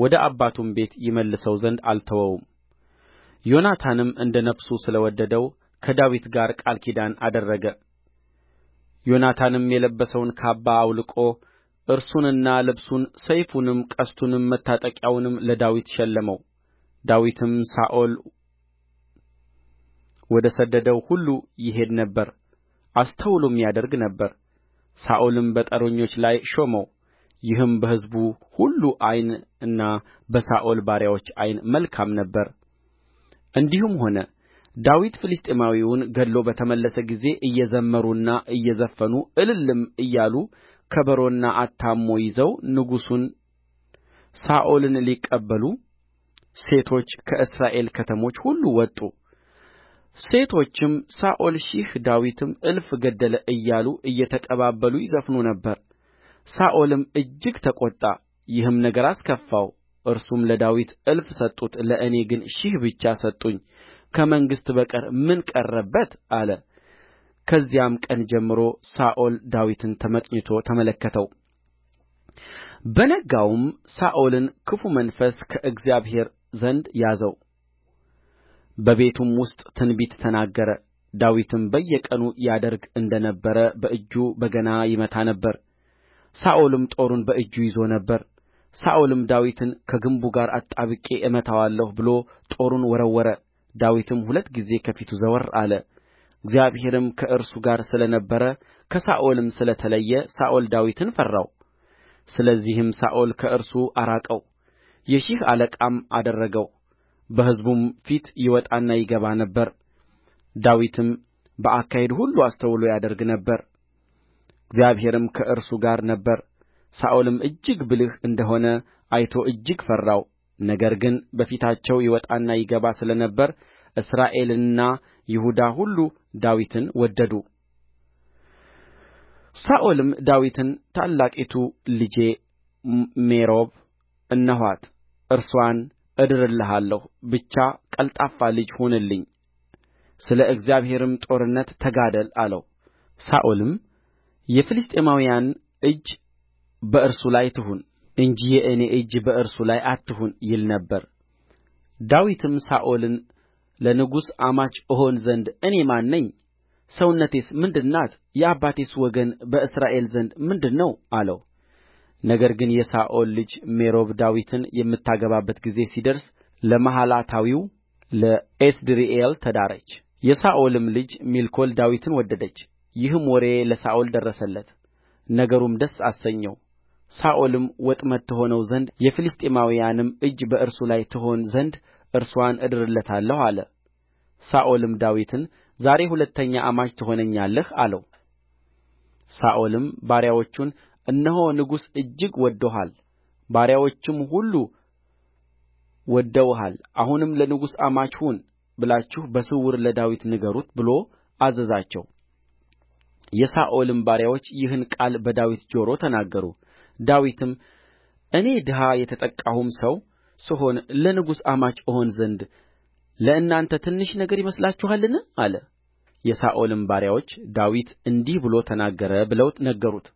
ወደ አባቱም ቤት ይመልሰው ዘንድ አልተወውም። ዮናታንም እንደ ነፍሱ ስለ ወደደው ከዳዊት ጋር ቃል ኪዳን አደረገ። ዮናታንም የለበሰውን ካባ አውልቆ እርሱንና ልብሱን ሰይፉንም ቀስቱንም መታጠቂያውንም ለዳዊት ሸለመው ዳዊትም ሳኦል ወደ ሰደደው ሁሉ ይሄድ ነበር አስተውሎም ያደርግ ነበር ሳኦልም በጦረኞች ላይ ሾመው ይህም በሕዝቡ ሁሉ ዓይን እና በሳኦል ባሪያዎች ዓይን መልካም ነበረ እንዲሁም ሆነ ዳዊት ፍልስጥኤማዊውን ገድሎ በተመለሰ ጊዜ እየዘመሩና እየዘፈኑ እልልም እያሉ ከበሮና አታሞ ይዘው ንጉሡን ሳኦልን ሊቀበሉ ሴቶች ከእስራኤል ከተሞች ሁሉ ወጡ ሴቶችም ሳኦል ሺህ ዳዊትም እልፍ ገደለ እያሉ እየተቀባበሉ ይዘፍኑ ነበር ሳኦልም እጅግ ተቈጣ ይህም ነገር አስከፋው እርሱም ለዳዊት እልፍ ሰጡት ለእኔ ግን ሺህ ብቻ ሰጡኝ ከመንግሥት በቀር ምን ቀረበት አለ ከዚያም ቀን ጀምሮ ሳኦል ዳዊትን ተመቅኝቶ ተመለከተው በነጋውም ሳኦልን ክፉ መንፈስ ከእግዚአብሔር ዘንድ ያዘው በቤቱም ውስጥ ትንቢት ተናገረ ዳዊትም በየቀኑ ያደርግ እንደ ነበረ በእጁ በገና ይመታ ነበር ሳኦልም ጦሩን በእጁ ይዞ ነበር ሳኦልም ዳዊትን ከግንቡ ጋር አጣብቄ እመታዋለሁ ብሎ ጦሩን ወረወረ ዳዊትም ሁለት ጊዜ ከፊቱ ዘወር አለ እግዚአብሔርም ከእርሱ ጋር ስለ ነበረ ከሳኦልም ስለ ተለየ ሳኦል ዳዊትን ፈራው ስለዚህም ሳኦል ከእርሱ አራቀው የሺህ አለቃም አደረገው በሕዝቡም ፊት ይወጣና ይገባ ነበር ዳዊትም በአካሄዱ ሁሉ አስተውሎ ያደርግ ነበር እግዚአብሔርም ከእርሱ ጋር ነበረ ሳኦልም እጅግ ብልህ እንደሆነ አይቶ እጅግ ፈራው ነገር ግን በፊታቸው ይወጣና ይገባ ስለ ነበር እስራኤልና ይሁዳ ሁሉ ዳዊትን ወደዱ ሳኦልም ዳዊትን ታላቂቱ ልጄ ሜሮብ እነኋት እርስዋን እድርልሃለሁ ብቻ ቀልጣፋ ልጅ ሁንልኝ ስለ እግዚአብሔርም ጦርነት ተጋደል አለው ሳኦልም የፍልስጥኤማውያን እጅ በእርሱ ላይ ትሁን እንጂ የእኔ እጅ በእርሱ ላይ አትሁን ይል ነበር ዳዊትም ሳኦልን ለንጉሥ አማች እሆን ዘንድ እኔ ማን ነኝ ሰውነቴስ ምንድር ናት የአባቴስ ወገን በእስራኤል ዘንድ ምንድር ነው አለው ነገር ግን የሳኦል ልጅ ሜሮብ ዳዊትን የምታገባበት ጊዜ ሲደርስ ለመሓላታዊው ለኤስድሪኤል ተዳረች የሳኦልም ልጅ ሜልኮል ዳዊትን ወደደች ይህም ወሬ ለሳኦል ደረሰለት ነገሩም ደስ አሰኘው ሳኦልም ወጥመድ ትሆነው ዘንድ የፍልስጥኤማውያንም እጅ በእርሱ ላይ ትሆን ዘንድ እርስዋን እድርለታለሁ አለ ሳኦልም ዳዊትን ዛሬ ሁለተኛ አማች ትሆነኛለህ አለው ሳኦልም ባሪያዎቹን እነሆ ንጉሡ እጅግ ወድዶሃል ባሪያዎቹም ሁሉ ወድደውሃል አሁንም ለንጉሡ አማች ሁን ብላችሁ በስውር ለዳዊት ንገሩት ብሎ አዘዛቸው የሳኦልም ባሪያዎች ይህን ቃል በዳዊት ጆሮ ተናገሩ ዳዊትም እኔ ድሀ የተጠቃሁም ሰው ስሆን ለንጉሥ አማች እሆን ዘንድ ለእናንተ ትንሽ ነገር ይመስላችኋልን አለ የሳኦልም ባሪያዎች ዳዊት እንዲህ ብሎ ተናገረ ብለው ነገሩት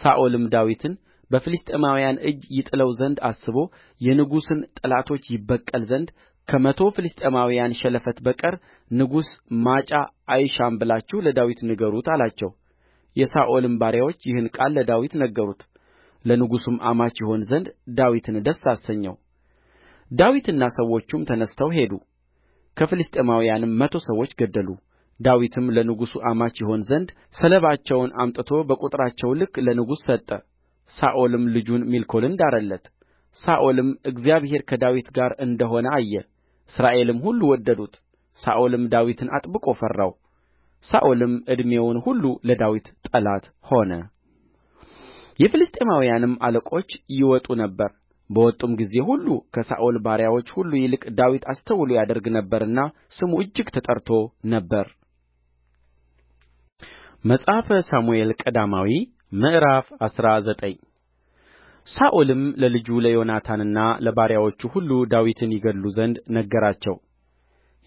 ሳኦልም ዳዊትን በፍልስጥኤማውያን እጅ ይጥለው ዘንድ አስቦ የንጉሡን ጠላቶች ይበቀል ዘንድ ከመቶ ፍልስጥኤማውያን ሸለፈት በቀር ንጉሥ ማጫ አይሻም ብላችሁ ለዳዊት ንገሩት አላቸው የሳኦልም ባሪያዎች ይህን ቃል ለዳዊት ነገሩት ለንጉሡም አማች ይሆን ዘንድ ዳዊትን ደስ አሰኘው ዳዊትና ሰዎቹም ተነሥተው ሄዱ ከፍልስጥኤማውያንም መቶ ሰዎች ገደሉ ዳዊትም ለንጉሡ አማች ይሆን ዘንድ ሰለባቸውን አምጥቶ በቍጥራቸው ልክ ለንጉሡ ሰጠ ሳኦልም ልጁን ሜልኮልን ዳረለት ሳኦልም እግዚአብሔር ከዳዊት ጋር እንደ ሆነ አየ እስራኤልም ሁሉ ወደዱት ሳኦልም ዳዊትን አጥብቆ ፈራው ሳኦልም ዕድሜውን ሁሉ ለዳዊት ጠላት ሆነ የፍልስጥኤማውያንም አለቆች ይወጡ ነበር በወጡም ጊዜ ሁሉ ከሳኦል ባሪያዎች ሁሉ ይልቅ ዳዊት አስተውሎ ያደርግ ነበርና ስሙ እጅግ ተጠርቶ ነበር መጽሐፈ ሳሙኤል ቀዳማዊ ምዕራፍ አስራ ዘጠኝ ሳኦልም ለልጁ ለዮናታንና ለባሪያዎቹ ሁሉ ዳዊትን ይገድሉ ዘንድ ነገራቸው።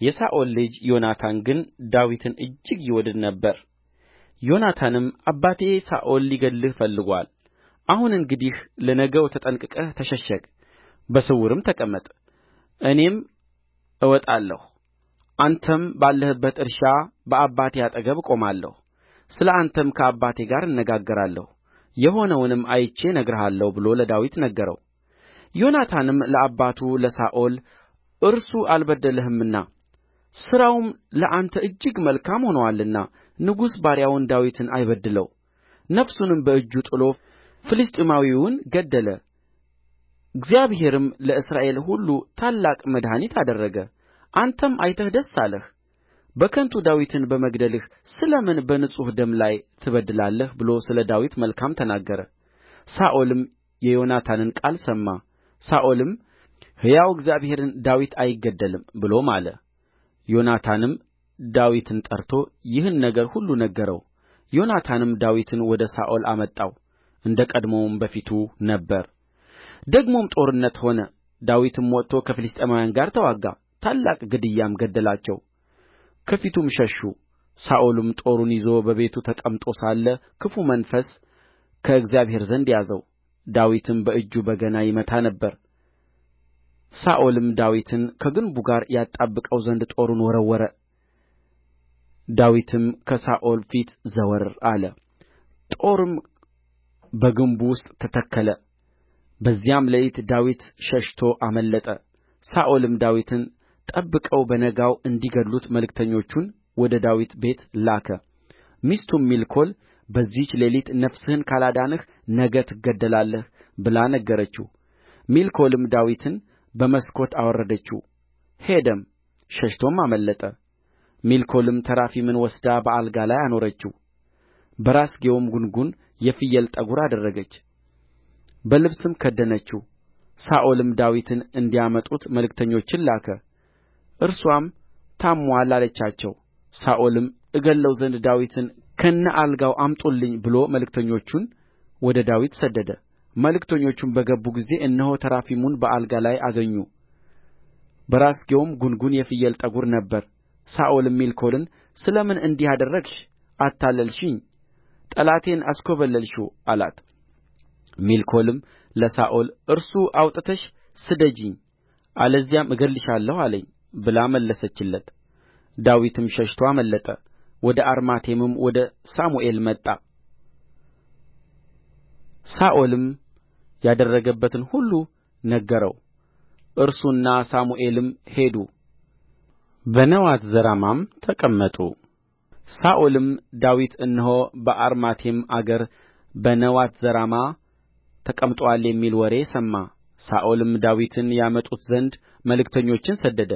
የሳኦል ልጅ ዮናታን ግን ዳዊትን እጅግ ይወድድ ነበር። ዮናታንም አባቴ ሳኦል ሊገድልህ ፈልጎአል አሁን እንግዲህ ለነገው ተጠንቅቀህ ተሸሸግ በስውርም ተቀመጥ እኔም እወጣለሁ አንተም ባለህበት እርሻ በአባቴ አጠገብ እቆማለሁ ስለ አንተም ከአባቴ ጋር እነጋገራለሁ የሆነውንም አይቼ እነግርሃለሁ ብሎ ለዳዊት ነገረው ዮናታንም ለአባቱ ለሳኦል እርሱ አልበደለህምና ሥራውም ለአንተ እጅግ መልካም ሆኖአልና ንጉሥ ባሪያውን ዳዊትን አይበድለው ነፍሱንም በእጁ ጥሎ ፍልስጥኤማዊውን ገደለ እግዚአብሔርም ለእስራኤል ሁሉ ታላቅ መድኃኒት አደረገ አንተም አይተህ ደስ አለህ በከንቱ ዳዊትን በመግደልህ ስለ ምን በንጹሕ ደም ላይ ትበድላለህ ብሎ ስለ ዳዊት መልካም ተናገረ ሳኦልም የዮናታንን ቃል ሰማ ሳኦልም ሕያው እግዚአብሔርን ዳዊት አይገደልም ብሎ ማለ ዮናታንም ዳዊትን ጠርቶ ይህን ነገር ሁሉ ነገረው ዮናታንም ዳዊትን ወደ ሳኦል አመጣው እንደ ቀድሞውም በፊቱ ነበረ ደግሞም ጦርነት ሆነ ዳዊትም ወጥቶ ከፍልስጥኤማውያን ጋር ተዋጋ ታላቅ ግድያም ገደላቸው ከፊቱም ሸሹ ሳኦልም ጦሩን ይዞ በቤቱ ተቀምጦ ሳለ ክፉ መንፈስ ከእግዚአብሔር ዘንድ ያዘው ዳዊትም በእጁ በገና ይመታ ነበር ሳኦልም ዳዊትን ከግንቡ ጋር ያጣብቀው ዘንድ ጦሩን ወረወረ ዳዊትም ከሳኦል ፊት ዘወር አለ ጦሩም በግንቡ ውስጥ ተተከለ በዚያም ሌሊት ዳዊት ሸሽቶ አመለጠ ሳኦልም ዳዊትን ጠብቀው በነጋው እንዲገድሉት መልእክተኞቹን ወደ ዳዊት ቤት ላከ ሚስቱም ሜልኮል በዚህች ሌሊት ነፍስህን ካላዳንህ ነገ ትገደላለህ ብላ ነገረችው ሜልኮልም ዳዊትን በመስኮት አወረደችው ሄደም ሸሽቶም አመለጠ ሜልኮልም ተራፊምን ወስዳ በአልጋ ላይ አኖረችው በራስጌውም ጉንጉን የፍየል ጠጕር አደረገች በልብስም ከደነችው ሳኦልም ዳዊትን እንዲያመጡት መልእክተኞችን ላከ እርስዋም ታምሞአል አለቻቸው ሳኦልም እገድለው ዘንድ ዳዊትን ከነ አልጋው አምጡልኝ ብሎ መልእክተኞቹን ወደ ዳዊት ሰደደ መልእክተኞቹም በገቡ ጊዜ እነሆ ተራፊሙን በአልጋ ላይ አገኙ በራስጌውም ጕንጕን የፍየል ጠጕር ነበረ ሳኦልም ሜልኮልን ስለ ምን እንዲህ አደረግሽ አታለልሽኝ ጠላቴን አስኰበለልሽው አላት ሜልኮልም ለሳኦል እርሱ አውጥተሽ ስደጂኝ አለዚያም እገድልሻለሁ አለኝ ብላ መለሰችለት ዳዊትም ሸሽቶ አመለጠ ወደ አርማቴምም ወደ ሳሙኤል መጣ ሳኦልም ያደረገበትን ሁሉ ነገረው እርሱና ሳሙኤልም ሄዱ በነዋት ዘራማም ተቀመጡ ሳኦልም ዳዊት እነሆ በአርማቴም አገር በነዋትዘራማ ተቀምጦአል የሚል ወሬ ሰማ ሳኦልም ዳዊትን ያመጡት ዘንድ መልእክተኞችን ሰደደ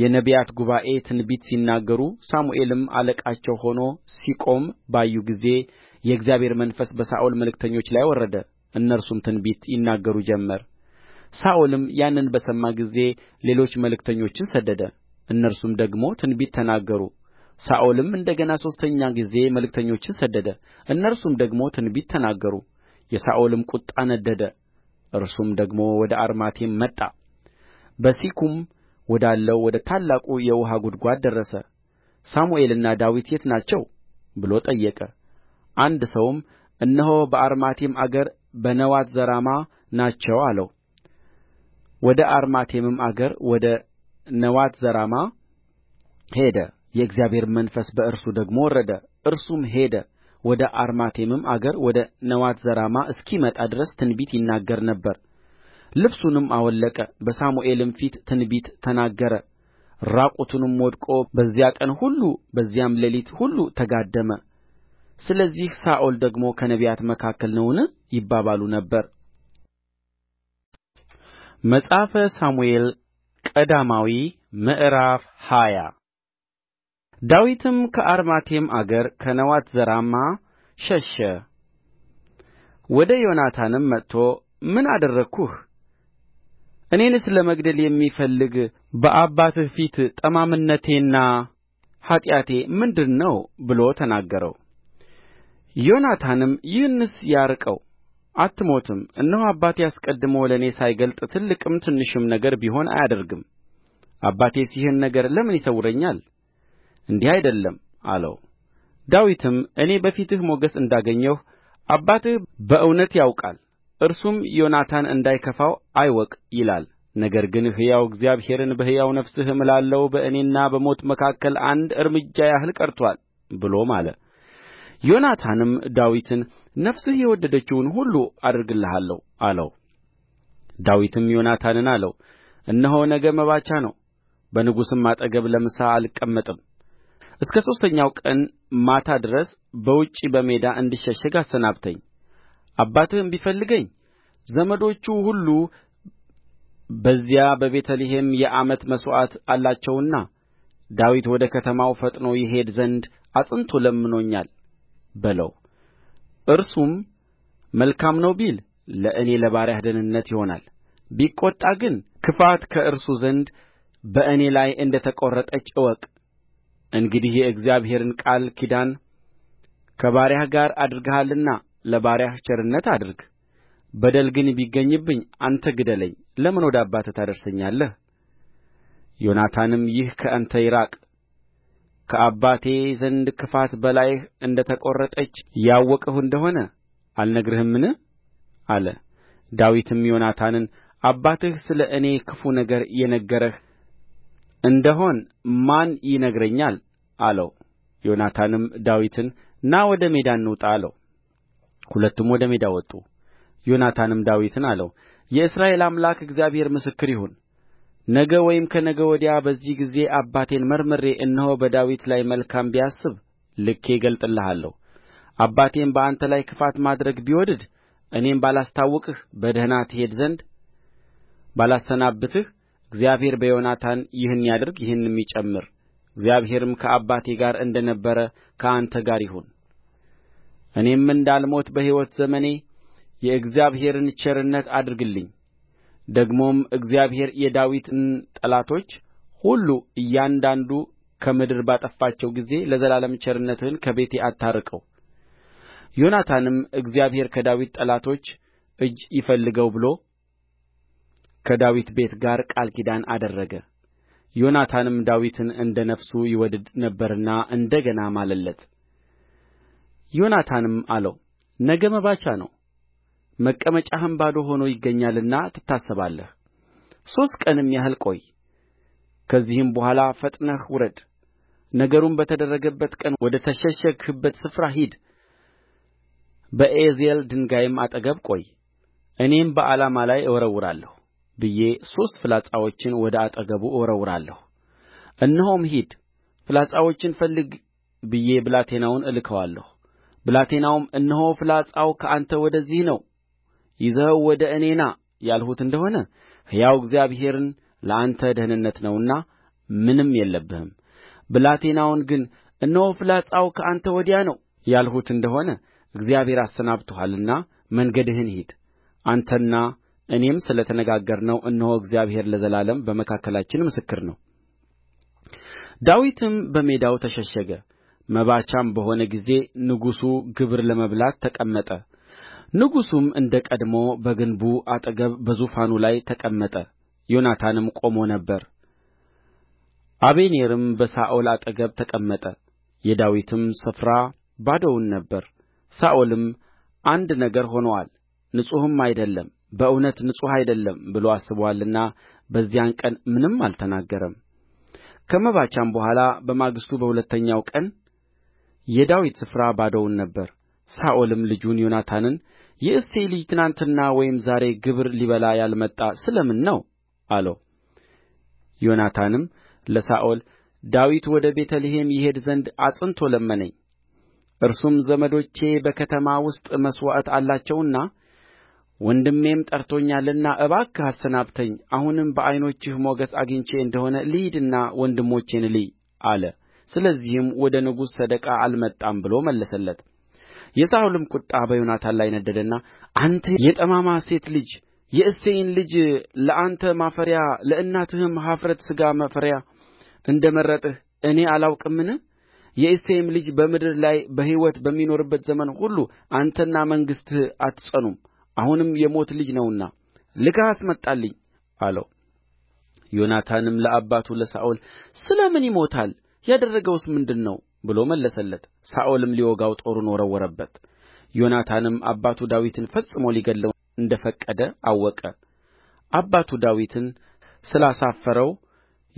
የነቢያት ጉባኤ ትንቢት ሲናገሩ ሳሙኤልም አለቃቸው ሆኖ ሲቆም ባዩ ጊዜ የእግዚአብሔር መንፈስ በሳኦል መልእክተኞች ላይ ወረደ እነርሱም ትንቢት ይናገሩ ጀመር ሳኦልም ያንን በሰማ ጊዜ ሌሎች መልእክተኞችን ሰደደ እነርሱም ደግሞ ትንቢት ተናገሩ ሳኦልም እንደ ገና ሦስተኛ ጊዜ መልእክተኞችን ሰደደ እነርሱም ደግሞ ትንቢት ተናገሩ የሳኦልም ቍጣ ነደደ እርሱም ደግሞ ወደ አርማቴም መጣ በሤኩም ወዳለው ወደ ታላቁ የውኃ ጕድጓድ ደረሰ ሳሙኤልና ዳዊት የት ናቸው ብሎ ጠየቀ አንድ ሰውም እነሆ በአርማቴም አገር በነዋት ዘራማ ናቸው አለው ወደ አርማቴምም አገር ወደ ነዋት ዘራማ ሄደ የእግዚአብሔርም መንፈስ በእርሱ ደግሞ ወረደ እርሱም ሄደ ወደ አርማቴምም አገር ወደ ነዋትዘራማ እስኪመጣ ድረስ ትንቢት ይናገር ነበር ልብሱንም አወለቀ በሳሙኤልም ፊት ትንቢት ተናገረ ራቁቱንም ወድቆ በዚያ ቀን ሁሉ በዚያም ሌሊት ሁሉ ተጋደመ ስለዚህ ሳኦል ደግሞ ከነቢያት መካከል ነውን ይባባሉ ነበር መጽሐፈ ሳሙኤል ቀዳማዊ ምዕራፍ ሃያ ዳዊትም ከአርማቴም አገር ከነዋትዘራማ ሸሸ ወደ ዮናታንም መጥቶ ምን አደረግሁህ እኔንስ ለመግደል የሚፈልግ በአባትህ ፊት ጠማምነቴና ኃጢአቴ ምንድር ነው ብሎ ተናገረው። ዮናታንም ይህንስ ያርቀው፣ አትሞትም። እነሆ አባቴ አስቀድሞ ለእኔ ሳይገልጥ ትልቅም ትንሽም ነገር ቢሆን አያደርግም። አባቴስ ይህን ነገር ለምን ይሰውረኛል? እንዲህ አይደለም አለው ዳዊትም እኔ በፊትህ ሞገስ እንዳገኘሁ አባትህ በእውነት ያውቃል እርሱም ዮናታን እንዳይከፋው አይወቅ ይላል ነገር ግን ሕያው እግዚአብሔርን በሕያው ነፍስህ እምላለሁ በእኔና በሞት መካከል አንድ እርምጃ ያህል ቀርቶአል ብሎ ማለ ዮናታንም ዳዊትን ነፍስህ የወደደችውን ሁሉ አድርግልሃለሁ አለው ዳዊትም ዮናታንን አለው እነሆ ነገ መባቻ ነው በንጉሥም አጠገብ ለምሳ አልቀመጥም እስከ ሦስተኛው ቀን ማታ ድረስ በውጭ በሜዳ እንድሸሸግ አሰናብተኝ አባትህም ቢፈልገኝ ዘመዶቹ ሁሉ በዚያ በቤተ ልሔም የዓመት መሥዋዕት አላቸውና ዳዊት ወደ ከተማው ፈጥኖ ይሄድ ዘንድ አጽንቶ ለምኖኛል በለው እርሱም መልካም ነው ቢል ለእኔ ለባሪያህ ደኅንነት ይሆናል ቢቈጣ ግን ክፋት ከእርሱ ዘንድ በእኔ ላይ እንደ ተቈረጠች እወቅ እንግዲህ የእግዚአብሔርን ቃል ኪዳን ከባሪያህ ጋር አድርገሃልና ለባሪያህ ቸርነት አድርግ በደል ግን ቢገኝብኝ አንተ ግደለኝ ለምን ወደ አባትህ ታደርሰኛለህ ዮናታንም ይህ ከአንተ ይራቅ ከአባቴ ዘንድ ክፋት በላይህ እንደ ተቈረጠች ያወቅሁ እንደ ሆነ አልነግርህምን አለ ዳዊትም ዮናታንን አባትህ ስለ እኔ ክፉ ነገር የነገረህ እንደሆን ማን ይነግረኛል አለው ዮናታንም ዳዊትን ና ወደ ሜዳ እንውጣ አለው ሁለቱም ወደ ሜዳ ወጡ ዮናታንም ዳዊትን አለው የእስራኤል አምላክ እግዚአብሔር ምስክር ይሁን ነገ ወይም ከነገ ወዲያ በዚህ ጊዜ አባቴን መርምሬ እነሆ በዳዊት ላይ መልካም ቢያስብ ልኬ እገልጥልሃለሁ አባቴም በአንተ ላይ ክፋት ማድረግ ቢወድድ እኔም ባላስታውቅህ በደኅና ትሄድ ዘንድ ባላሰናብትህ እግዚአብሔር በዮናታን ይህን ያድርግ ይህንም ይጨምር እግዚአብሔርም ከአባቴ ጋር እንደ ነበረ ከአንተ ጋር ይሁን እኔም እንዳልሞት በሕይወት ዘመኔ የእግዚአብሔርን ቸርነት አድርግልኝ ደግሞም እግዚአብሔር የዳዊትን ጠላቶች ሁሉ እያንዳንዱ ከምድር ባጠፋቸው ጊዜ ለዘላለም ቸርነትህን ከቤቴ አታርቀው ዮናታንም እግዚአብሔር ከዳዊት ጠላቶች እጅ ይፈልገው ብሎ ከዳዊት ቤት ጋር ቃል ኪዳን አደረገ ዮናታንም ዳዊትን እንደ ነፍሱ ይወድድ ነበርና እንደ ገና ማለለት ዮናታንም አለው ነገ መባቻ ነው መቀመጫህም ባዶ ሆኖ ይገኛልና ትታሰባለህ ሦስት ቀንም ያህል ቆይ ከዚህም በኋላ ፈጥነህ ውረድ ነገሩም በተደረገበት ቀን ወደ ተሸሸግህበት ስፍራ ሂድ በኤዜል ድንጋይም አጠገብ ቆይ እኔም በዓላማ ላይ እወረውራለሁ ብዬ ሦስት ፍላጻዎችን ወደ አጠገቡ እወረውራለሁ እነሆም ሂድ ፍላጻዎችን ፈልግ ብዬ ብላቴናውን እልከዋለሁ ብላቴናውም እነሆ ፍላጻው ከአንተ ወደዚህ ነው ይዘኸው ወደ እኔ ና ያልሁት እንደ ሆነ ሕያው እግዚአብሔርን ለአንተ ደኅንነት ነውና ምንም የለብህም ብላቴናውን ግን እነሆ ፍላጻው ከአንተ ወዲያ ነው ያልሁት እንደ ሆነ እግዚአብሔር አሰናብቶሃልና መንገድህን ሂድ አንተና እኔም ስለ ተነጋገርነው እነሆ እግዚአብሔር ለዘላለም በመካከላችን ምስክር ነው ዳዊትም በሜዳው ተሸሸገ መባቻም በሆነ ጊዜ ንጉሡ ግብር ለመብላት ተቀመጠ ንጉሡም እንደ ቀድሞ በግንቡ አጠገብ በዙፋኑ ላይ ተቀመጠ ዮናታንም ቆሞ ነበር አበኔርም በሳኦል አጠገብ ተቀመጠ የዳዊትም ስፍራ ባዶውን ነበር ሳኦልም አንድ ነገር ሆኖአል ንጹሕም አይደለም በእውነት ንጹሕ አይደለም ብሎ አስቦአልና በዚያን ቀን ምንም አልተናገረም ከመባቻም በኋላ በማግስቱ በሁለተኛው ቀን የዳዊት ስፍራ ባዶውን ነበር ሳኦልም ልጁን ዮናታንን የእሴይ ልጅ ትናንትና ወይም ዛሬ ግብር ሊበላ ያልመጣ ስለ ምን ነው አለው ዮናታንም ለሳኦል ዳዊት ወደ ቤተ ልሔም ይሄድ ዘንድ አጽንቶ ለመነኝ እርሱም ዘመዶቼ በከተማ ውስጥ መሥዋዕት አላቸውና ወንድሜም ጠርቶኛልና እባክህ አሰናብተኝ አሁንም በዓይኖችህ ሞገስ አግኝቼ እንደ ሆነ ልሂድና ወንድሞቼን ልይ አለ ስለዚህም ወደ ንጉሡ ሰደቃ አልመጣም ብሎ መለሰለት የሳኦልም ቍጣ በዮናታን ላይ ነደደና አንተ የጠማማ ሴት ልጅ የእሴይን ልጅ ለአንተ ማፈሪያ ለእናትህም ኀፍረተ ሥጋ ማፈሪያ እንደ መረጥህ እኔ አላውቅምን የእሴይም ልጅ በምድር ላይ በሕይወት በሚኖርበት ዘመን ሁሉ አንተና መንግሥትህ አትጸኑም አሁንም የሞት ልጅ ነውና ልከህ አስመጣልኝ አለው ዮናታንም ለአባቱ ለሳኦል ስለ ምን ይሞታል ያደረገውስ ምንድር ነው ብሎ መለሰለት ሳኦልም ሊወጋው ጦሩን ወረወረበት ዮናታንም አባቱ ዳዊትን ፈጽሞ ሊገድለው እንደ ፈቀደ አወቀ አባቱ ዳዊትን ስላሳፈረው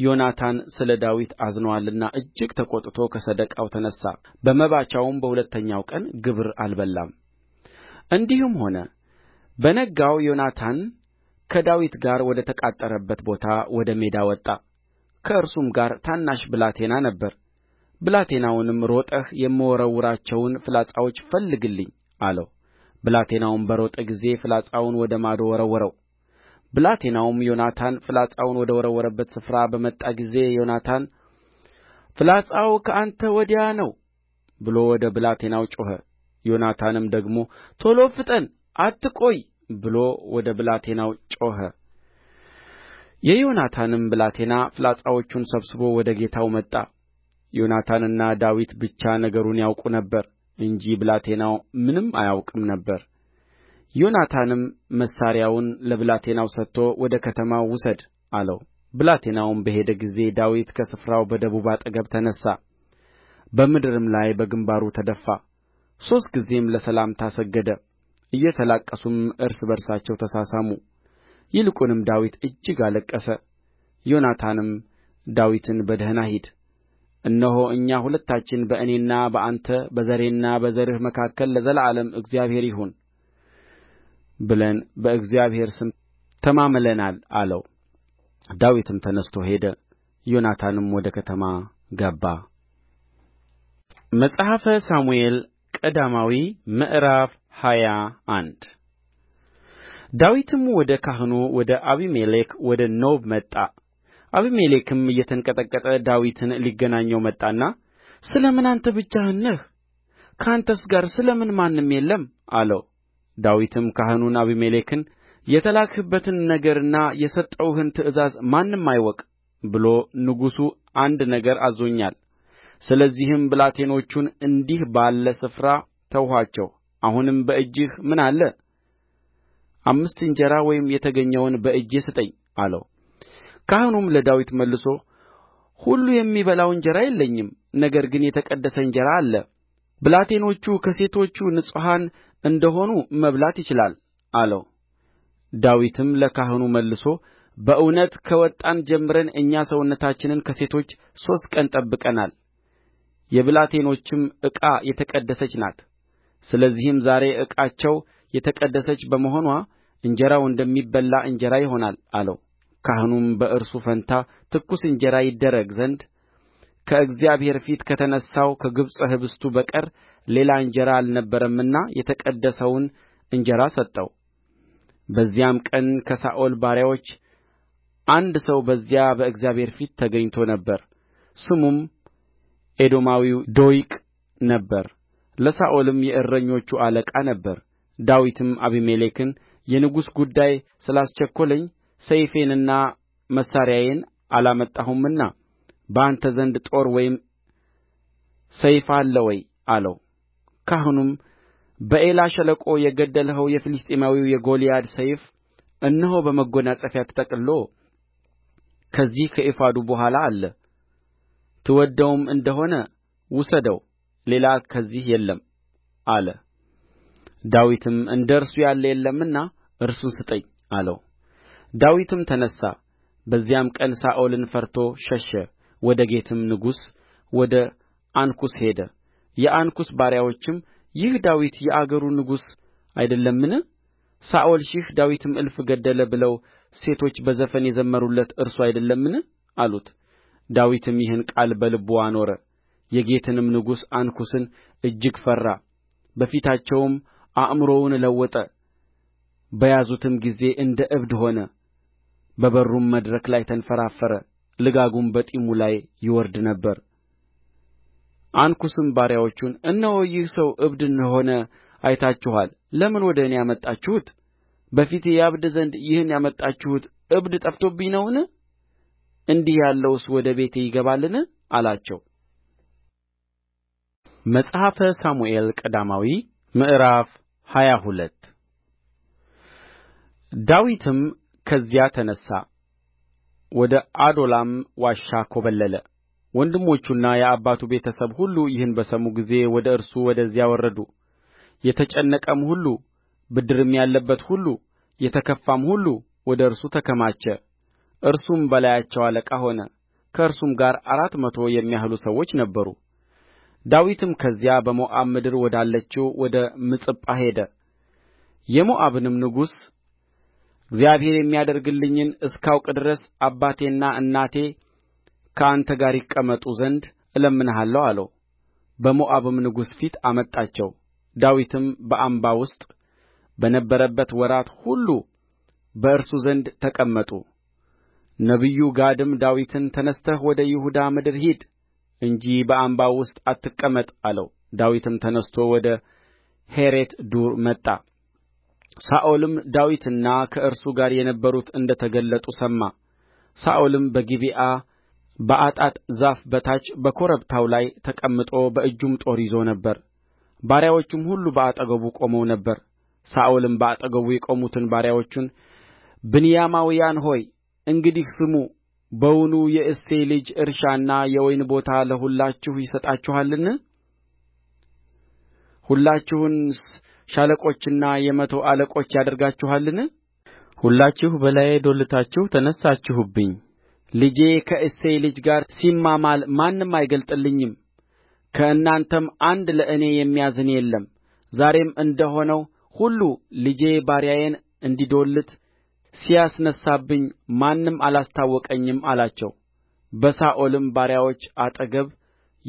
ዮናታን ስለ ዳዊት አዝኖአልና እጅግ ተቈጥቶ ከሰደቃው ተነሣ በመባቻውም በሁለተኛው ቀን ግብር አልበላም እንዲህም ሆነ በነጋው ዮናታን ከዳዊት ጋር ወደ ተቃጠረበት ቦታ ወደ ሜዳ ወጣ ከእርሱም ጋር ታናሽ ብላቴና ነበረ ብላቴናውንም ሮጠህ የምወረውራቸውን ፍላጻዎች ፈልግልኝ አለው ብላቴናውም በሮጠ ጊዜ ፍላጻውን ወደ ማዶ ወረወረው ብላቴናውም ዮናታን ፍላጻውን ወደ ወረወረበት ስፍራ በመጣ ጊዜ ዮናታን ፍላጻው ከአንተ ወዲያ ነው ብሎ ወደ ብላቴናው ጮኸ ዮናታንም ደግሞ ቶሎ ፍጠን አትቆይ ብሎ ወደ ብላቴናው ጮኸ የዮናታንም ብላቴና ፍላጻዎቹን ሰብስቦ ወደ ጌታው መጣ ዮናታንና ዳዊት ብቻ ነገሩን ያውቁ ነበር እንጂ ብላቴናው ምንም አያውቅም ነበር ዮናታንም መሣሪያውን ለብላቴናው ሰጥቶ ወደ ከተማው ውሰድ አለው ብላቴናውም በሄደ ጊዜ ዳዊት ከስፍራው በደቡብ አጠገብ ተነሣ በምድርም ላይ በግንባሩ ተደፋ ሦስት ጊዜም ለሰላምታ ሰገደ እየተላቀሱም እርስ በርሳቸው ተሳሳሙ ይልቁንም ዳዊት እጅግ አለቀሰ ዮናታንም ዳዊትን በደኅና ሂድ እነሆ እኛ ሁለታችን በእኔና በአንተ በዘሬና በዘርህ መካከል ለዘላለም እግዚአብሔር ይሁን ብለን በእግዚአብሔር ስም ተማምለናል አለው ዳዊትም ተነሥቶ ሄደ ዮናታንም ወደ ከተማ ገባ መጽሐፈ ሳሙኤል ቀዳማዊ ምዕራፍ ሃያ አንድ ዳዊትም ወደ ካህኑ ወደ አቢሜሌክ ወደ ኖብ መጣ። አቢሜሌክም እየተንቀጠቀጠ ዳዊትን ሊገናኘው መጣና ስለ ምን አንተ ብቻህን ነህ? ከአንተስ ጋር ስለ ምን ማንም የለም? አለው። ዳዊትም ካህኑን አቢሜሌክን የተላክህበትን ነገርና የሰጠውህን ትእዛዝ ማንም አይወቅ ብሎ ንጉሡ አንድ ነገር አዞኛል። ስለዚህም ብላቴኖቹን እንዲህ ባለ ስፍራ ተውኋቸው አሁንም በእጅህ ምን አለ አምስት እንጀራ ወይም የተገኘውን በእጄ ስጠኝ አለው ካህኑም ለዳዊት መልሶ ሁሉ የሚበላው እንጀራ የለኝም ነገር ግን የተቀደሰ እንጀራ አለ ብላቴኖቹ ከሴቶቹ ንጹሐን እንደሆኑ መብላት ይችላል አለው ዳዊትም ለካህኑ መልሶ በእውነት ከወጣን ጀምረን እኛ ሰውነታችንን ከሴቶች ሦስት ቀን ጠብቀናል የብላቴኖችም ዕቃ የተቀደሰች ናት ስለዚህም ዛሬ ዕቃቸው የተቀደሰች በመሆንዋ እንጀራው እንደሚበላ እንጀራ ይሆናል አለው ካህኑም በእርሱ ፈንታ ትኩስ እንጀራ ይደረግ ዘንድ ከእግዚአብሔር ፊት ከተነሣው ከግብፅ ኅብስቱ በቀር ሌላ እንጀራ አልነበረምና የተቀደሰውን እንጀራ ሰጠው። በዚያም ቀን ከሳኦል ባሪያዎች አንድ ሰው በዚያ በእግዚአብሔር ፊት ተገኝቶ ነበር። ስሙም ኤዶማዊው ዶይቅ ነበር። ለሳኦልም የእረኞቹ አለቃ ነበረ ዳዊትም አቢሜሌክን የንጉሥ ጉዳይ ስላስቸኰለኝ ሰይፌንና መሣሪያዬን አላመጣሁምና በአንተ ዘንድ ጦር ወይም ሰይፍ አለ ወይ አለው ካህኑም በዔላ ሸለቆ የገደልኸው የፍልስጥኤማዊው የጎልያድ ሰይፍ እነሆ በመጐናጸፊያ ተጠቅልሎ ከዚህ ከኤፉዱ በኋላ አለ ትወድደውም እንደሆነ ውሰደው ሌላ ከዚህ የለም አለ ዳዊትም እንደ እርሱ ያለ የለምና እርሱን ስጠኝ አለው ዳዊትም ተነሣ በዚያም ቀን ሳኦልን ፈርቶ ሸሸ ወደ ጌትም ንጉሥ ወደ አንኩስ ሄደ የአንኩስ ባሪያዎችም ይህ ዳዊት የአገሩ ንጉሥ አይደለምን ሳኦል ሺህ ዳዊትም እልፍ ገደለ ብለው ሴቶች በዘፈን የዘመሩለት እርሱ አይደለምን አሉት ዳዊትም ይህን ቃል በልቡ አኖረ የጌትንም ንጉሥ አንኩስን እጅግ ፈራ በፊታቸውም አእምሮውን ለወጠ በያዙትም ጊዜ እንደ እብድ ሆነ በበሩም መድረክ ላይ ተንፈራፈረ ልጋጉም በጢሙ ላይ ይወርድ ነበር አንኩስም ባሪያዎቹን እነሆ ይህ ሰው እብድ እንደ ሆነ አይታችኋል ለምን ወደ እኔ አመጣችሁት በፊቴ ያብድ ዘንድ ይህን ያመጣችሁት እብድ ጠፍቶብኝ ነውን እንዲህ ያለውስ ወደ ቤቴ ይገባልን አላቸው መጽሐፈ ሳሙኤል ቀዳማዊ ምዕራፍ ሃያ ሁለት ዳዊትም ከዚያ ተነሣ፣ ወደ አዶላም ዋሻ ኰበለለ። ወንድሞቹና የአባቱ ቤተሰብ ሁሉ ይህን በሰሙ ጊዜ ወደ እርሱ ወደዚያ ወረዱ። የተጨነቀም ሁሉ ብድርም ያለበት ሁሉ የተከፋም ሁሉ ወደ እርሱ ተከማቸ። እርሱም በላያቸው አለቃ ሆነ። ከእርሱም ጋር አራት መቶ የሚያህሉ ሰዎች ነበሩ። ዳዊትም ከዚያ በሞዓብ ምድር ወዳለችው ወደ ምጽጳ ሄደ የሞዓብንም ንጉሥ እግዚአብሔር የሚያደርግልኝን እስካውቅ ድረስ አባቴና እናቴ ከአንተ ጋር ይቀመጡ ዘንድ እለምንሃለሁ አለው በሞዓብም ንጉሥ ፊት አመጣቸው ዳዊትም በአምባ ውስጥ በነበረበት ወራት ሁሉ በእርሱ ዘንድ ተቀመጡ ነቢዩ ጋድም ዳዊትን ተነሥተህ ወደ ይሁዳ ምድር ሂድ እንጂ በአምባው ውስጥ አትቀመጥ አለው ዳዊትም ተነሥቶ ወደ ሔሬት ዱር መጣ ሳኦልም ዳዊትና ከእርሱ ጋር የነበሩት እንደ ተገለጡ ሰማ ሳኦልም በጊብዓ በአጣጥ ዛፍ በታች በኮረብታው ላይ ተቀምጦ በእጁም ጦር ይዞ ነበር ባሪያዎቹም ሁሉ በአጠገቡ ቆመው ነበር ሳኦልም በአጠገቡ የቆሙትን ባሪያዎቹን ብንያማውያን ሆይ እንግዲህ ስሙ በውኑ የእሴይ ልጅ እርሻና የወይን ቦታ ለሁላችሁ ይሰጣችኋልን ሁላችሁንስ ሻለቆችና የመቶ አለቆች ያደርጋችኋልን ሁላችሁ በላዬ ዶልታችሁ ተነሣችሁብኝ ልጄ ከእሴይ ልጅ ጋር ሲማማል ማንም አይገልጥልኝም ከእናንተም አንድ ለእኔ የሚያዝን የለም ዛሬም እንደሆነው ሁሉ ልጄ ባሪያዬን እንዲዶልት ሲያስነሣብኝ ማንም አላስታወቀኝም አላቸው በሳኦልም ባሪያዎች አጠገብ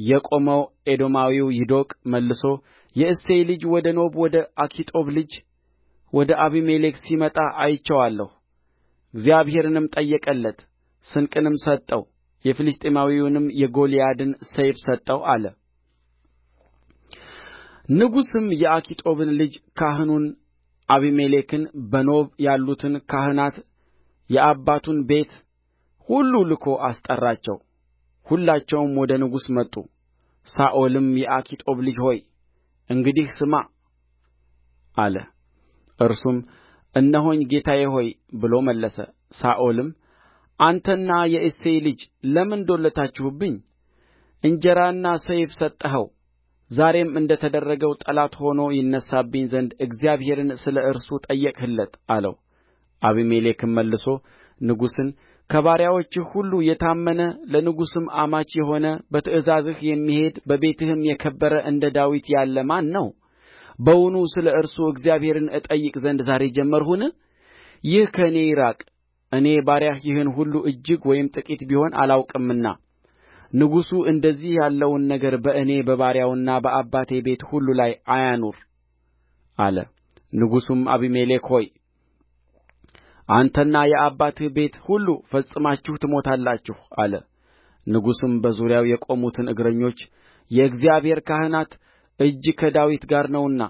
የቆመው ኤዶማዊው ዶይቅ መልሶ የእሴይ ልጅ ወደ ኖብ ወደ አኪጦብ ልጅ ወደ አቢሜሌክ ሲመጣ አይቼዋለሁ እግዚአብሔርንም ጠየቀለት ስንቅንም ሰጠው የፍልስጥኤማዊውንም የጎልያድን ሰይፍ ሰጠው አለ ንጉሡም የአኪጦብን ልጅ ካህኑን አቢሜሌክን በኖብ ያሉትን ካህናት የአባቱን ቤት ሁሉ ልኮ አስጠራቸው ሁላቸውም ወደ ንጉሡ መጡ ሳኦልም የአኪጦብ ልጅ ሆይ እንግዲህ ስማ አለ እርሱም እነሆኝ ጌታዬ ሆይ ብሎ መለሰ ሳኦልም አንተና የእሴይ ልጅ ለምን ዶለታችሁብኝ እንጀራና ሰይፍ ሰጠኸው ዛሬም እንደ ተደረገው ጠላት ሆኖ ይነሣብኝ ዘንድ እግዚአብሔርን ስለ እርሱ ጠየቅህለት አለው አቢሜሌክም መልሶ ንጉሡን ከባሪያዎችህ ሁሉ የታመነ ለንጉሥም አማች የሆነ በትእዛዝህ የሚሄድ በቤትህም የከበረ እንደ ዳዊት ያለ ማን ነው በውኑ ስለ እርሱ እግዚአብሔርን እጠይቅ ዘንድ ዛሬ ጀመርሁን ይህ ከእኔ ይራቅ እኔ ባሪያህ ይህን ሁሉ እጅግ ወይም ጥቂት ቢሆን አላውቅምና ንጉሡ እንደዚህ ያለውን ነገር በእኔ በባሪያውና በአባቴ ቤት ሁሉ ላይ አያኑር አለ ንጉሡም አቢሜሌክ ሆይ አንተና የአባትህ ቤት ሁሉ ፈጽማችሁ ትሞታላችሁ አለ ንጉሡም በዙሪያው የቆሙትን እግረኞች የእግዚአብሔር ካህናት እጅ ከዳዊት ጋር ነውና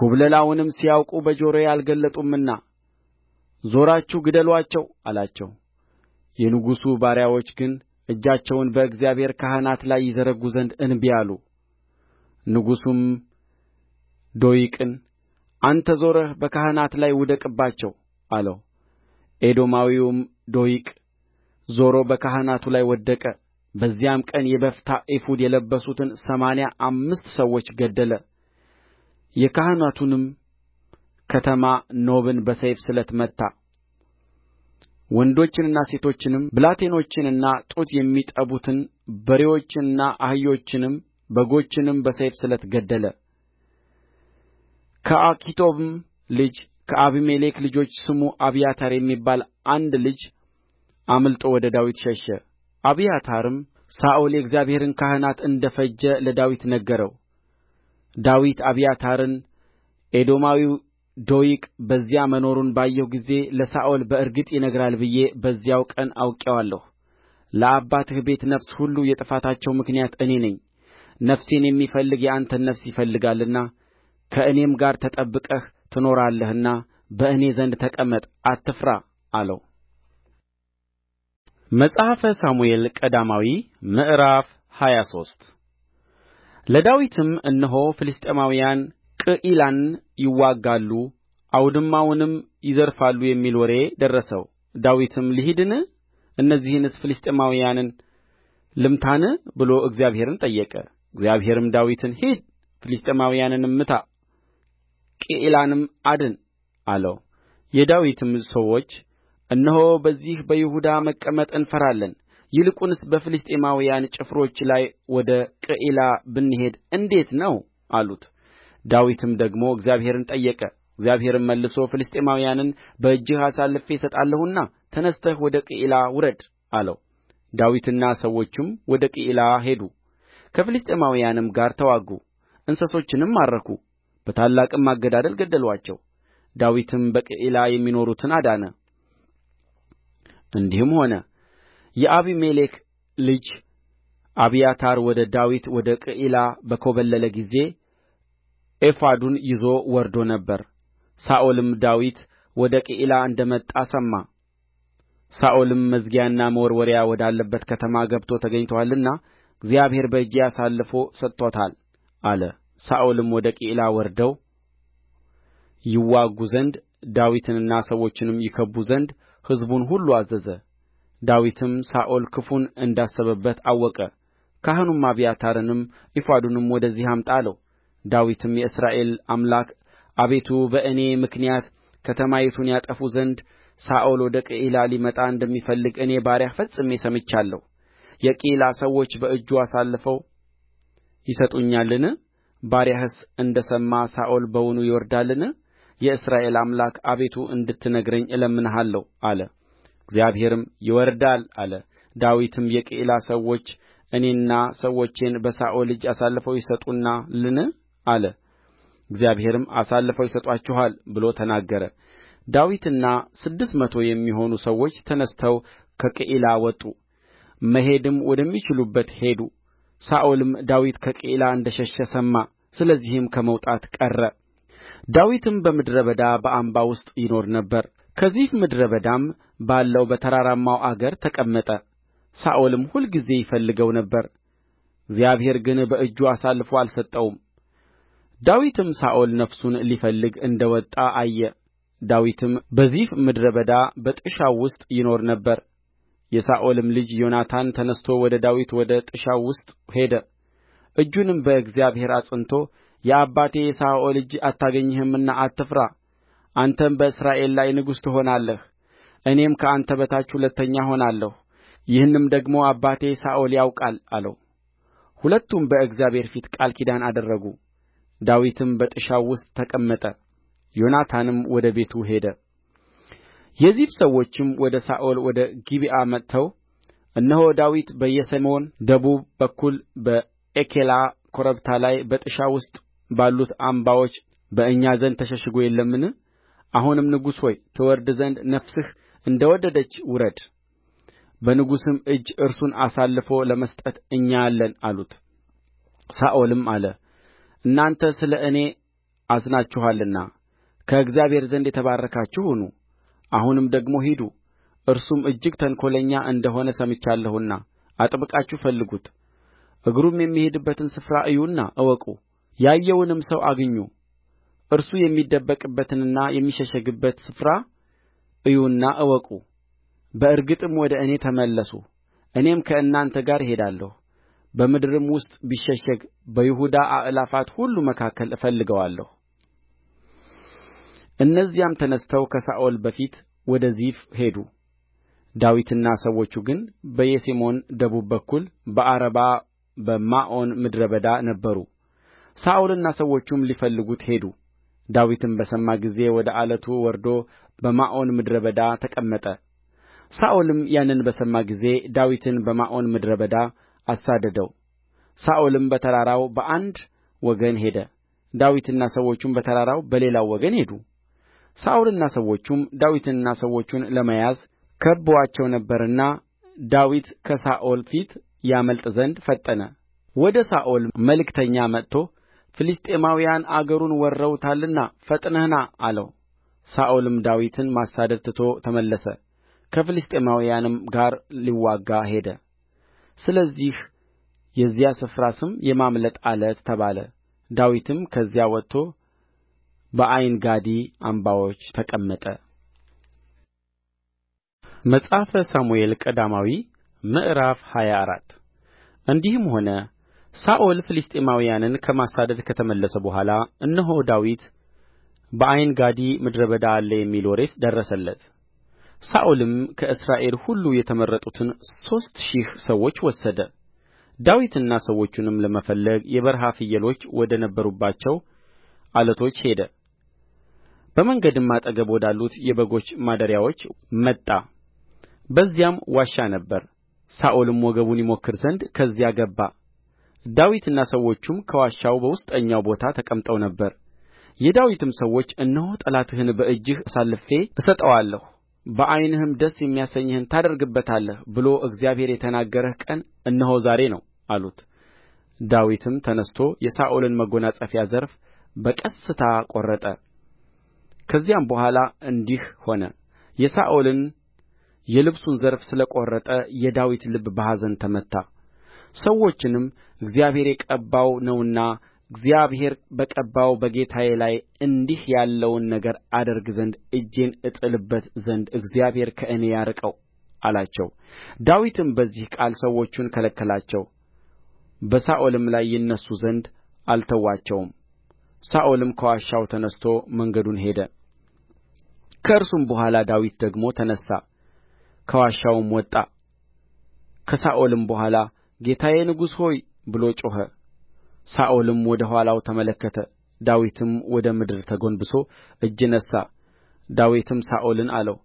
ኵብለላውንም ሲያውቁ በጆሮዬ አልገለጡምና ዞራችሁ ግደሉአቸው አላቸው የንጉሡ ባሪያዎች ግን እጃቸውን በእግዚአብሔር ካህናት ላይ ይዘረጉ ዘንድ እንቢ አሉ ንጉሡም ዶይቅን አንተ ዞረህ በካህናት ላይ ውደቅባቸው አለው ኤዶማዊውም ዶይቅ ዞሮ በካህናቱ ላይ ወደቀ በዚያም ቀን የበፍታ ኤፉድ የለበሱትን ሰማንያ አምስት ሰዎች ገደለ የካህናቱንም ከተማ ኖብን በሰይፍ ስለት መታ ወንዶችንና ሴቶችንም ብላቴኖችንና ጡት የሚጠቡትን በሬዎችንና አህዮችንም በጎችንም በሰይፍ ስለት ገደለ። ከአኪጦብም ልጅ ከአቢሜሌክ ልጆች ስሙ አብያታር የሚባል አንድ ልጅ አምልጦ ወደ ዳዊት ሸሸ። አብያታርም ሳኦል የእግዚአብሔርን ካህናት እንደ ፈጀ ለዳዊት ነገረው። ዳዊት አብያታርን ኤዶማዊው ዶይቅ በዚያ መኖሩን ባየሁ ጊዜ ለሳኦል በእርግጥ ይነግራል ብዬ በዚያው ቀን አውቄዋለሁ ለአባትህ ቤት ነፍስ ሁሉ የጥፋታቸው ምክንያት እኔ ነኝ ነፍሴን የሚፈልግ የአንተን ነፍስ ይፈልጋልና ከእኔም ጋር ተጠብቀህ ትኖራለህና በእኔ ዘንድ ተቀመጥ አትፍራ አለው መጽሐፈ ሳሙኤል ቀዳማዊ ምዕራፍ ሃያ ሶስት ለዳዊትም እነሆ ፍልስጥኤማውያን ቅዒላን ይዋጋሉ አውድማውንም ይዘርፋሉ የሚል ወሬ ደረሰው ዳዊትም ልሂድን እነዚህንስ ፍልስጥኤማውያንን ልምታን ብሎ እግዚአብሔርን ጠየቀ እግዚአብሔርም ዳዊትን ሂድ ፍልስጥኤማውያንንም ምታ ቅዒላንም አድን አለው የዳዊትም ሰዎች እነሆ በዚህ በይሁዳ መቀመጥ እንፈራለን ይልቁንስ በፍልስጥኤማውያን ጭፍሮች ላይ ወደ ቅዒላ ብንሄድ እንዴት ነው አሉት ዳዊትም ደግሞ እግዚአብሔርን ጠየቀ እግዚአብሔርም መልሶ ፍልስጥኤማውያንን በእጅህ አሳልፌ እሰጣለሁና ተነሥተህ ወደ ቅዒላ ውረድ አለው ዳዊትና ሰዎቹም ወደ ቅዒላ ሄዱ ከፍልስጥኤማውያንም ጋር ተዋጉ እንስሶችንም ማረኩ በታላቅም አገዳደል ገደሉአቸው ዳዊትም በቅዒላ የሚኖሩትን አዳነ እንዲህም ሆነ የአቢሜሌክ ልጅ አብያታር ወደ ዳዊት ወደ ቅዒላ በኰበለለ ጊዜ ኤፉዱን ይዞ ወርዶ ነበር ሳኦልም ዳዊት ወደ ቅዒላ እንደ መጣ ሰማ ሳኦልም መዝጊያና መወርወሪያ ወዳለበት ከተማ ገብቶ ተገኝቶአልና እግዚአብሔር በእጄ አሳልፎ ሰጥቶታል አለ ሳኦልም ወደ ቅዒላ ወርደው ይዋጉ ዘንድ ዳዊትንና ሰዎቹንም ይከብቡ ዘንድ ሕዝቡን ሁሉ አዘዘ። ዳዊትም ሳኦል ክፉን እንዳሰበበት አወቀ። ካህኑም አብያታርንም ኤፉዱንም ወደዚህ አምጣ አለው። ዳዊትም የእስራኤል አምላክ አቤቱ በእኔ ምክንያት ከተማይቱን ያጠፉ ዘንድ ሳኦል ወደ ቅዒላ ሊመጣ እንደሚፈልግ እኔ ባሪያህ ፈጽሜ ሰምቻለሁ የቅዒላ ሰዎች በእጁ አሳልፈው ይሰጡኛልን ባሪያህስ እንደ ሰማ ሳኦል በውኑ ይወርዳልን የእስራኤል አምላክ አቤቱ እንድትነግረኝ እለምንሃለሁ አለ እግዚአብሔርም ይወርዳል አለ ዳዊትም የቅዒላ ሰዎች እኔና ሰዎቼን በሳኦል እጅ አሳልፈው ይሰጡናልን አለ እግዚአብሔርም አሳልፈው ይሰጡአችኋል ብሎ ተናገረ ዳዊትና ስድስት መቶ የሚሆኑ ሰዎች ተነሥተው ከቅዒላ ወጡ መሄድም ወደሚችሉበት ሄዱ ሳኦልም ዳዊት ከቅዒላ እንደ ሸሸ ሰማ ስለዚህም ከመውጣት ቀረ ዳዊትም በምድረ በዳ በአምባ ውስጥ ይኖር ነበር ከዚፍ ምድረ በዳም ባለው በተራራማው አገር ተቀመጠ ሳኦልም ሁልጊዜ ይፈልገው ነበር እግዚአብሔር ግን በእጁ አሳልፎ አልሰጠውም ዳዊትም ሳኦል ነፍሱን ሊፈልግ እንደ ወጣ አየ ዳዊትም በዚፍ ምድረ በዳ በጥሻው ውስጥ ይኖር ነበር የሳኦልም ልጅ ዮናታን ተነሥቶ ወደ ዳዊት ወደ ጥሻው ውስጥ ሄደ እጁንም በእግዚአብሔር አጽንቶ የአባቴ የሳኦል እጅ አታገኝህምና አትፍራ አንተም በእስራኤል ላይ ንጉሥ ትሆናለህ እኔም ከአንተ በታች ሁለተኛ እሆናለሁ ይህንም ደግሞ አባቴ ሳኦል ያውቃል አለው ሁለቱም በእግዚአብሔር ፊት ቃል ኪዳን አደረጉ ዳዊትም በጥሻው ውስጥ ተቀመጠ ዮናታንም ወደ ቤቱ ሄደ የዚፍ ሰዎችም ወደ ሳኦል ወደ ጊብዓ መጥተው እነሆ ዳዊት በየሰሞን ደቡብ በኩል በኤኬላ ኮረብታ ላይ በጥሻ ውስጥ ባሉት አምባዎች በእኛ ዘንድ ተሸሽጎ የለምን አሁንም ንጉሥ ሆይ ትወርድ ዘንድ ነፍስህ እንደ ወደደች ውረድ በንጉሡም እጅ እርሱን አሳልፎ ለመስጠት እኛ አለን አሉት ሳኦልም አለ እናንተ ስለ እኔ አዝናችኋልና ከእግዚአብሔር ዘንድ የተባረካችሁ ሁኑ አሁንም ደግሞ ሂዱ እርሱም እጅግ ተንኰለኛ እንደ ሆነ ሰምቻለሁና አጥብቃችሁ ፈልጉት እግሩም የሚሄድበትን ስፍራ እዩና እወቁ ያየውንም ሰው አግኙ እርሱ የሚደበቅበትንና የሚሸሸግበት ስፍራ እዩና እወቁ በእርግጥም ወደ እኔ ተመለሱ እኔም ከእናንተ ጋር እሄዳለሁ በምድርም ውስጥ ቢሸሸግ በይሁዳ አእላፋት ሁሉ መካከል እፈልገዋለሁ እነዚያም ተነሥተው ከሳኦል በፊት ወደ ዚፍ ሄዱ ዳዊትና ሰዎቹ ግን በየሴሞን ደቡብ በኩል በዓረባ በማዖን ምድረ በዳ ነበሩ ሳኦልና ሰዎቹም ሊፈልጉት ሄዱ ዳዊትም በሰማ ጊዜ ወደ ዓለቱ ወርዶ በማዖን ምድረ በዳ ተቀመጠ ሳኦልም ያንን በሰማ ጊዜ ዳዊትን በማዖን ምድረ በዳ አሳደደው ሳኦልም በተራራው በአንድ ወገን ሄደ ዳዊትና ሰዎቹም በተራራው በሌላው ወገን ሄዱ ሳኦልና ሰዎቹም ዳዊትንና ሰዎቹን ለመያዝ ከብበዋቸው ነበርና ዳዊት ከሳኦል ፊት ያመልጥ ዘንድ ፈጠነ ወደ ሳኦል መልእክተኛ መጥቶ ፍልስጥኤማውያን አገሩን ወርረውታልና ፈጥነህ ና አለው ሳኦልም ዳዊትን ማሳደድ ትቶ ተመለሰ ከፍልስጥኤማውያንም ጋር ሊዋጋ ሄደ ስለዚህ የዚያ ስፍራ ስም የማምለጥ ዓለት ተባለ ዳዊትም ከዚያ ወጥቶ በዓይንጋዲ አምባዎች ተቀመጠ መጽሐፈ ሳሙኤል ቀዳማዊ ምዕራፍ ሃያ አራት እንዲህም ሆነ ሳኦል ፍልስጥኤማውያንን ከማሳደድ ከተመለሰ በኋላ እነሆ ዳዊት በዓይንጋዲ ምድረ በዳ አለ የሚል ወሬ ደረሰለት ሳኦልም ከእስራኤል ሁሉ የተመረጡትን ሦስት ሺህ ሰዎች ወሰደ ዳዊትንና ሰዎቹንም ለመፈለግ የበረሃ ፍየሎች ወደ ነበሩባቸው ዓለቶች ሄደ በመንገድም አጠገብ ወዳሉት የበጎች ማደሪያዎች መጣ በዚያም ዋሻ ነበረ ሳኦልም ወገቡን ይሞክር ዘንድ ከዚያ ገባ ዳዊትና ሰዎቹም ከዋሻው በውስጠኛው ቦታ ተቀምጠው ነበር የዳዊትም ሰዎች እነሆ ጠላትህን በእጅህ አሳልፌ እሰጠዋለሁ በዓይንህም ደስ የሚያሰኝህን ታደርግበታለህ ብሎ እግዚአብሔር የተናገረህ ቀን እነሆ ዛሬ ነው አሉት ዳዊትም ተነሥቶ የሳኦልን መጎናጸፊያ ዘርፍ በቀስታ ቈረጠ ከዚያም በኋላ እንዲህ ሆነ የሳኦልን የልብሱን ዘርፍ ስለ ቈረጠ የዳዊት ልብ በኀዘን ተመታ ሰዎችንም እግዚአብሔር የቀባው ነውና እግዚአብሔር በቀባው በጌታዬ ላይ እንዲህ ያለውን ነገር አደርግ ዘንድ እጄን እጥልበት ዘንድ እግዚአብሔር ከእኔ ያርቀው አላቸው ዳዊትም በዚህ ቃል ሰዎቹን ከለከላቸው በሳኦልም ላይ ይነሡ ዘንድ አልተዋቸውም ሳኦልም ከዋሻው ተነሥቶ መንገዱን ሄደ ከእርሱም በኋላ ዳዊት ደግሞ ተነሣ ከዋሻውም ወጣ ከሳኦልም በኋላ ጌታዬ ንጉሥ ሆይ ብሎ ጮኸ ሳኦልም ወደ ኋላው ተመለከተ ዳዊትም ወደ ምድር ተጐንብሶ እጅ ነሣ ዳዊትም ሳኦልን አለው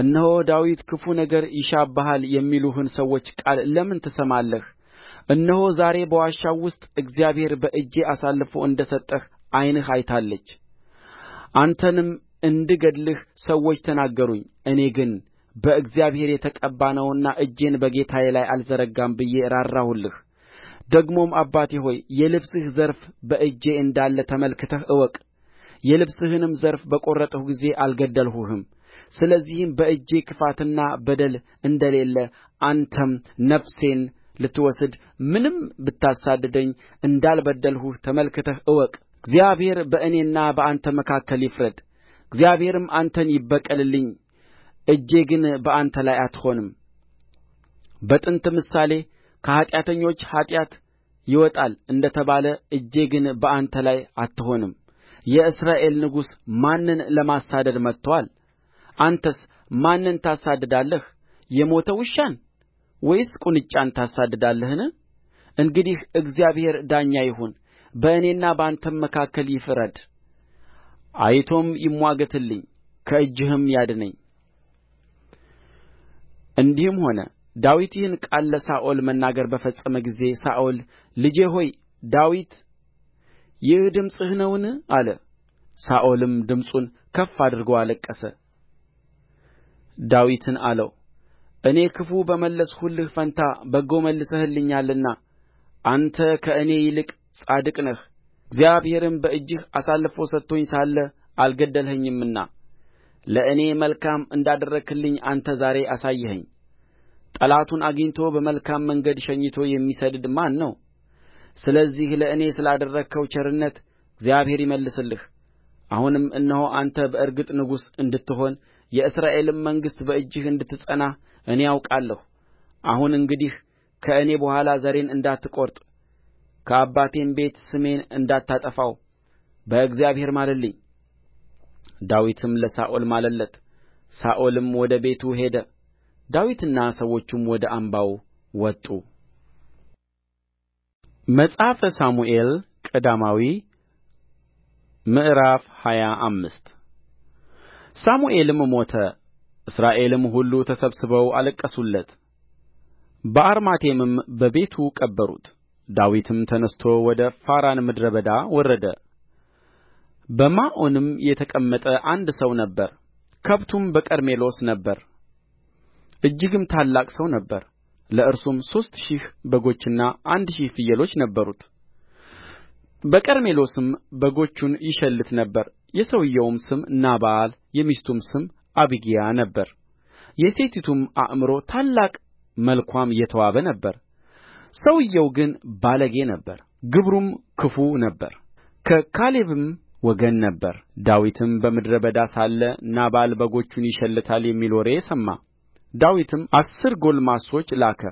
እነሆ ዳዊት ክፉ ነገር ይሻብሃል የሚሉህን ሰዎች ቃል ለምን ትሰማለህ እነሆ ዛሬ በዋሻው ውስጥ እግዚአብሔር በእጄ አሳልፎ እንደ ሰጠህ ዐይንህ አይታለች አንተንም እንድገድልህ ሰዎች ተናገሩኝ እኔ ግን በእግዚአብሔር የተቀባ ነውና እጄን በጌታዬ ላይ አልዘረጋም ብዬ ራራሁልህ ደግሞም አባቴ ሆይ የልብስህ ዘርፍ በእጄ እንዳለ ተመልክተህ እወቅ የልብስህንም ዘርፍ በቈረጥሁ ጊዜ አልገደልሁህም ስለዚህም በእጄ ክፋትና በደል እንደሌለ አንተም ነፍሴን ልትወስድ ምንም ብታሳድደኝ እንዳልበደልሁህ ተመልክተህ እወቅ እግዚአብሔር በእኔና በአንተ መካከል ይፍረድ እግዚአብሔርም አንተን ይበቀልልኝ እጄ ግን በአንተ ላይ አትሆንም በጥንት ምሳሌ ከኃጢአተኞች ኃጢአት ይወጣል እንደ ተባለ እጄ ግን በአንተ ላይ አትሆንም የእስራኤል ንጉሥ ማንን ለማሳደድ መጥቶአል አንተስ ማንን ታሳድዳለህ የሞተ ውሻን ወይስ ቁንጫን ታሳድዳለህን እንግዲህ እግዚአብሔር ዳኛ ይሁን በእኔና በአንተም መካከል ይፍረድ አይቶም ይምዋገትልኝ ከእጅህም ያድነኝ እንዲህም ሆነ ዳዊት ይህን ቃል ለሳኦል መናገር በፈጸመ ጊዜ ሳኦል ልጄ ሆይ ዳዊት ይህ ድምፅህ ነውን አለ ሳኦልም ድምፁን ከፍ አድርጎ አለቀሰ ዳዊትን አለው እኔ ክፉ በመለስሁልህ ፋንታ በጎ መልሰህልኛልና አንተ ከእኔ ይልቅ ጻድቅ ነህ እግዚአብሔርም በእጅህ አሳልፎ ሰጥቶኝ ሳለ አልገደልኸኝምና ለእኔ መልካም እንዳደረግህልኝ አንተ ዛሬ አሳየኸኝ ጠላቱን አግኝቶ በመልካም መንገድ ሸኝቶ የሚሰድድ ማን ነው ስለዚህ ለእኔ ስላደረግኸው ቸርነት እግዚአብሔር ይመልስልህ አሁንም እነሆ አንተ በእርግጥ ንጉሥ እንድትሆን የእስራኤልም መንግሥት በእጅህ እንድትጸና እኔ አውቃለሁ አሁን እንግዲህ ከእኔ በኋላ ዘሬን እንዳትቈርጥ ከአባቴም ቤት ስሜን እንዳታጠፋው በእግዚአብሔር ማልልኝ ዳዊትም ለሳኦል ማለለት ሳኦልም ወደ ቤቱ ሄደ ዳዊትና ሰዎቹም ወደ አምባው ወጡ መጽሐፈ ሳሙኤል ቀዳማዊ ምዕራፍ ሃያ አምስት ሳሙኤልም ሞተ፣ እስራኤልም ሁሉ ተሰብስበው አለቀሱለት፣ በአርማቴምም በቤቱ ቀበሩት። ዳዊትም ተነሥቶ ወደ ፋራን ምድረ በዳ ወረደ። በማዖንም የተቀመጠ አንድ ሰው ነበር፣ ከብቱም በቀርሜሎስ ነበር። እጅግም ታላቅ ሰው ነበረ ለእርሱም ሦስት ሺህ በጎችና አንድ ሺህ ፍየሎች ነበሩት በቀርሜሎስም በጎቹን ይሸልት ነበር የሰውዮውም ስም ናባል የሚስቱም ስም አቢግያ ነበረ የሴቲቱም አእምሮ ታላቅ መልኳም የተዋበ ነበረ ሰውዮው ግን ባለጌ ነበረ ግብሩም ክፉ ነበረ ከካሌብም ወገን ነበረ ዳዊትም በምድረ በዳ ሳለ ናባል በጎቹን ይሸልታል የሚል ወሬ ሰማ ዳዊትም አሥር ጕልማሶች ላከ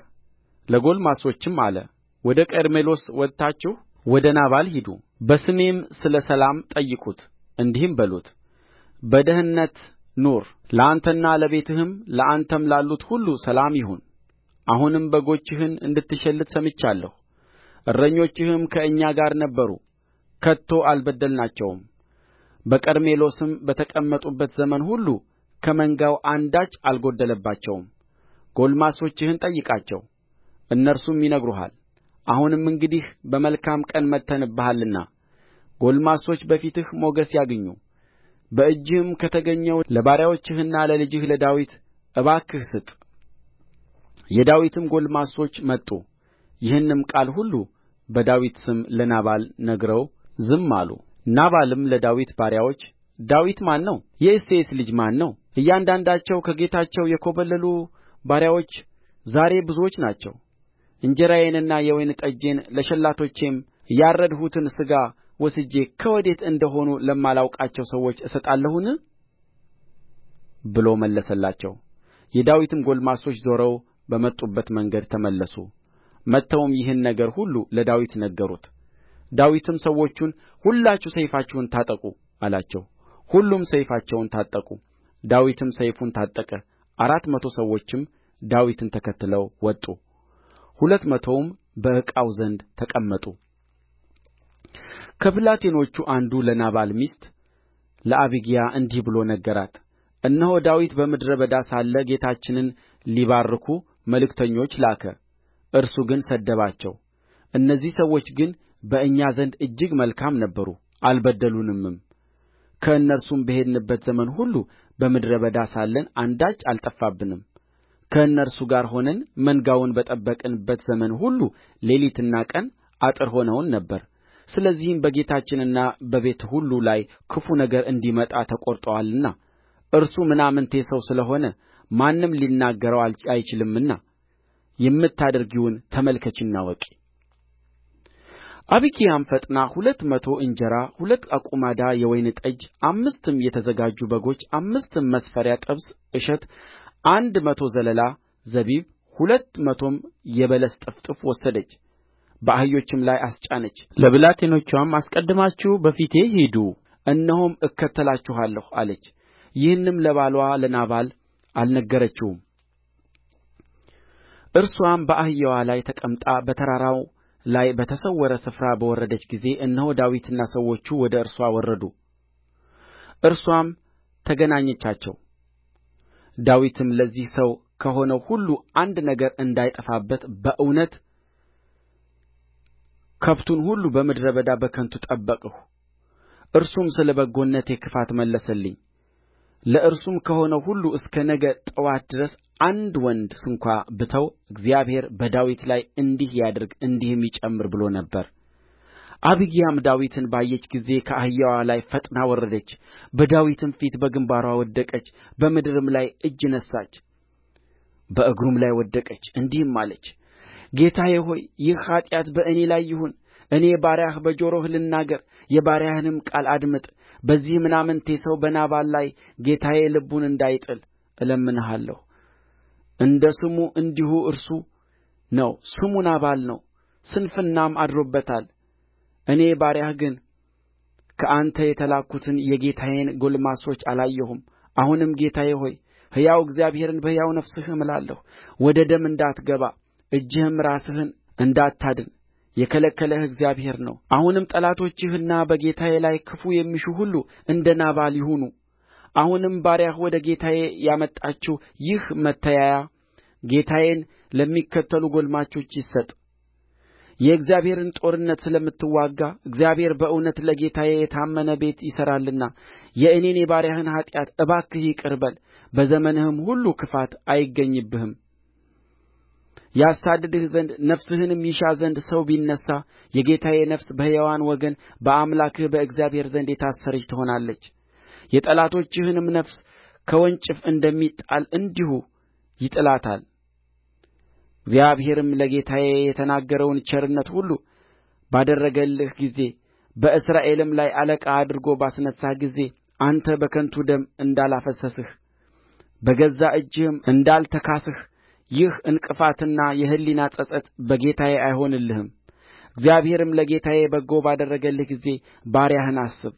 ለጕልማሶችም አለ ወደ ቀርሜሎስ ወጥታችሁ ወደ ናባል ሂዱ በስሜም ስለ ሰላም ጠይቁት እንዲህም በሉት በደኅንነት ኑር ለአንተና ለቤትህም ለአንተም ላሉት ሁሉ ሰላም ይሁን አሁንም በጎችህን እንድትሸልት ሰምቻለሁ እረኞችህም ከእኛ ጋር ነበሩ ከቶ አልበደልናቸውም በቀርሜሎስም በተቀመጡበት ዘመን ሁሉ ከመንጋው አንዳች አልጐደለባቸውም ጕልማሶችህን ጠይቃቸው እነርሱም ይነግሩሃል አሁንም እንግዲህ በመልካም ቀን መጥተንብሃልና ጕልማሶች በፊትህ ሞገስ ያግኙ በእጅህም ከተገኘው ለባሪያዎችህና ለልጅህ ለዳዊት እባክህ ስጥ የዳዊትም ጕልማሶች መጡ ይህንም ቃል ሁሉ በዳዊት ስም ለናባል ነግረው ዝም አሉ ናባልም ለዳዊት ባሪያዎች ዳዊት ማን ነው የእሴይስ ልጅ ማን ነው እያንዳንዳቸው ከጌታቸው የኰበለሉ ባሪያዎች ዛሬ ብዙዎች ናቸው እንጀራዬንና የወይን ጠጄን ለሸላቶቼም ያረድሁትን ሥጋ ወስጄ ከወዴት እንደ ሆኑ ለማላውቃቸው ሰዎች እሰጣለሁን ብሎ መለሰላቸው የዳዊትም ጕልማሶች ዞረው በመጡበት መንገድ ተመለሱ መጥተውም ይህን ነገር ሁሉ ለዳዊት ነገሩት ዳዊትም ሰዎቹን ሁላችሁ ሰይፋችሁን ታጠቁ አላቸው ሁሉም ሰይፋቸውን ታጠቁ ዳዊትም ሰይፉን ታጠቀ አራት መቶ ሰዎችም ዳዊትን ተከትለው ወጡ ሁለት መቶውም በዕቃው ዘንድ ተቀመጡ ከብላቴኖቹ አንዱ ለናባል ሚስት ለአቢግያ እንዲህ ብሎ ነገራት እነሆ ዳዊት በምድረ በዳ ሳለ ጌታችንን ሊባርኩ መልእክተኞች ላከ እርሱ ግን ሰደባቸው እነዚህ ሰዎች ግን በእኛ ዘንድ እጅግ መልካም ነበሩ አልበደሉንምም ከእነርሱም በሄድንበት ዘመን ሁሉ በምድረ በዳ ሳለን አንዳች አልጠፋብንም ከእነርሱ ጋር ሆነን መንጋውን በጠበቅንበት ዘመን ሁሉ ሌሊትና ቀን አጥር ሆነውን ነበር ስለዚህም በጌታችንና በቤት ሁሉ ላይ ክፉ ነገር እንዲመጣ ተቈርጦአልና እርሱ ምናምንቴ ሰው ስለ ሆነ ማንም ሊናገረው አይችልምና የምታደርጊውን ተመልከቺና እወቂ አቢግያም ፈጥና ሁለት መቶ እንጀራ ሁለት አቁማዳ የወይን ጠጅ አምስትም የተዘጋጁ በጎች አምስትም መስፈሪያ ጥብስ እሸት አንድ መቶ ዘለላ ዘቢብ ሁለት መቶም የበለስ ጥፍጥፍ ወሰደች በአህዮችም ላይ አስጫነች ለብላቴኖችዋም አስቀድማችሁ በፊቴ ሂዱ እነሆም እከተላችኋለሁ አለች ይህንም ለባልዋ ለናባል አልነገረችውም እርስዋም በአህያዋ ላይ ተቀምጣ በተራራው ላይ በተሰወረ ስፍራ በወረደች ጊዜ እነሆ ዳዊትና ሰዎቹ ወደ እርስዋ ወረዱ። እርሷም ተገናኘቻቸው። ዳዊትም ለዚህ ሰው ከሆነው ሁሉ አንድ ነገር እንዳይጠፋበት በእውነት ከብቱን ሁሉ በምድረ በዳ በከንቱ ጠበቅሁ፣ እርሱም ስለ በጎነቴ ክፋት መለሰልኝ ለእርሱም ከሆነው ሁሉ እስከ ነገ ጥዋት ድረስ አንድ ወንድ ስንኳ ብተው እግዚአብሔር በዳዊት ላይ እንዲህ ያድርግ እንዲህም ይጨምር ብሎ ነበር አቢግያም ዳዊትን ባየች ጊዜ ከአህያዋ ላይ ፈጥና ወረደች በዳዊትም ፊት በግምባርዋ ወደቀች በምድርም ላይ እጅ ነሣች በእግሩም ላይ ወደቀች እንዲህም አለች ጌታዬ ሆይ ይህ ኃጢአት በእኔ ላይ ይሁን እኔ ባሪያህ በጆሮህ ልናገር የባሪያህንም ቃል አድምጥ በዚህ ምናምንቴ ሰው በናባል ላይ ጌታዬ ልቡን እንዳይጥል እለምንሃለሁ እንደ ስሙ እንዲሁ እርሱ ነው ስሙ ናባል ነው ስንፍናም አድሮበታል እኔ ባሪያህ ግን ከአንተ የተላኩትን የጌታዬን ጕልማሶች አላየሁም አሁንም ጌታዬ ሆይ ሕያው እግዚአብሔርን በሕያው ነፍስህ እምላለሁ ወደ ደም እንዳትገባ እጅህም ራስህን እንዳታድን የከለከለህ እግዚአብሔር ነው አሁንም ጠላቶችህና በጌታዬ ላይ ክፉ የሚሹ ሁሉ እንደ ናባል ይሁኑ አሁንም ባሪያህ ወደ ጌታዬ ያመጣችው ይህ መተያያ ጌታዬን ለሚከተሉ ጕልማሶች ይሰጥ የእግዚአብሔርን ጦርነት ስለምትዋጋ እግዚአብሔር በእውነት ለጌታዬ የታመነ ቤት ይሠራልና የእኔን የባሪያህን ኃጢአት እባክህ ይቅር በል በዘመንህም ሁሉ ክፋት አይገኝብህም ያሳድድህ ዘንድ ነፍስህንም ይሻ ዘንድ ሰው ቢነሣ የጌታዬ ነፍስ በሕያዋን ወገን በአምላክህ በእግዚአብሔር ዘንድ የታሰረች ትሆናለች የጠላቶችህንም ነፍስ ከወንጭፍ እንደሚጣል እንዲሁ ይጥላታል እግዚአብሔርም ለጌታዬ የተናገረውን ቸርነት ሁሉ ባደረገልህ ጊዜ በእስራኤልም ላይ አለቃ አድርጎ ባስነሣህ ጊዜ አንተ በከንቱ ደም እንዳላፈሰስህ በገዛ እጅህም እንዳልተካስህ ይህ ዕንቅፋትና የሕሊና ጸጸት በጌታዬ አይሆንልህም እግዚአብሔርም ለጌታዬ በጎ ባደረገልህ ጊዜ ባሪያህን አስብ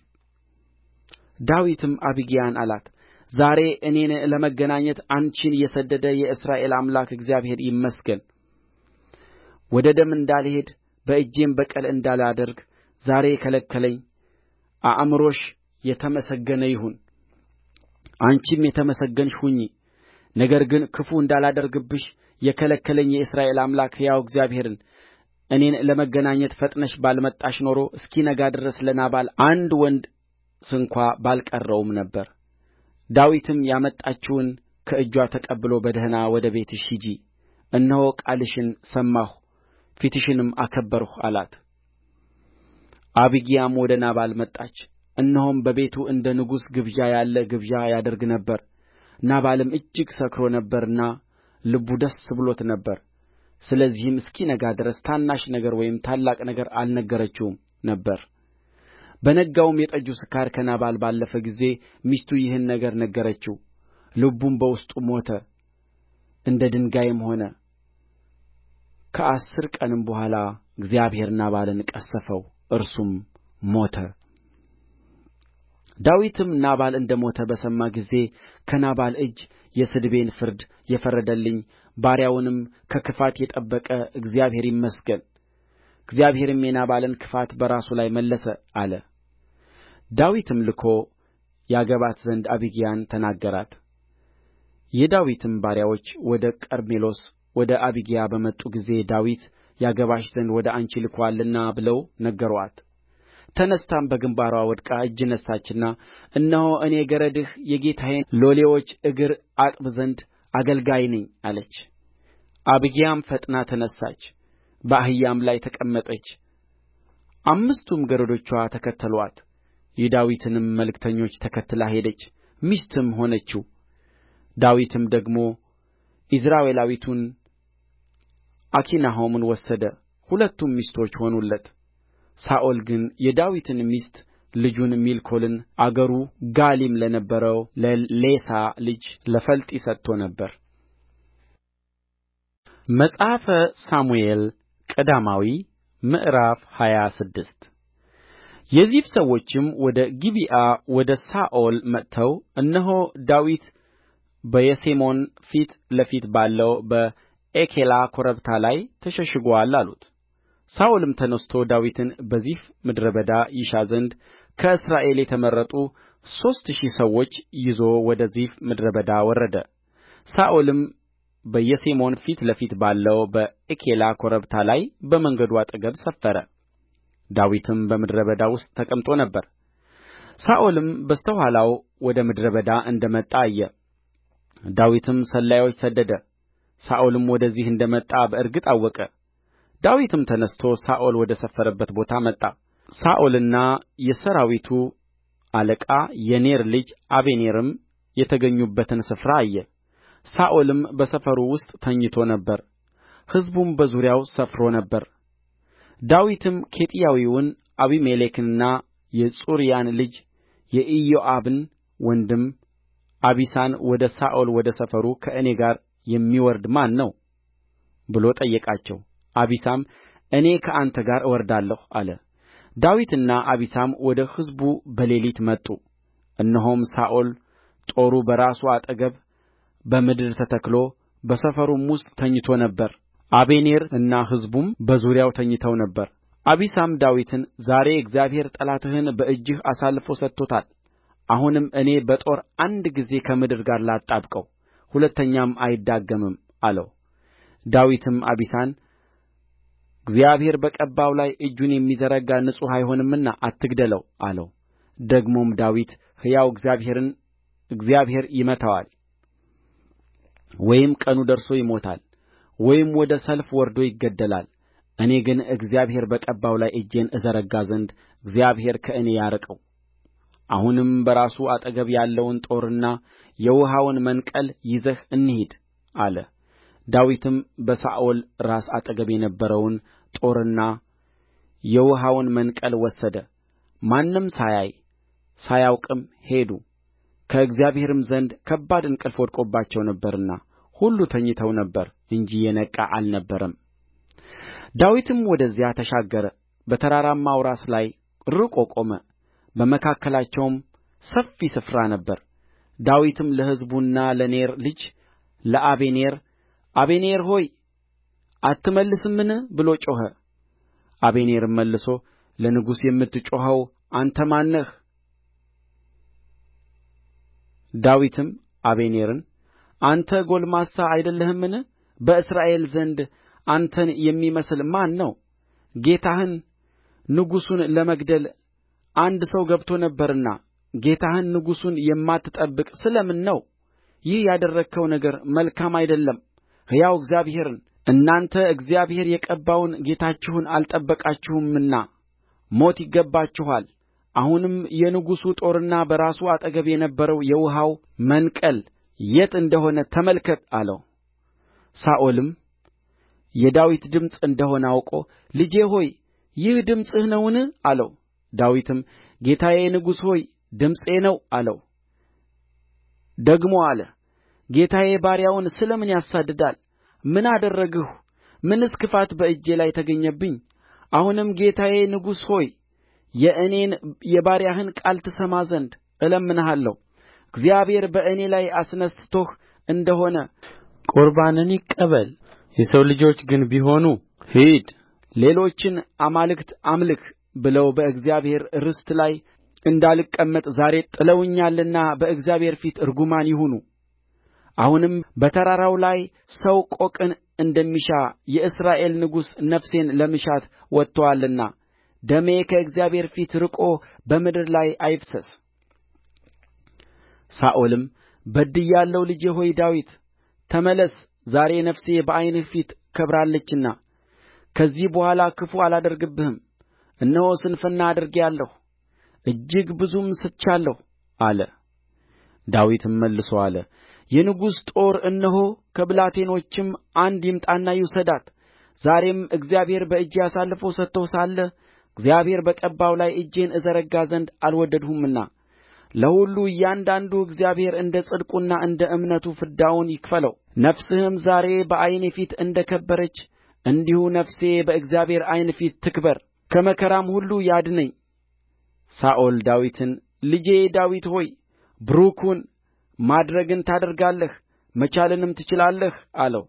ዳዊትም አቢግያን አላት ዛሬ እኔን ለመገናኘት አንቺን የሰደደ የእስራኤል አምላክ እግዚአብሔር ይመስገን ወደ ደም እንዳልሄድ በእጄም በቀል እንዳላደርግ ዛሬ የከለከለኝ አእምሮሽ የተመሰገነ ይሁን አንቺም የተመሰገንሽ ሁኚ ነገር ግን ክፉ እንዳላደርግብሽ የከለከለኝ የእስራኤል አምላክ ሕያው እግዚአብሔርን እኔን ለመገናኘት ፈጥነሽ ባልመጣሽ ኖሮ እስኪነጋ ድረስ ለናባል አንድ ወንድ ስንኳ ባልቀረውም ነበር። ዳዊትም ያመጣችውን ከእጇ ተቀብሎ በደኅና ወደ ቤትሽ ሂጂ፣ እነሆ ቃልሽን ሰማሁ፣ ፊትሽንም አከበርሁ አላት። አቢግያም ወደ ናባል መጣች፣ እነሆም በቤቱ እንደ ንጉሥ ግብዣ ያለ ግብዣ ያደርግ ነበር። ናባልም እጅግ ሰክሮ ነበርና ልቡ ደስ ብሎት ነበር ስለዚህም እስኪነጋ ድረስ ታናሽ ነገር ወይም ታላቅ ነገር አልነገረችውም ነበር በነጋውም የጠጁ ስካር ከናባል ባለፈ ጊዜ ሚስቱ ይህን ነገር ነገረችው ልቡም በውስጡ ሞተ እንደ ድንጋይም ሆነ ከአሥር ቀንም በኋላ እግዚአብሔር ናባልን ቀሠፈው እርሱም ሞተ ዳዊትም ናባል እንደ ሞተ በሰማ ጊዜ ከናባል እጅ የስድቤን ፍርድ የፈረደልኝ ባሪያውንም ከክፋት የጠበቀ እግዚአብሔር ይመስገን እግዚአብሔርም የናባልን ክፋት በራሱ ላይ መለሰ አለ። ዳዊትም ልኮ ያገባት ዘንድ አቢግያን ተናገራት። የዳዊትም ባሪያዎች ወደ ቀርሜሎስ ወደ አቢግያ በመጡ ጊዜ ዳዊት ያገባሽ ዘንድ ወደ አንቺ ልኮአልና ብለው ነገሩአት። ተነሥታም በግምባርዋ ወድቃ እጅ ነሣችና እነሆ እኔ ገረድህ የጌታዬን ሎሌዎች እግር አጥብ ዘንድ አገልጋይ ነኝ አለች አቢግያም ፈጥና ተነሣች በአህያም ላይ ተቀመጠች አምስቱም ገረዶችዋ ተከተሉአት የዳዊትንም መልእክተኞች ተከትላ ሄደች ሚስትም ሆነችው ዳዊትም ደግሞ ኢይዝራኤላዊቱን አኪናሆምን ወሰደ ሁለቱም ሚስቶች ሆኑለት ሳኦል ግን የዳዊትን ሚስት ልጁን ሜልኮልን አገሩ ጋሊም ለነበረው ለሌሳ ልጅ ለፈልጢ ሰጥቶ ነበር መጽሐፈ ሳሙኤል ቀዳማዊ ምዕራፍ ሃያ ስድስት የዚፍ ሰዎችም ወደ ጊብዓ ወደ ሳኦል መጥተው እነሆ ዳዊት በየሴሞን ፊት ለፊት ባለው በኤኬላ ኮረብታ ላይ ተሸሽጎአል አሉት ሳኦልም ተነሥቶ ዳዊትን በዚፍ ምድረ በዳ ይሻ ዘንድ ከእስራኤል የተመረጡ ሦስት ሺህ ሰዎች ይዞ ወደ ዚፍ ምድረ በዳ ወረደ ሳኦልም በየሴሞን ፊት ለፊት ባለው በኤኬላ ኮረብታ ላይ በመንገዱ አጠገብ ሰፈረ ዳዊትም በምድረ በዳ ውስጥ ተቀምጦ ነበር ሳኦልም በስተኋላው ወደ ምድረ በዳ እንደ መጣ አየ ዳዊትም ሰላዮች ሰደደ ሳኦልም ወደዚህ እንደ መጣ በእርግጥ አወቀ ዳዊትም ተነሥቶ ሳኦል ወደ ሰፈረበት ቦታ መጣ ሳኦልና የሠራዊቱ አለቃ የኔር ልጅ አበኔርም የተገኙበትን ስፍራ አየ ሳኦልም በሰፈሩ ውስጥ ተኝቶ ነበር ሕዝቡም በዙሪያው ሰፍሮ ነበር ዳዊትም ኬጢያዊውን አቢሜሌክንና የጽሩያን ልጅ የኢዮአብን ወንድም አቢሳን ወደ ሳኦል ወደ ሰፈሩ ከእኔ ጋር የሚወርድ ማን ነው ብሎ ጠየቃቸው አቢሳም እኔ ከአንተ ጋር እወርዳለሁ አለ ዳዊትና አቢሳም ወደ ሕዝቡ በሌሊት መጡ እነሆም ሳኦል ጦሩ በራሱ አጠገብ በምድር ተተክሎ በሰፈሩም ውስጥ ተኝቶ ነበር አቤኔር እና ሕዝቡም በዙሪያው ተኝተው ነበር አቢሳም ዳዊትን ዛሬ እግዚአብሔር ጠላትህን በእጅህ አሳልፎ ሰጥቶታል አሁንም እኔ በጦር አንድ ጊዜ ከምድር ጋር ላጣብቀው ሁለተኛም አይዳገምም አለው ዳዊትም አቢሳን እግዚአብሔር በቀባው ላይ እጁን የሚዘረጋ ንጹሕ አይሆንምና አትግደለው አለው ደግሞም ዳዊት ሕያው እግዚአብሔርን እግዚአብሔር ይመታዋል ወይም ቀኑ ደርሶ ይሞታል ወይም ወደ ሰልፍ ወርዶ ይገደላል እኔ ግን እግዚአብሔር በቀባው ላይ እጄን እዘረጋ ዘንድ እግዚአብሔር ከእኔ ያርቀው አሁንም በራሱ አጠገብ ያለውን ጦርና የውኃውን መንቀል ይዘህ እንሂድ አለ ዳዊትም በሳኦል ራስ አጠገብ የነበረውን ጦርና የውኃውን መንቀል ወሰደ ማንም ሳያይ ሳያውቅም ሄዱ ከእግዚአብሔርም ዘንድ ከባድ እንቅልፍ ወድቆባቸው ነበርና ሁሉ ተኝተው ነበር እንጂ የነቃ አልነበረም ዳዊትም ወደዚያ ተሻገረ በተራራማው ራስ ላይ ርቆ ቆመ በመካከላቸውም ሰፊ ስፍራ ነበር ዳዊትም ለሕዝቡና ለኔር ልጅ ለአበኔር አበኔር ሆይ አትመልስምን ብሎ ጮኸ አበኔርም መልሶ ለንጉሡ የምትጮኸው አንተ ማን ነህ ዳዊትም አበኔርን አንተ ጕልማሳ አይደለህምን በእስራኤል ዘንድ አንተን የሚመስል ማን ነው ጌታህን ንጉሡን ለመግደል አንድ ሰው ገብቶ ነበርና ጌታህን ንጉሡን የማትጠብቅ ስለ ምን ነው ይህ ያደረግኸው ነገር መልካም አይደለም ሕያው እግዚአብሔርን እናንተ እግዚአብሔር የቀባውን ጌታችሁን አልጠበቃችሁምና ሞት ይገባችኋል አሁንም የንጉሡ ጦርና በራሱ አጠገብ የነበረው የውኃው መንቀል የት እንደ ሆነ ተመልከት አለው ሳኦልም የዳዊት ድምፅ እንደ ሆነ አውቆ ልጄ ሆይ ይህ ድምፅህ ነውን አለው ዳዊትም ጌታዬ ንጉሥ ሆይ ድምፄ ነው አለው ደግሞ አለ ጌታዬ ባሪያውን ስለ ምን ያሳድዳል ምን አደረግሁ ምንስ ክፋት በእጄ ላይ ተገኘብኝ አሁንም ጌታዬ ንጉሥ ሆይ የእኔን የባሪያህን ቃል ትሰማ ዘንድ እለምንሃለሁ እግዚአብሔር በእኔ ላይ አስነሥቶህ እንደ ሆነ ቍርባንን ይቀበል የሰው ልጆች ግን ቢሆኑ ሂድ ሌሎችን አማልክት አምልክ ብለው በእግዚአብሔር ርስት ላይ እንዳልቀመጥ ዛሬ ጥለውኛልና በእግዚአብሔር ፊት ርጉማን ይሁኑ አሁንም በተራራው ላይ ሰው ቆቅን እንደሚሻ የእስራኤል ንጉሥ ነፍሴን ለመሻት ወጥቶአልና ደሜ ከእግዚአብሔር ፊት ርቆ በምድር ላይ አይፍሰስ። ሳኦልም በድያለሁ፣ ልጄ ሆይ ዳዊት ተመለስ፣ ዛሬ ነፍሴ በዐይንህ ፊት ከብራለችና ከዚህ በኋላ ክፉ አላደርግብህም። እነሆ ስንፍና አድርጌአለሁ፣ እጅግ ብዙም ስቻለሁ አለ። ዳዊትም መልሶ አለ የንጉሥ ጦር እነሆ ከብላቴኖችም አንድ ይምጣና ይውሰዳት ዛሬም እግዚአብሔር በእጄ አሳልፎ ሰጥቶህ ሳለ እግዚአብሔር በቀባው ላይ እጄን እዘረጋ ዘንድ አልወደድሁምና ለሁሉ እያንዳንዱ እግዚአብሔር እንደ ጽድቁና እንደ እምነቱ ፍዳውን ይክፈለው። ነፍስህም ዛሬ በዓይኔ ፊት እንደ ከበረች እንዲሁ ነፍሴ በእግዚአብሔር ዓይን ፊት ትክበር፣ ከመከራም ሁሉ ያድነኝ። ሳኦል ዳዊትን ልጄ ዳዊት ሆይ ቡሩክ ሁን ማድረግን ታደርጋለህ መቻልንም ትችላለህ አለው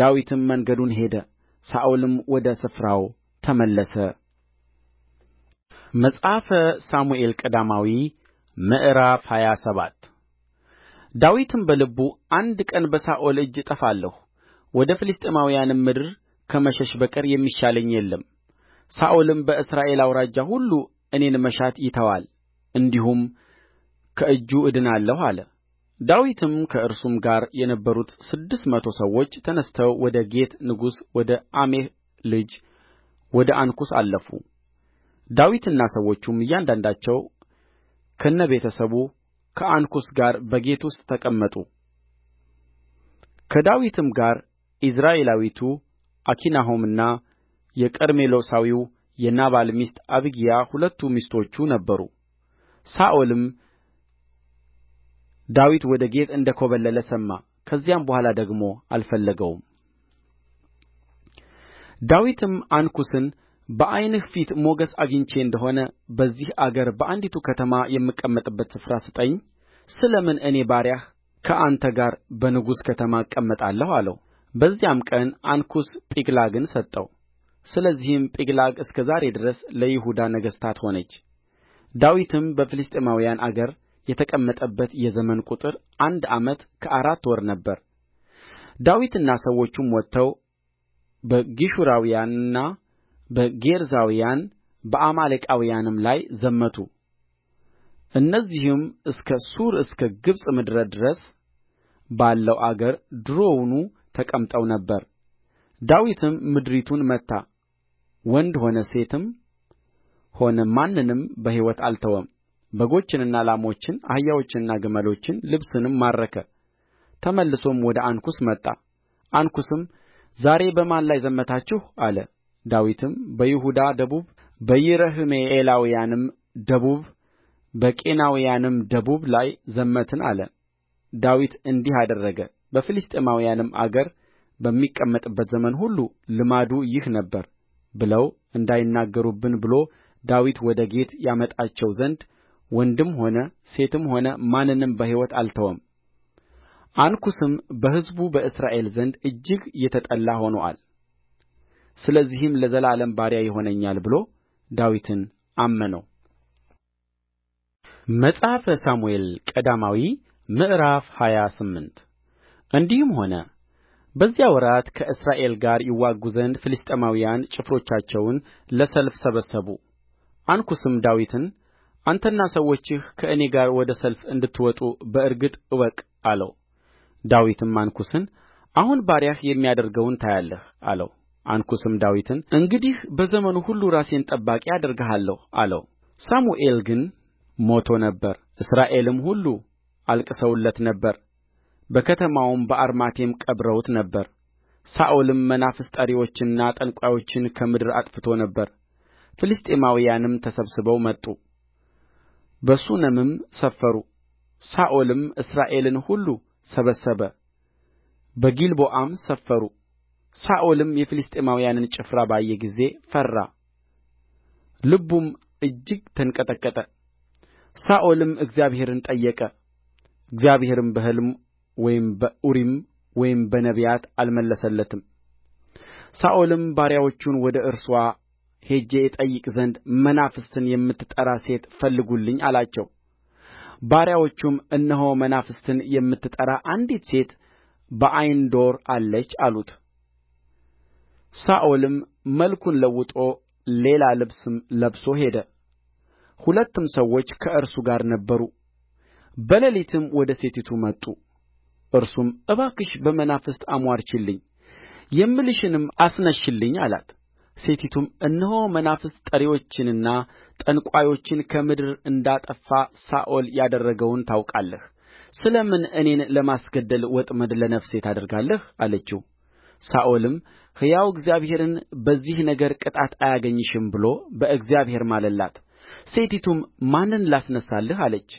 ዳዊትም መንገዱን ሄደ ሳኦልም ወደ ስፍራው ተመለሰ መጽሐፈ ሳሙኤል ቀዳማዊ ምዕራፍ ሃያ ሰባት ዳዊትም በልቡ አንድ ቀን በሳኦል እጅ እጠፋለሁ ወደ ፍልስጥኤማውያንም ምድር ከመሸሽ በቀር የሚሻለኝ የለም ሳኦልም በእስራኤል አውራጃ ሁሉ እኔን መሻት ይተዋል እንዲሁም ከእጁ እድናለሁ አለ ዳዊትም ከእርሱም ጋር የነበሩት ስድስት መቶ ሰዎች ተነሥተው ወደ ጌት ንጉሥ ወደ አሜህ ልጅ ወደ አንኩስ አለፉ ዳዊትና ሰዎቹም እያንዳንዳቸው ከነ ቤተ ሰቡ ከአንኩስ ጋር በጌት ውስጥ ተቀመጡ ከዳዊትም ጋር ኢይዝራኤላዊቱ አኪናሆምና የቀርሜሎሳዊው የናባል ሚስት አቢግያ ሁለቱ ሚስቶቹ ነበሩ ሳኦልም ዳዊት ወደ ጌት እንደ ኰበለለ ሰማ ከዚያም በኋላ ደግሞ አልፈለገውም ዳዊትም አንኩስን በዓይንህ ፊት ሞገስ አግኝቼ እንደ ሆነ በዚህ አገር በአንዲቱ ከተማ የምቀመጥበት ስፍራ ስጠኝ ስለ ምን እኔ ባሪያህ ከአንተ ጋር በንጉሥ ከተማ እቀመጣለሁ አለው በዚያም ቀን አንኩስ ጺቅላግን ሰጠው ስለዚህም ጺቅላግ እስከ ዛሬ ድረስ ለይሁዳ ነገሥታት ሆነች ዳዊትም በፍልስጥኤማውያን አገር የተቀመጠበት የዘመን ቍጥር አንድ ዓመት ከአራት ወር ነበረ ዳዊትና ሰዎቹም ወጥተው በጌሹራውያንና በጌርዛውያን በአማሌቃውያንም ላይ ዘመቱ እነዚህም እስከ ሱር እስከ ግብጽ ምድር ድረስ ባለው አገር ድሮውኑ ተቀምጠው ነበር ዳዊትም ምድሪቱን መታ ወንድ ሆነ ሴትም ሆነ ማንንም በሕይወት አልተወም በጎችንና ላሞችን አህያዎችንና ግመሎችን ልብስንም ማረከ ተመልሶም ወደ አንኩስ መጣ አንኩስም ዛሬ በማን ላይ ዘመታችሁ አለ ዳዊትም በይሁዳ ደቡብ በይረሕምኤላውያንም ደቡብ በቄናውያንም ደቡብ ላይ ዘመትን አለ ዳዊት እንዲህ አደረገ በፍልስጥኤማውያንም አገር በሚቀመጥበት ዘመን ሁሉ ልማዱ ይህ ነበር ብለው እንዳይናገሩብን ብሎ ዳዊት ወደ ጌት ያመጣቸው ዘንድ ወንድም ሆነ ሴትም ሆነ ማንንም በሕይወት አልተወም አንኩስም በሕዝቡ በእስራኤል ዘንድ እጅግ የተጠላ ሆኖአል ስለዚህም ለዘላለም ባሪያ ይሆነኛል ብሎ ዳዊትን አመነው መጽሐፈ ሳሙኤል ቀዳማዊ ምዕራፍ ሃያ ስምንት እንዲህም ሆነ በዚያ ወራት ከእስራኤል ጋር ይዋጉ ዘንድ ፍልስጥኤማውያን ጭፍሮቻቸውን ለሰልፍ ሰበሰቡ አንኩስም ዳዊትን አንተና ሰዎችህ ከእኔ ጋር ወደ ሰልፍ እንድትወጡ በእርግጥ እወቅ አለው ዳዊትም አንኩስን አሁን ባሪያህ የሚያደርገውን ታያለህ አለው አንኩስም ዳዊትን እንግዲህ በዘመኑ ሁሉ ራሴን ጠባቂ አደርግሃለሁ አለው ሳሙኤል ግን ሞቶ ነበር እስራኤልም ሁሉ አልቅሰውለት ነበር በከተማውም በአርማቴም ቀብረውት ነበር ሳኦልም መናፍስት ጠሪዎችንና ጠንቋዮችን ከምድር አጥፍቶ ነበር ፍልስጥኤማውያንም ተሰብስበው መጡ በሱነምም ሰፈሩ ሳኦልም እስራኤልን ሁሉ ሰበሰበ በጊልቦዓም ሰፈሩ ሳኦልም የፍልስጥኤማውያንን ጭፍራ ባየ ጊዜ ፈራ ልቡም እጅግ ተንቀጠቀጠ ሳኦልም እግዚአብሔርን ጠየቀ እግዚአብሔርም በሕልም ወይም በኡሪም ወይም በነቢያት አልመለሰለትም ሳኦልም ባሪያዎቹን ወደ እርስዋ ሄጄ እጠይቅ ዘንድ መናፍስትን የምትጠራ ሴት ፈልጉልኝ አላቸው ባሪያዎቹም እነሆ መናፍስትን የምትጠራ አንዲት ሴት በዓይንዶር አለች አሉት ሳኦልም መልኩን ለውጦ ሌላ ልብስም ለብሶ ሄደ ሁለትም ሰዎች ከእርሱ ጋር ነበሩ በሌሊትም ወደ ሴቲቱ መጡ እርሱም እባክሽ በመናፍስት አምዋርቺልኝ የምልሽንም አስነሽልኝ አላት ሴቲቱም እነሆ መናፍስት ጠሪዎችንና ጠንቋዮችን ከምድር እንዳጠፋ ሳኦል ያደረገውን ታውቃለህ ስለ ምን እኔን ለማስገደል ወጥመድ ለነፍሴ ታደርጋለህ አለችው ሳኦልም ሕያው እግዚአብሔርን በዚህ ነገር ቅጣት አያገኝሽም ብሎ በእግዚአብሔር ማለላት ሴቲቱም ማንን ላስነሣልህ አለች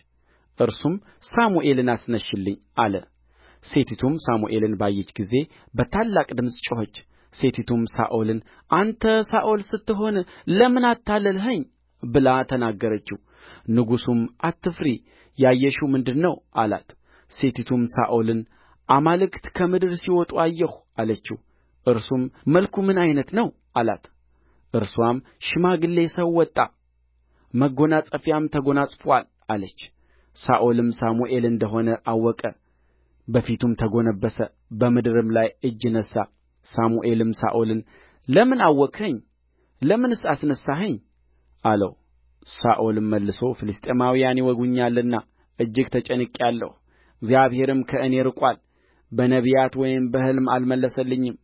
እርሱም ሳሙኤልን አስነሽልኝ አለ ሴቲቱም ሳሙኤልን ባየች ጊዜ በታላቅ ድምፅ ጮኸች ሴቲቱም ሳኦልን አንተ ሳኦል ስትሆን ለምን አታለልኸኝ ብላ ተናገረችው ንጉሡም አትፍሪ ያየሽው ምንድር ነው አላት ሴቲቱም ሳኦልን አማልክት ከምድር ሲወጡ አየሁ አለችው እርሱም መልኩ ምን ዓይነት ነው አላት እርስዋም ሽማግሌ ሰው ወጣ መጐናጸፊያም ተጐናጽፎአል አለች ሳኦልም ሳሙኤል እንደሆነ አወቀ በፊቱም ተጐነበሰ በምድርም ላይ እጅ ነሣ ሳሙኤልም ሳኦልን ለምን አወክኸኝ ለምንስ አስነሣኸኝ አለው ሳኦልም መልሶ ፍልስጥኤማውያን ይወጉኛልና እጅግ ተጨንቄአለሁ እግዚአብሔርም ከእኔ ርቆአል በነቢያት ወይም በሕልም አልመለሰልኝም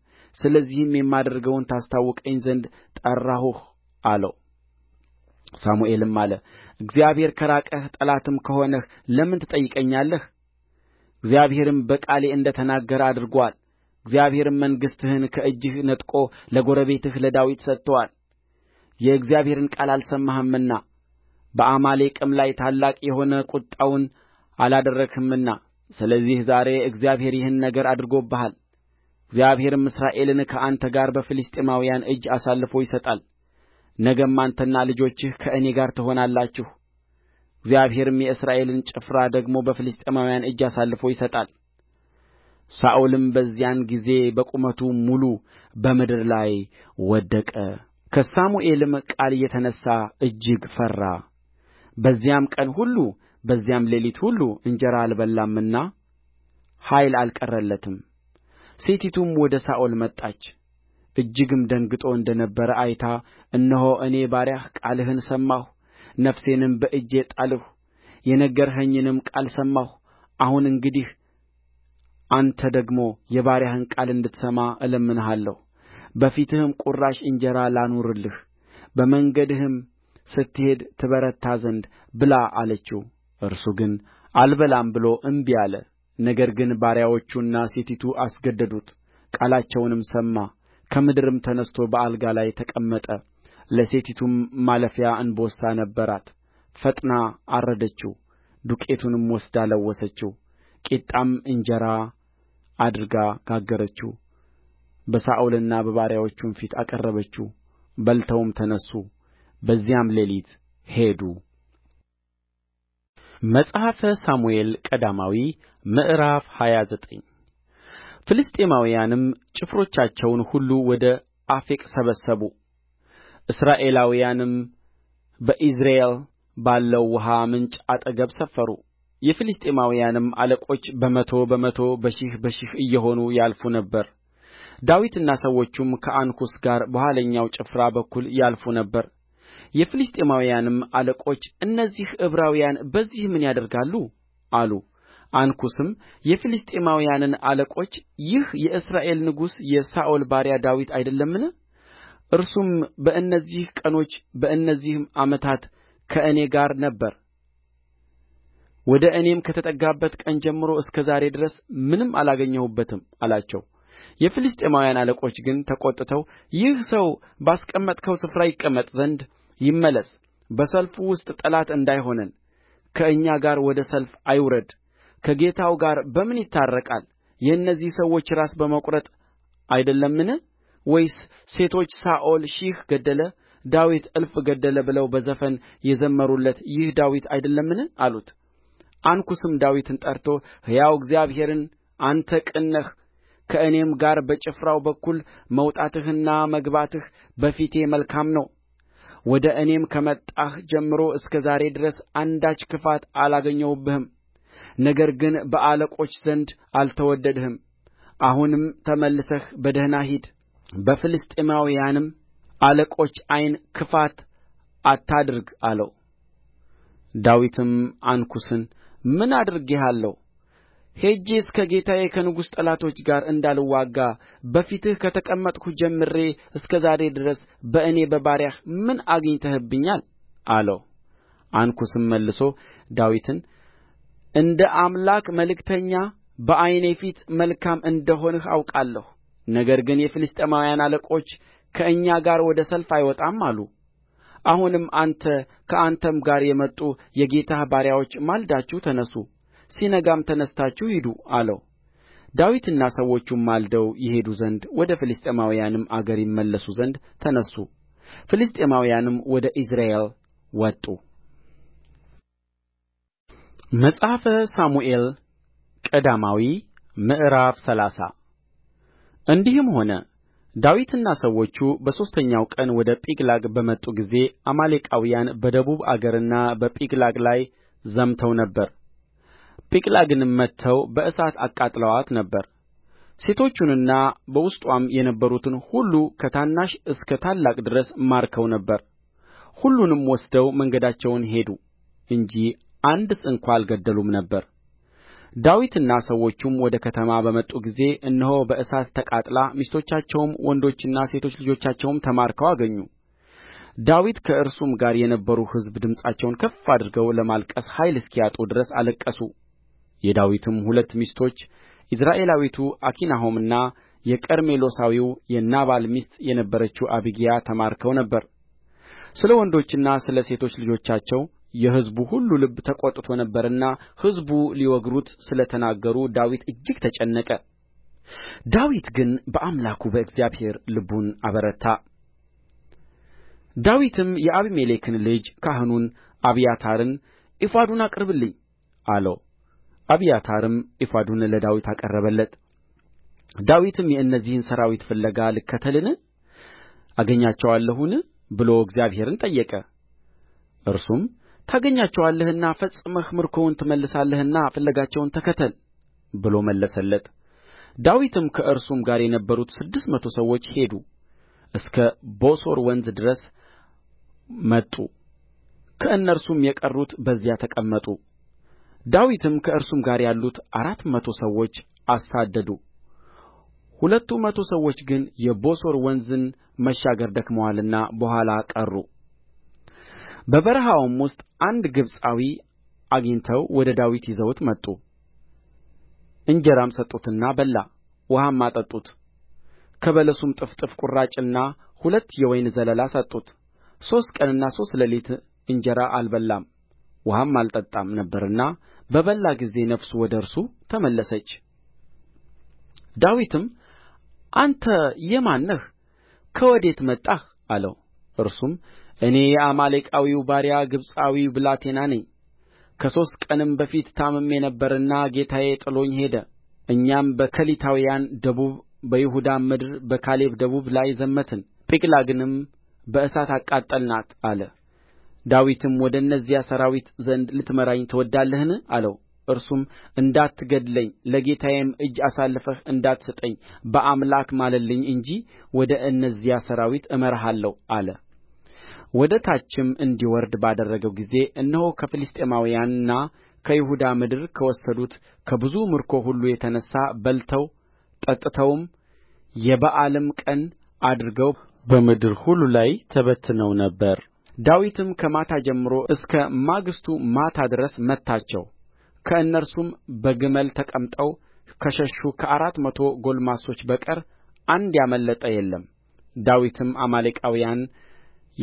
ስለዚህም የማደርገውን ታስታውቀኝ ዘንድ ጠራሁህ አለው ሳሙኤልም አለ እግዚአብሔር ከራቀህ ጠላትም ከሆነህ ለምን ትጠይቀኛለህ እግዚአብሔርም በቃሌ እንደ ተናገረ አድርጎአል እግዚአብሔርም መንግሥትህን ከእጅህ ነጥቆ ለጎረቤትህ ለዳዊት ሰጥቶታል የእግዚአብሔርን ቃል አልሰማህምና በአማሌቅም ላይ ታላቅ የሆነ ቍጣውን አላደረግህምና ስለዚህ ዛሬ እግዚአብሔር ይህን ነገር አድርጎብሃል እግዚአብሔርም እስራኤልን ከአንተ ጋር በፍልስጥኤማውያን እጅ አሳልፎ ይሰጣል ነገም አንተና ልጆችህ ከእኔ ጋር ትሆናላችሁ እግዚአብሔርም የእስራኤልን ጭፍራ ደግሞ በፍልስጥኤማውያን እጅ አሳልፎ ይሰጣል ሳኦልም በዚያን ጊዜ በቁመቱ ሙሉ በምድር ላይ ወደቀ ከሳሙኤልም ቃል የተነሣ እጅግ ፈራ በዚያም ቀን ሁሉ በዚያም ሌሊት ሁሉ እንጀራ አልበላምና ኃይል አልቀረለትም ሴቲቱም ወደ ሳኦል መጣች እጅግም ደንግጦ እንደ ነበረ አይታ እነሆ እኔ ባሪያህ ቃልህን ሰማሁ ነፍሴንም በእጄ ጣልሁ የነገርኸኝንም ቃል ሰማሁ አሁን እንግዲህ አንተ ደግሞ የባሪያህን ቃል እንድትሰማ እለምንሃለሁ በፊትህም ቍራሽ እንጀራ ላኑርልህ በመንገድህም ስትሄድ ትበረታ ዘንድ ብላ አለችው እርሱ ግን አልበላም ብሎ እንቢ አለ ነገር ግን ባሪያዎቹና ሴቲቱ አስገደዱት ቃላቸውንም ሰማ ከምድርም ተነሥቶ በአልጋ ላይ ተቀመጠ ለሴቲቱም ማለፊያ እንቦሳ ነበራት ፈጥና አረደችው ዱቄቱንም ወስዳ ለወሰችው ቂጣም እንጀራ አድርጋ ጋገረችው በሳኦልና በባሪያዎቹም ፊት አቀረበችው በልተውም ተነሡ በዚያም ሌሊት ሄዱ መጽሐፈ ሳሙኤል ቀዳማዊ ምዕራፍ ሃያ ዘጠኝ ፍልስጥኤማውያንም ጭፍሮቻቸውን ሁሉ ወደ አፌቅ ሰበሰቡ እስራኤላውያንም በኢይዝራኤል ባለው ውኃ ምንጭ አጠገብ ሰፈሩ የፍልስጥኤማውያንም አለቆች በመቶ በመቶ በሺህ በሺህ እየሆኑ ያልፉ ነበር ዳዊትና ሰዎቹም ከአንኩስ ጋር በኋለኛው ጭፍራ በኩል ያልፉ ነበር የፍልስጥኤማውያንም አለቆች እነዚህ ዕብራውያን በዚህ ምን ያደርጋሉ አሉ አንኩስም የፍልስጥኤማውያንን አለቆች ይህ የእስራኤል ንጉሥ የሳኦል ባሪያ ዳዊት አይደለምን እርሱም በእነዚህ ቀኖች በእነዚህም ዓመታት ከእኔ ጋር ነበረ ወደ እኔም ከተጠጋበት ቀን ጀምሮ እስከ ዛሬ ድረስ ምንም አላገኘሁበትም አላቸው የፍልስጥኤማውያን አለቆች ግን ተቈጥተው ይህ ሰው ባስቀመጥኸው ስፍራ ይቀመጥ ዘንድ ይመለስ በሰልፉ ውስጥ ጠላት እንዳይሆነን ከእኛ ጋር ወደ ሰልፍ አይውረድ ከጌታው ጋር በምን ይታረቃል የእነዚህ ሰዎች ራስ በመቍረጥ አይደለምን ወይስ ሴቶች ሳኦል ሺህ ገደለ ዳዊት እልፍ ገደለ ብለው በዘፈን የዘመሩለት ይህ ዳዊት አይደለምን አሉት አንኩስም ዳዊትን ጠርቶ ሕያው እግዚአብሔርን አንተ ቅን ነህ ከእኔም ጋር በጭፍራው በኩል መውጣትህና መግባትህ በፊቴ መልካም ነው ወደ እኔም ከመጣህ ጀምሮ እስከ ዛሬ ድረስ አንዳች ክፋት አላገኘሁብህም ነገር ግን በአለቆች ዘንድ አልተወደድህም አሁንም ተመልሰህ በደኅና ሂድ በፍልስጥኤማውያንም አለቆች ዓይን ክፋት አታድርግ አለው ዳዊትም አንኩስን ምን አድርጌሃለሁ ሄጄስ ከጌታዬ ከንጉሡ ጠላቶች ጋር እንዳልዋጋ በፊትህ ከተቀመጥሁ ጀምሬ እስከ ዛሬ ድረስ በእኔ በባሪያህ ምን አግኝተህብኛል አለው አንኩስም መልሶ ዳዊትን እንደ አምላክ መልእክተኛ በዓይኔ ፊት መልካም እንደ ሆንህ አውቃለሁ ነገር ግን የፍልስጥኤማውያን አለቆች ከእኛ ጋር ወደ ሰልፍ አይወጣም አሉ አሁንም አንተ ከአንተም ጋር የመጡ የጌታህ ባሪያዎች ማልዳችሁ ተነሡ ሲነጋም ተነሥታችሁ ሂዱ አለው ዳዊትና ሰዎቹም ማልደው ይሄዱ ዘንድ ወደ ፍልስጥኤማውያንም አገር ይመለሱ ዘንድ ተነሡ ፍልስጥኤማውያንም ወደ ኢይዝራኤል ወጡ መጽሐፈ ሳሙኤል ቀዳማዊ ምዕራፍ ሰላሳ እንዲህም ሆነ ዳዊትና ሰዎቹ በሦስተኛው ቀን ወደ ጺቅላግ በመጡ ጊዜ አማሌቃውያን በደቡብ አገርና በጺቅላግ ላይ ዘምተው ነበር ጺቅላግንም መትተው በእሳት አቃጥለዋት ነበር ሴቶቹንና በውስጥዋም የነበሩትን ሁሉ ከታናሽ እስከ ታላቅ ድረስ ማርከው ነበር ሁሉንም ወስደው መንገዳቸውን ሄዱ እንጂ አንድስ እንኳ አልገደሉም ነበር ዳዊትና ሰዎቹም ወደ ከተማ በመጡ ጊዜ እነሆ በእሳት ተቃጥላ ሚስቶቻቸውም ወንዶችና ሴቶች ልጆቻቸውም ተማርከው አገኙ ዳዊት ከእርሱም ጋር የነበሩ ሕዝብ ድምፃቸውን ከፍ አድርገው ለማልቀስ ኃይል እስኪያጡ ድረስ አለቀሱ የዳዊትም ሁለት ሚስቶች ኢይዝራኤላዊቱ አኪናሆምና የቀርሜሎሳዊው የናባል ሚስት የነበረችው አቢግያ ተማርከው ነበር ስለ ወንዶችና ስለ ሴቶች ልጆቻቸው የሕዝቡ ሁሉ ልብ ተቈጥቶ ነበርና ሕዝቡ ሊወግሩት ስለ ተናገሩ ዳዊት እጅግ ተጨነቀ ዳዊት ግን በአምላኩ በእግዚአብሔር ልቡን አበረታ ዳዊትም የአቢሜሌክን ልጅ ካህኑን አብያታርን ኤፉዱን አቅርብልኝ አለው አብያታርም ኤፉዱን ለዳዊት አቀረበለት ዳዊትም የእነዚህን ሠራዊት ፍለጋ ልከተልን አገኛቸዋለሁን ብሎ እግዚአብሔርን ጠየቀ እርሱም ታገኛቸዋለህና ፈጽመህ ምርኮውን ትመልሳለህና ፍለጋቸውን ተከተል ብሎ መለሰለት ዳዊትም ከእርሱም ጋር የነበሩት ስድስት መቶ ሰዎች ሄዱ እስከ ቦሶር ወንዝ ድረስ መጡ ከእነርሱም የቀሩት በዚያ ተቀመጡ ዳዊትም ከእርሱም ጋር ያሉት አራት መቶ ሰዎች አሳደዱ ሁለቱ መቶ ሰዎች ግን የቦሶር ወንዝን መሻገር ደክመዋልና በኋላ ቀሩ በበረሀውም ውስጥ አንድ ግብጻዊ አግኝተው ወደ ዳዊት ይዘውት መጡ እንጀራም ሰጡትና በላ ውኃም አጠጡት ከበለሱም ጥፍጥፍ ቁራጭና ሁለት የወይን ዘለላ ሰጡት ሦስት ቀንና ሦስት ሌሊት እንጀራ አልበላም ውኃም አልጠጣም ነበርና በበላ ጊዜ ነፍሱ ወደ እርሱ ተመለሰች ዳዊትም አንተ የማን ነህ ከወዴት መጣህ አለው እርሱም እኔ የአማሌቃዊው ባሪያ ግብጻዊ ብላቴና ነኝ ከሦስት ቀንም በፊት ታምሜ ነበርና ጌታዬ ጥሎኝ ሄደ እኛም በከሊታውያን ደቡብ በይሁዳም ምድር በካሌብ ደቡብ ላይ ዘመትን ጺቅላግንም በእሳት አቃጠልናት አለ ዳዊትም ወደ እነዚያ ሠራዊት ዘንድ ልትመራኝ ትወዳለህን አለው እርሱም እንዳትገድለኝ ለጌታዬም እጅ አሳልፈህ እንዳትሰጠኝ በአምላክ ማልልኝ እንጂ ወደ እነዚያ ሠራዊት እመራሃለሁ አለ ወደ ታችም እንዲወርድ ባደረገው ጊዜ እነሆ ከፍልስጥኤማውያንና ከይሁዳ ምድር ከወሰዱት ከብዙ ምርኮ ሁሉ የተነሣ በልተው ጠጥተውም የበዓልም ቀን አድርገው በምድር ሁሉ ላይ ተበትነው ነበር። ዳዊትም ከማታ ጀምሮ እስከ ማግስቱ ማታ ድረስ መታቸው። ከእነርሱም በግመል ተቀምጠው ከሸሹ ከአራት መቶ ጎልማሶች በቀር አንድ ያመለጠ የለም። ዳዊትም አማሌቃውያን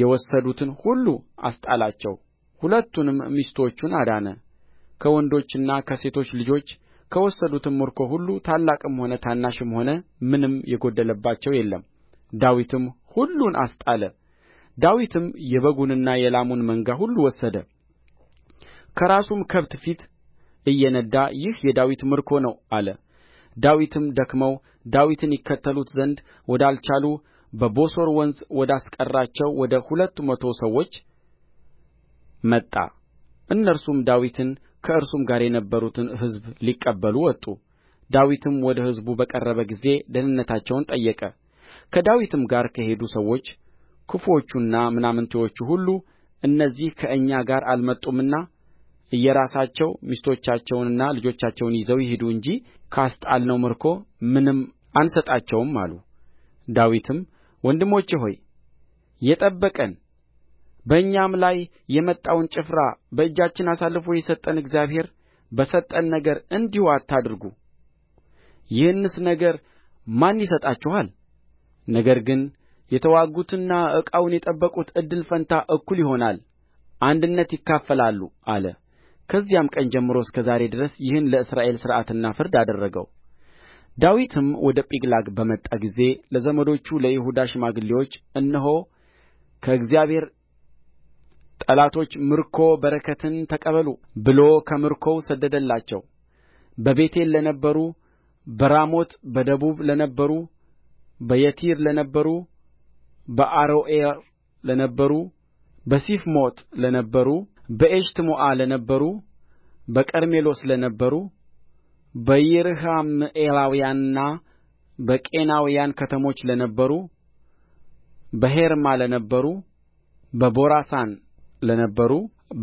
የወሰዱትን ሁሉ አስጣላቸው ሁለቱንም ሚስቶቹን አዳነ ከወንዶችና ከሴቶች ልጆች ከወሰዱትም ምርኮ ሁሉ ታላቅም ሆነ ታናሽም ሆነ ምንም የጐደለባቸው የለም ዳዊትም ሁሉን አስጣለ ዳዊትም የበጉንና የላሙን መንጋ ሁሉ ወሰደ ከራሱም ከብት ፊት እየነዳ ይህ የዳዊት ምርኮ ነው አለ ዳዊትም ደክመው ዳዊትን ይከተሉት ዘንድ ወዳልቻሉ በቦሶር ወንዝ ወዳስቀራቸው ወደ ሁለቱ መቶ ሰዎች መጣ እነርሱም ዳዊትን ከእርሱም ጋር የነበሩትን ሕዝብ ሊቀበሉ ወጡ። ዳዊትም ወደ ሕዝቡ በቀረበ ጊዜ ደኅንነታቸውን ጠየቀ። ከዳዊትም ጋር ከሄዱ ሰዎች ክፉዎቹና ምናምንቴዎቹ ሁሉ እነዚህ ከእኛ ጋር አልመጡምና እየራሳቸው ሚስቶቻቸውንና ልጆቻቸውን ይዘው ይሂዱ እንጂ ካስጣልነው ምርኮ ምንም አንሰጣቸውም አሉ። ዳዊትም ወንድሞቼ ሆይ የጠበቀን በእኛም ላይ የመጣውን ጭፍራ በእጃችን አሳልፎ የሰጠን እግዚአብሔር በሰጠን ነገር እንዲሁ አታድርጉ ይህንስ ነገር ማን ይሰጣችኋል ነገር ግን የተዋጉትና ዕቃውን የጠበቁት እድል ፈንታ እኩል ይሆናል አንድነት ይካፈላሉ አለ ከዚያም ቀን ጀምሮ እስከ ዛሬ ድረስ ይህን ለእስራኤል ሥርዓትና ፍርድ አደረገው ዳዊትም ወደ ጺቅላግ በመጣ ጊዜ ለዘመዶቹ ለይሁዳ ሽማግሌዎች እነሆ ከእግዚአብሔር ጠላቶች ምርኮ በረከትን ተቀበሉ ብሎ ከምርኮው ሰደደላቸው በቤቴል ለነበሩ በራሞት በደቡብ ለነበሩ በየቲር ለነበሩ በአሮዔር ለነበሩ በሲፍሞት ለነበሩ በኤሽትሞዓ ለነበሩ በቀርሜሎስ ለነበሩ በይረሕምኤላውያንና በቄናውያን ከተሞች ለነበሩ በሔርማ ለነበሩ በቦራሣን ለነበሩ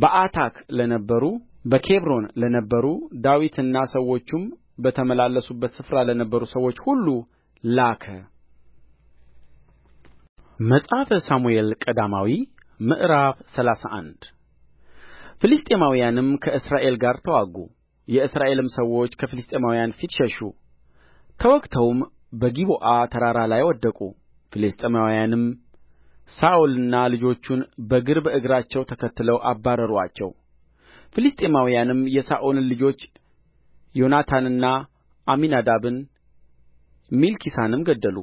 በዓታክ ለነበሩ በኬብሮን ለነበሩ ዳዊትና ሰዎቹም በተመላለሱበት ስፍራ ለነበሩ ሰዎች ሁሉ ላከ። መጽሐፈ ሳሙኤል ቀዳማዊ ምዕራፍ ሰላሳ አንድ ፍልስጥኤማውያንም ከእስራኤል ጋር ተዋጉ የእስራኤልም ሰዎች ከፍልስጥኤማውያን ፊት ሸሹ ተወግተውም በጊልቦዓ ተራራ ላይ ወደቁ ፍልስጥኤማውያንም ሳኦልንና ልጆቹን በእግር በእግራቸው ተከትለው አባረሩአቸው ፍልስጥኤማውያንም የሳኦልን ልጆች ዮናታንና አሚናዳብን ሜልኪሳንም ገደሉ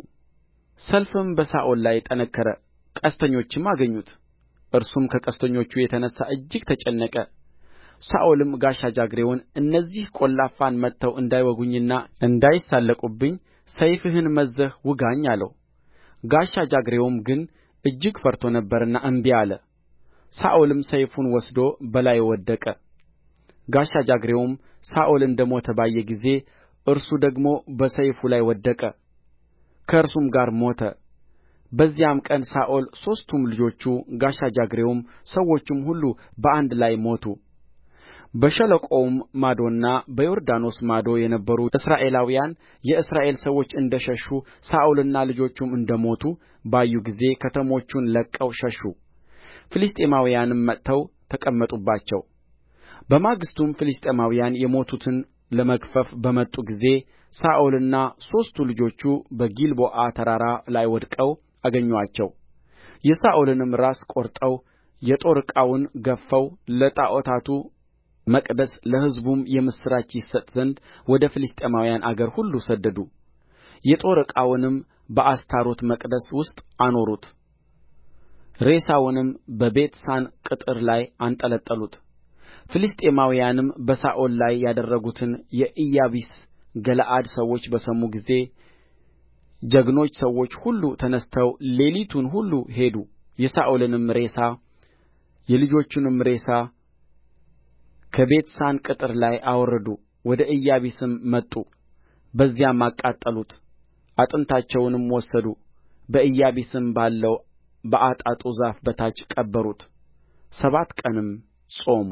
ሰልፍም በሳኦል ላይ ጠነከረ ቀስተኞችም አገኙት እርሱም ከቀስተኞቹ የተነሣ እጅግ ተጨነቀ ሳኦልም ጋሻ ጃግሬውን እነዚህ ቈላፋን መጥተው እንዳይወጉኝና እንዳይሳለቁብኝ ሰይፍህን መዝዘህ ውጋኝ አለው ጋሻ ጃግሬውም ግን እጅግ ፈርቶ ነበርና እንቢ አለ ሳኦልም ሰይፉን ወስዶ በላዩ ወደቀ ጋሻ ጃግሬውም ሳኦል እንደ ሞተ ባየ ጊዜ እርሱ ደግሞ በሰይፉ ላይ ወደቀ ከእርሱም ጋር ሞተ በዚያም ቀን ሳኦል ሦስቱም ልጆቹ ጋሻ ጃግሬውም ሰዎቹም ሁሉ በአንድ ላይ ሞቱ በሸለቆውም ማዶና በዮርዳኖስ ማዶ የነበሩ እስራኤላውያን የእስራኤል ሰዎች እንደ ሸሹ ሳኦልና ልጆቹም እንደ ሞቱ ባዩ ጊዜ ከተሞቹን ለቅቀው ሸሹ ፍልስጥኤማውያንም መጥተው ተቀመጡባቸው በማግሥቱም ፍልስጥኤማውያን የሞቱትን ለመግፈፍ በመጡ ጊዜ ሳኦልና ሦስቱ ልጆቹ በጊልቦዓ ተራራ ላይ ወድቀው አገኙአቸው የሳኦልንም ራስ ቈርጠው የጦር ዕቃውን ገፍፈው ለጣዖታቱ መቅደስ ለሕዝቡም የምሥራች ይሰጥ ዘንድ ወደ ፍልስጥኤማውያን አገር ሁሉ ሰደዱ። የጦር ዕቃውንም በአስታሮት መቅደስ ውስጥ አኖሩት፣ ሬሳውንም በቤትሳን ቅጥር ላይ አንጠለጠሉት። ፍልስጥኤማውያንም በሳኦል ላይ ያደረጉትን የኢያቢስ ገለዓድ ሰዎች በሰሙ ጊዜ ጀግኖች ሰዎች ሁሉ ተነሥተው ሌሊቱን ሁሉ ሄዱ። የሳኦልንም ሬሳ የልጆቹንም ሬሳ ከቤትሳን ቅጥር ላይ አወረዱ ወደ ኢያቢስም መጡ በዚያም አቃጠሉት አጥንታቸውንም ወሰዱ በኢያቢስም ባለው በአጣጡ ዛፍ በታች ቀበሩት ሰባት ቀንም ጾሙ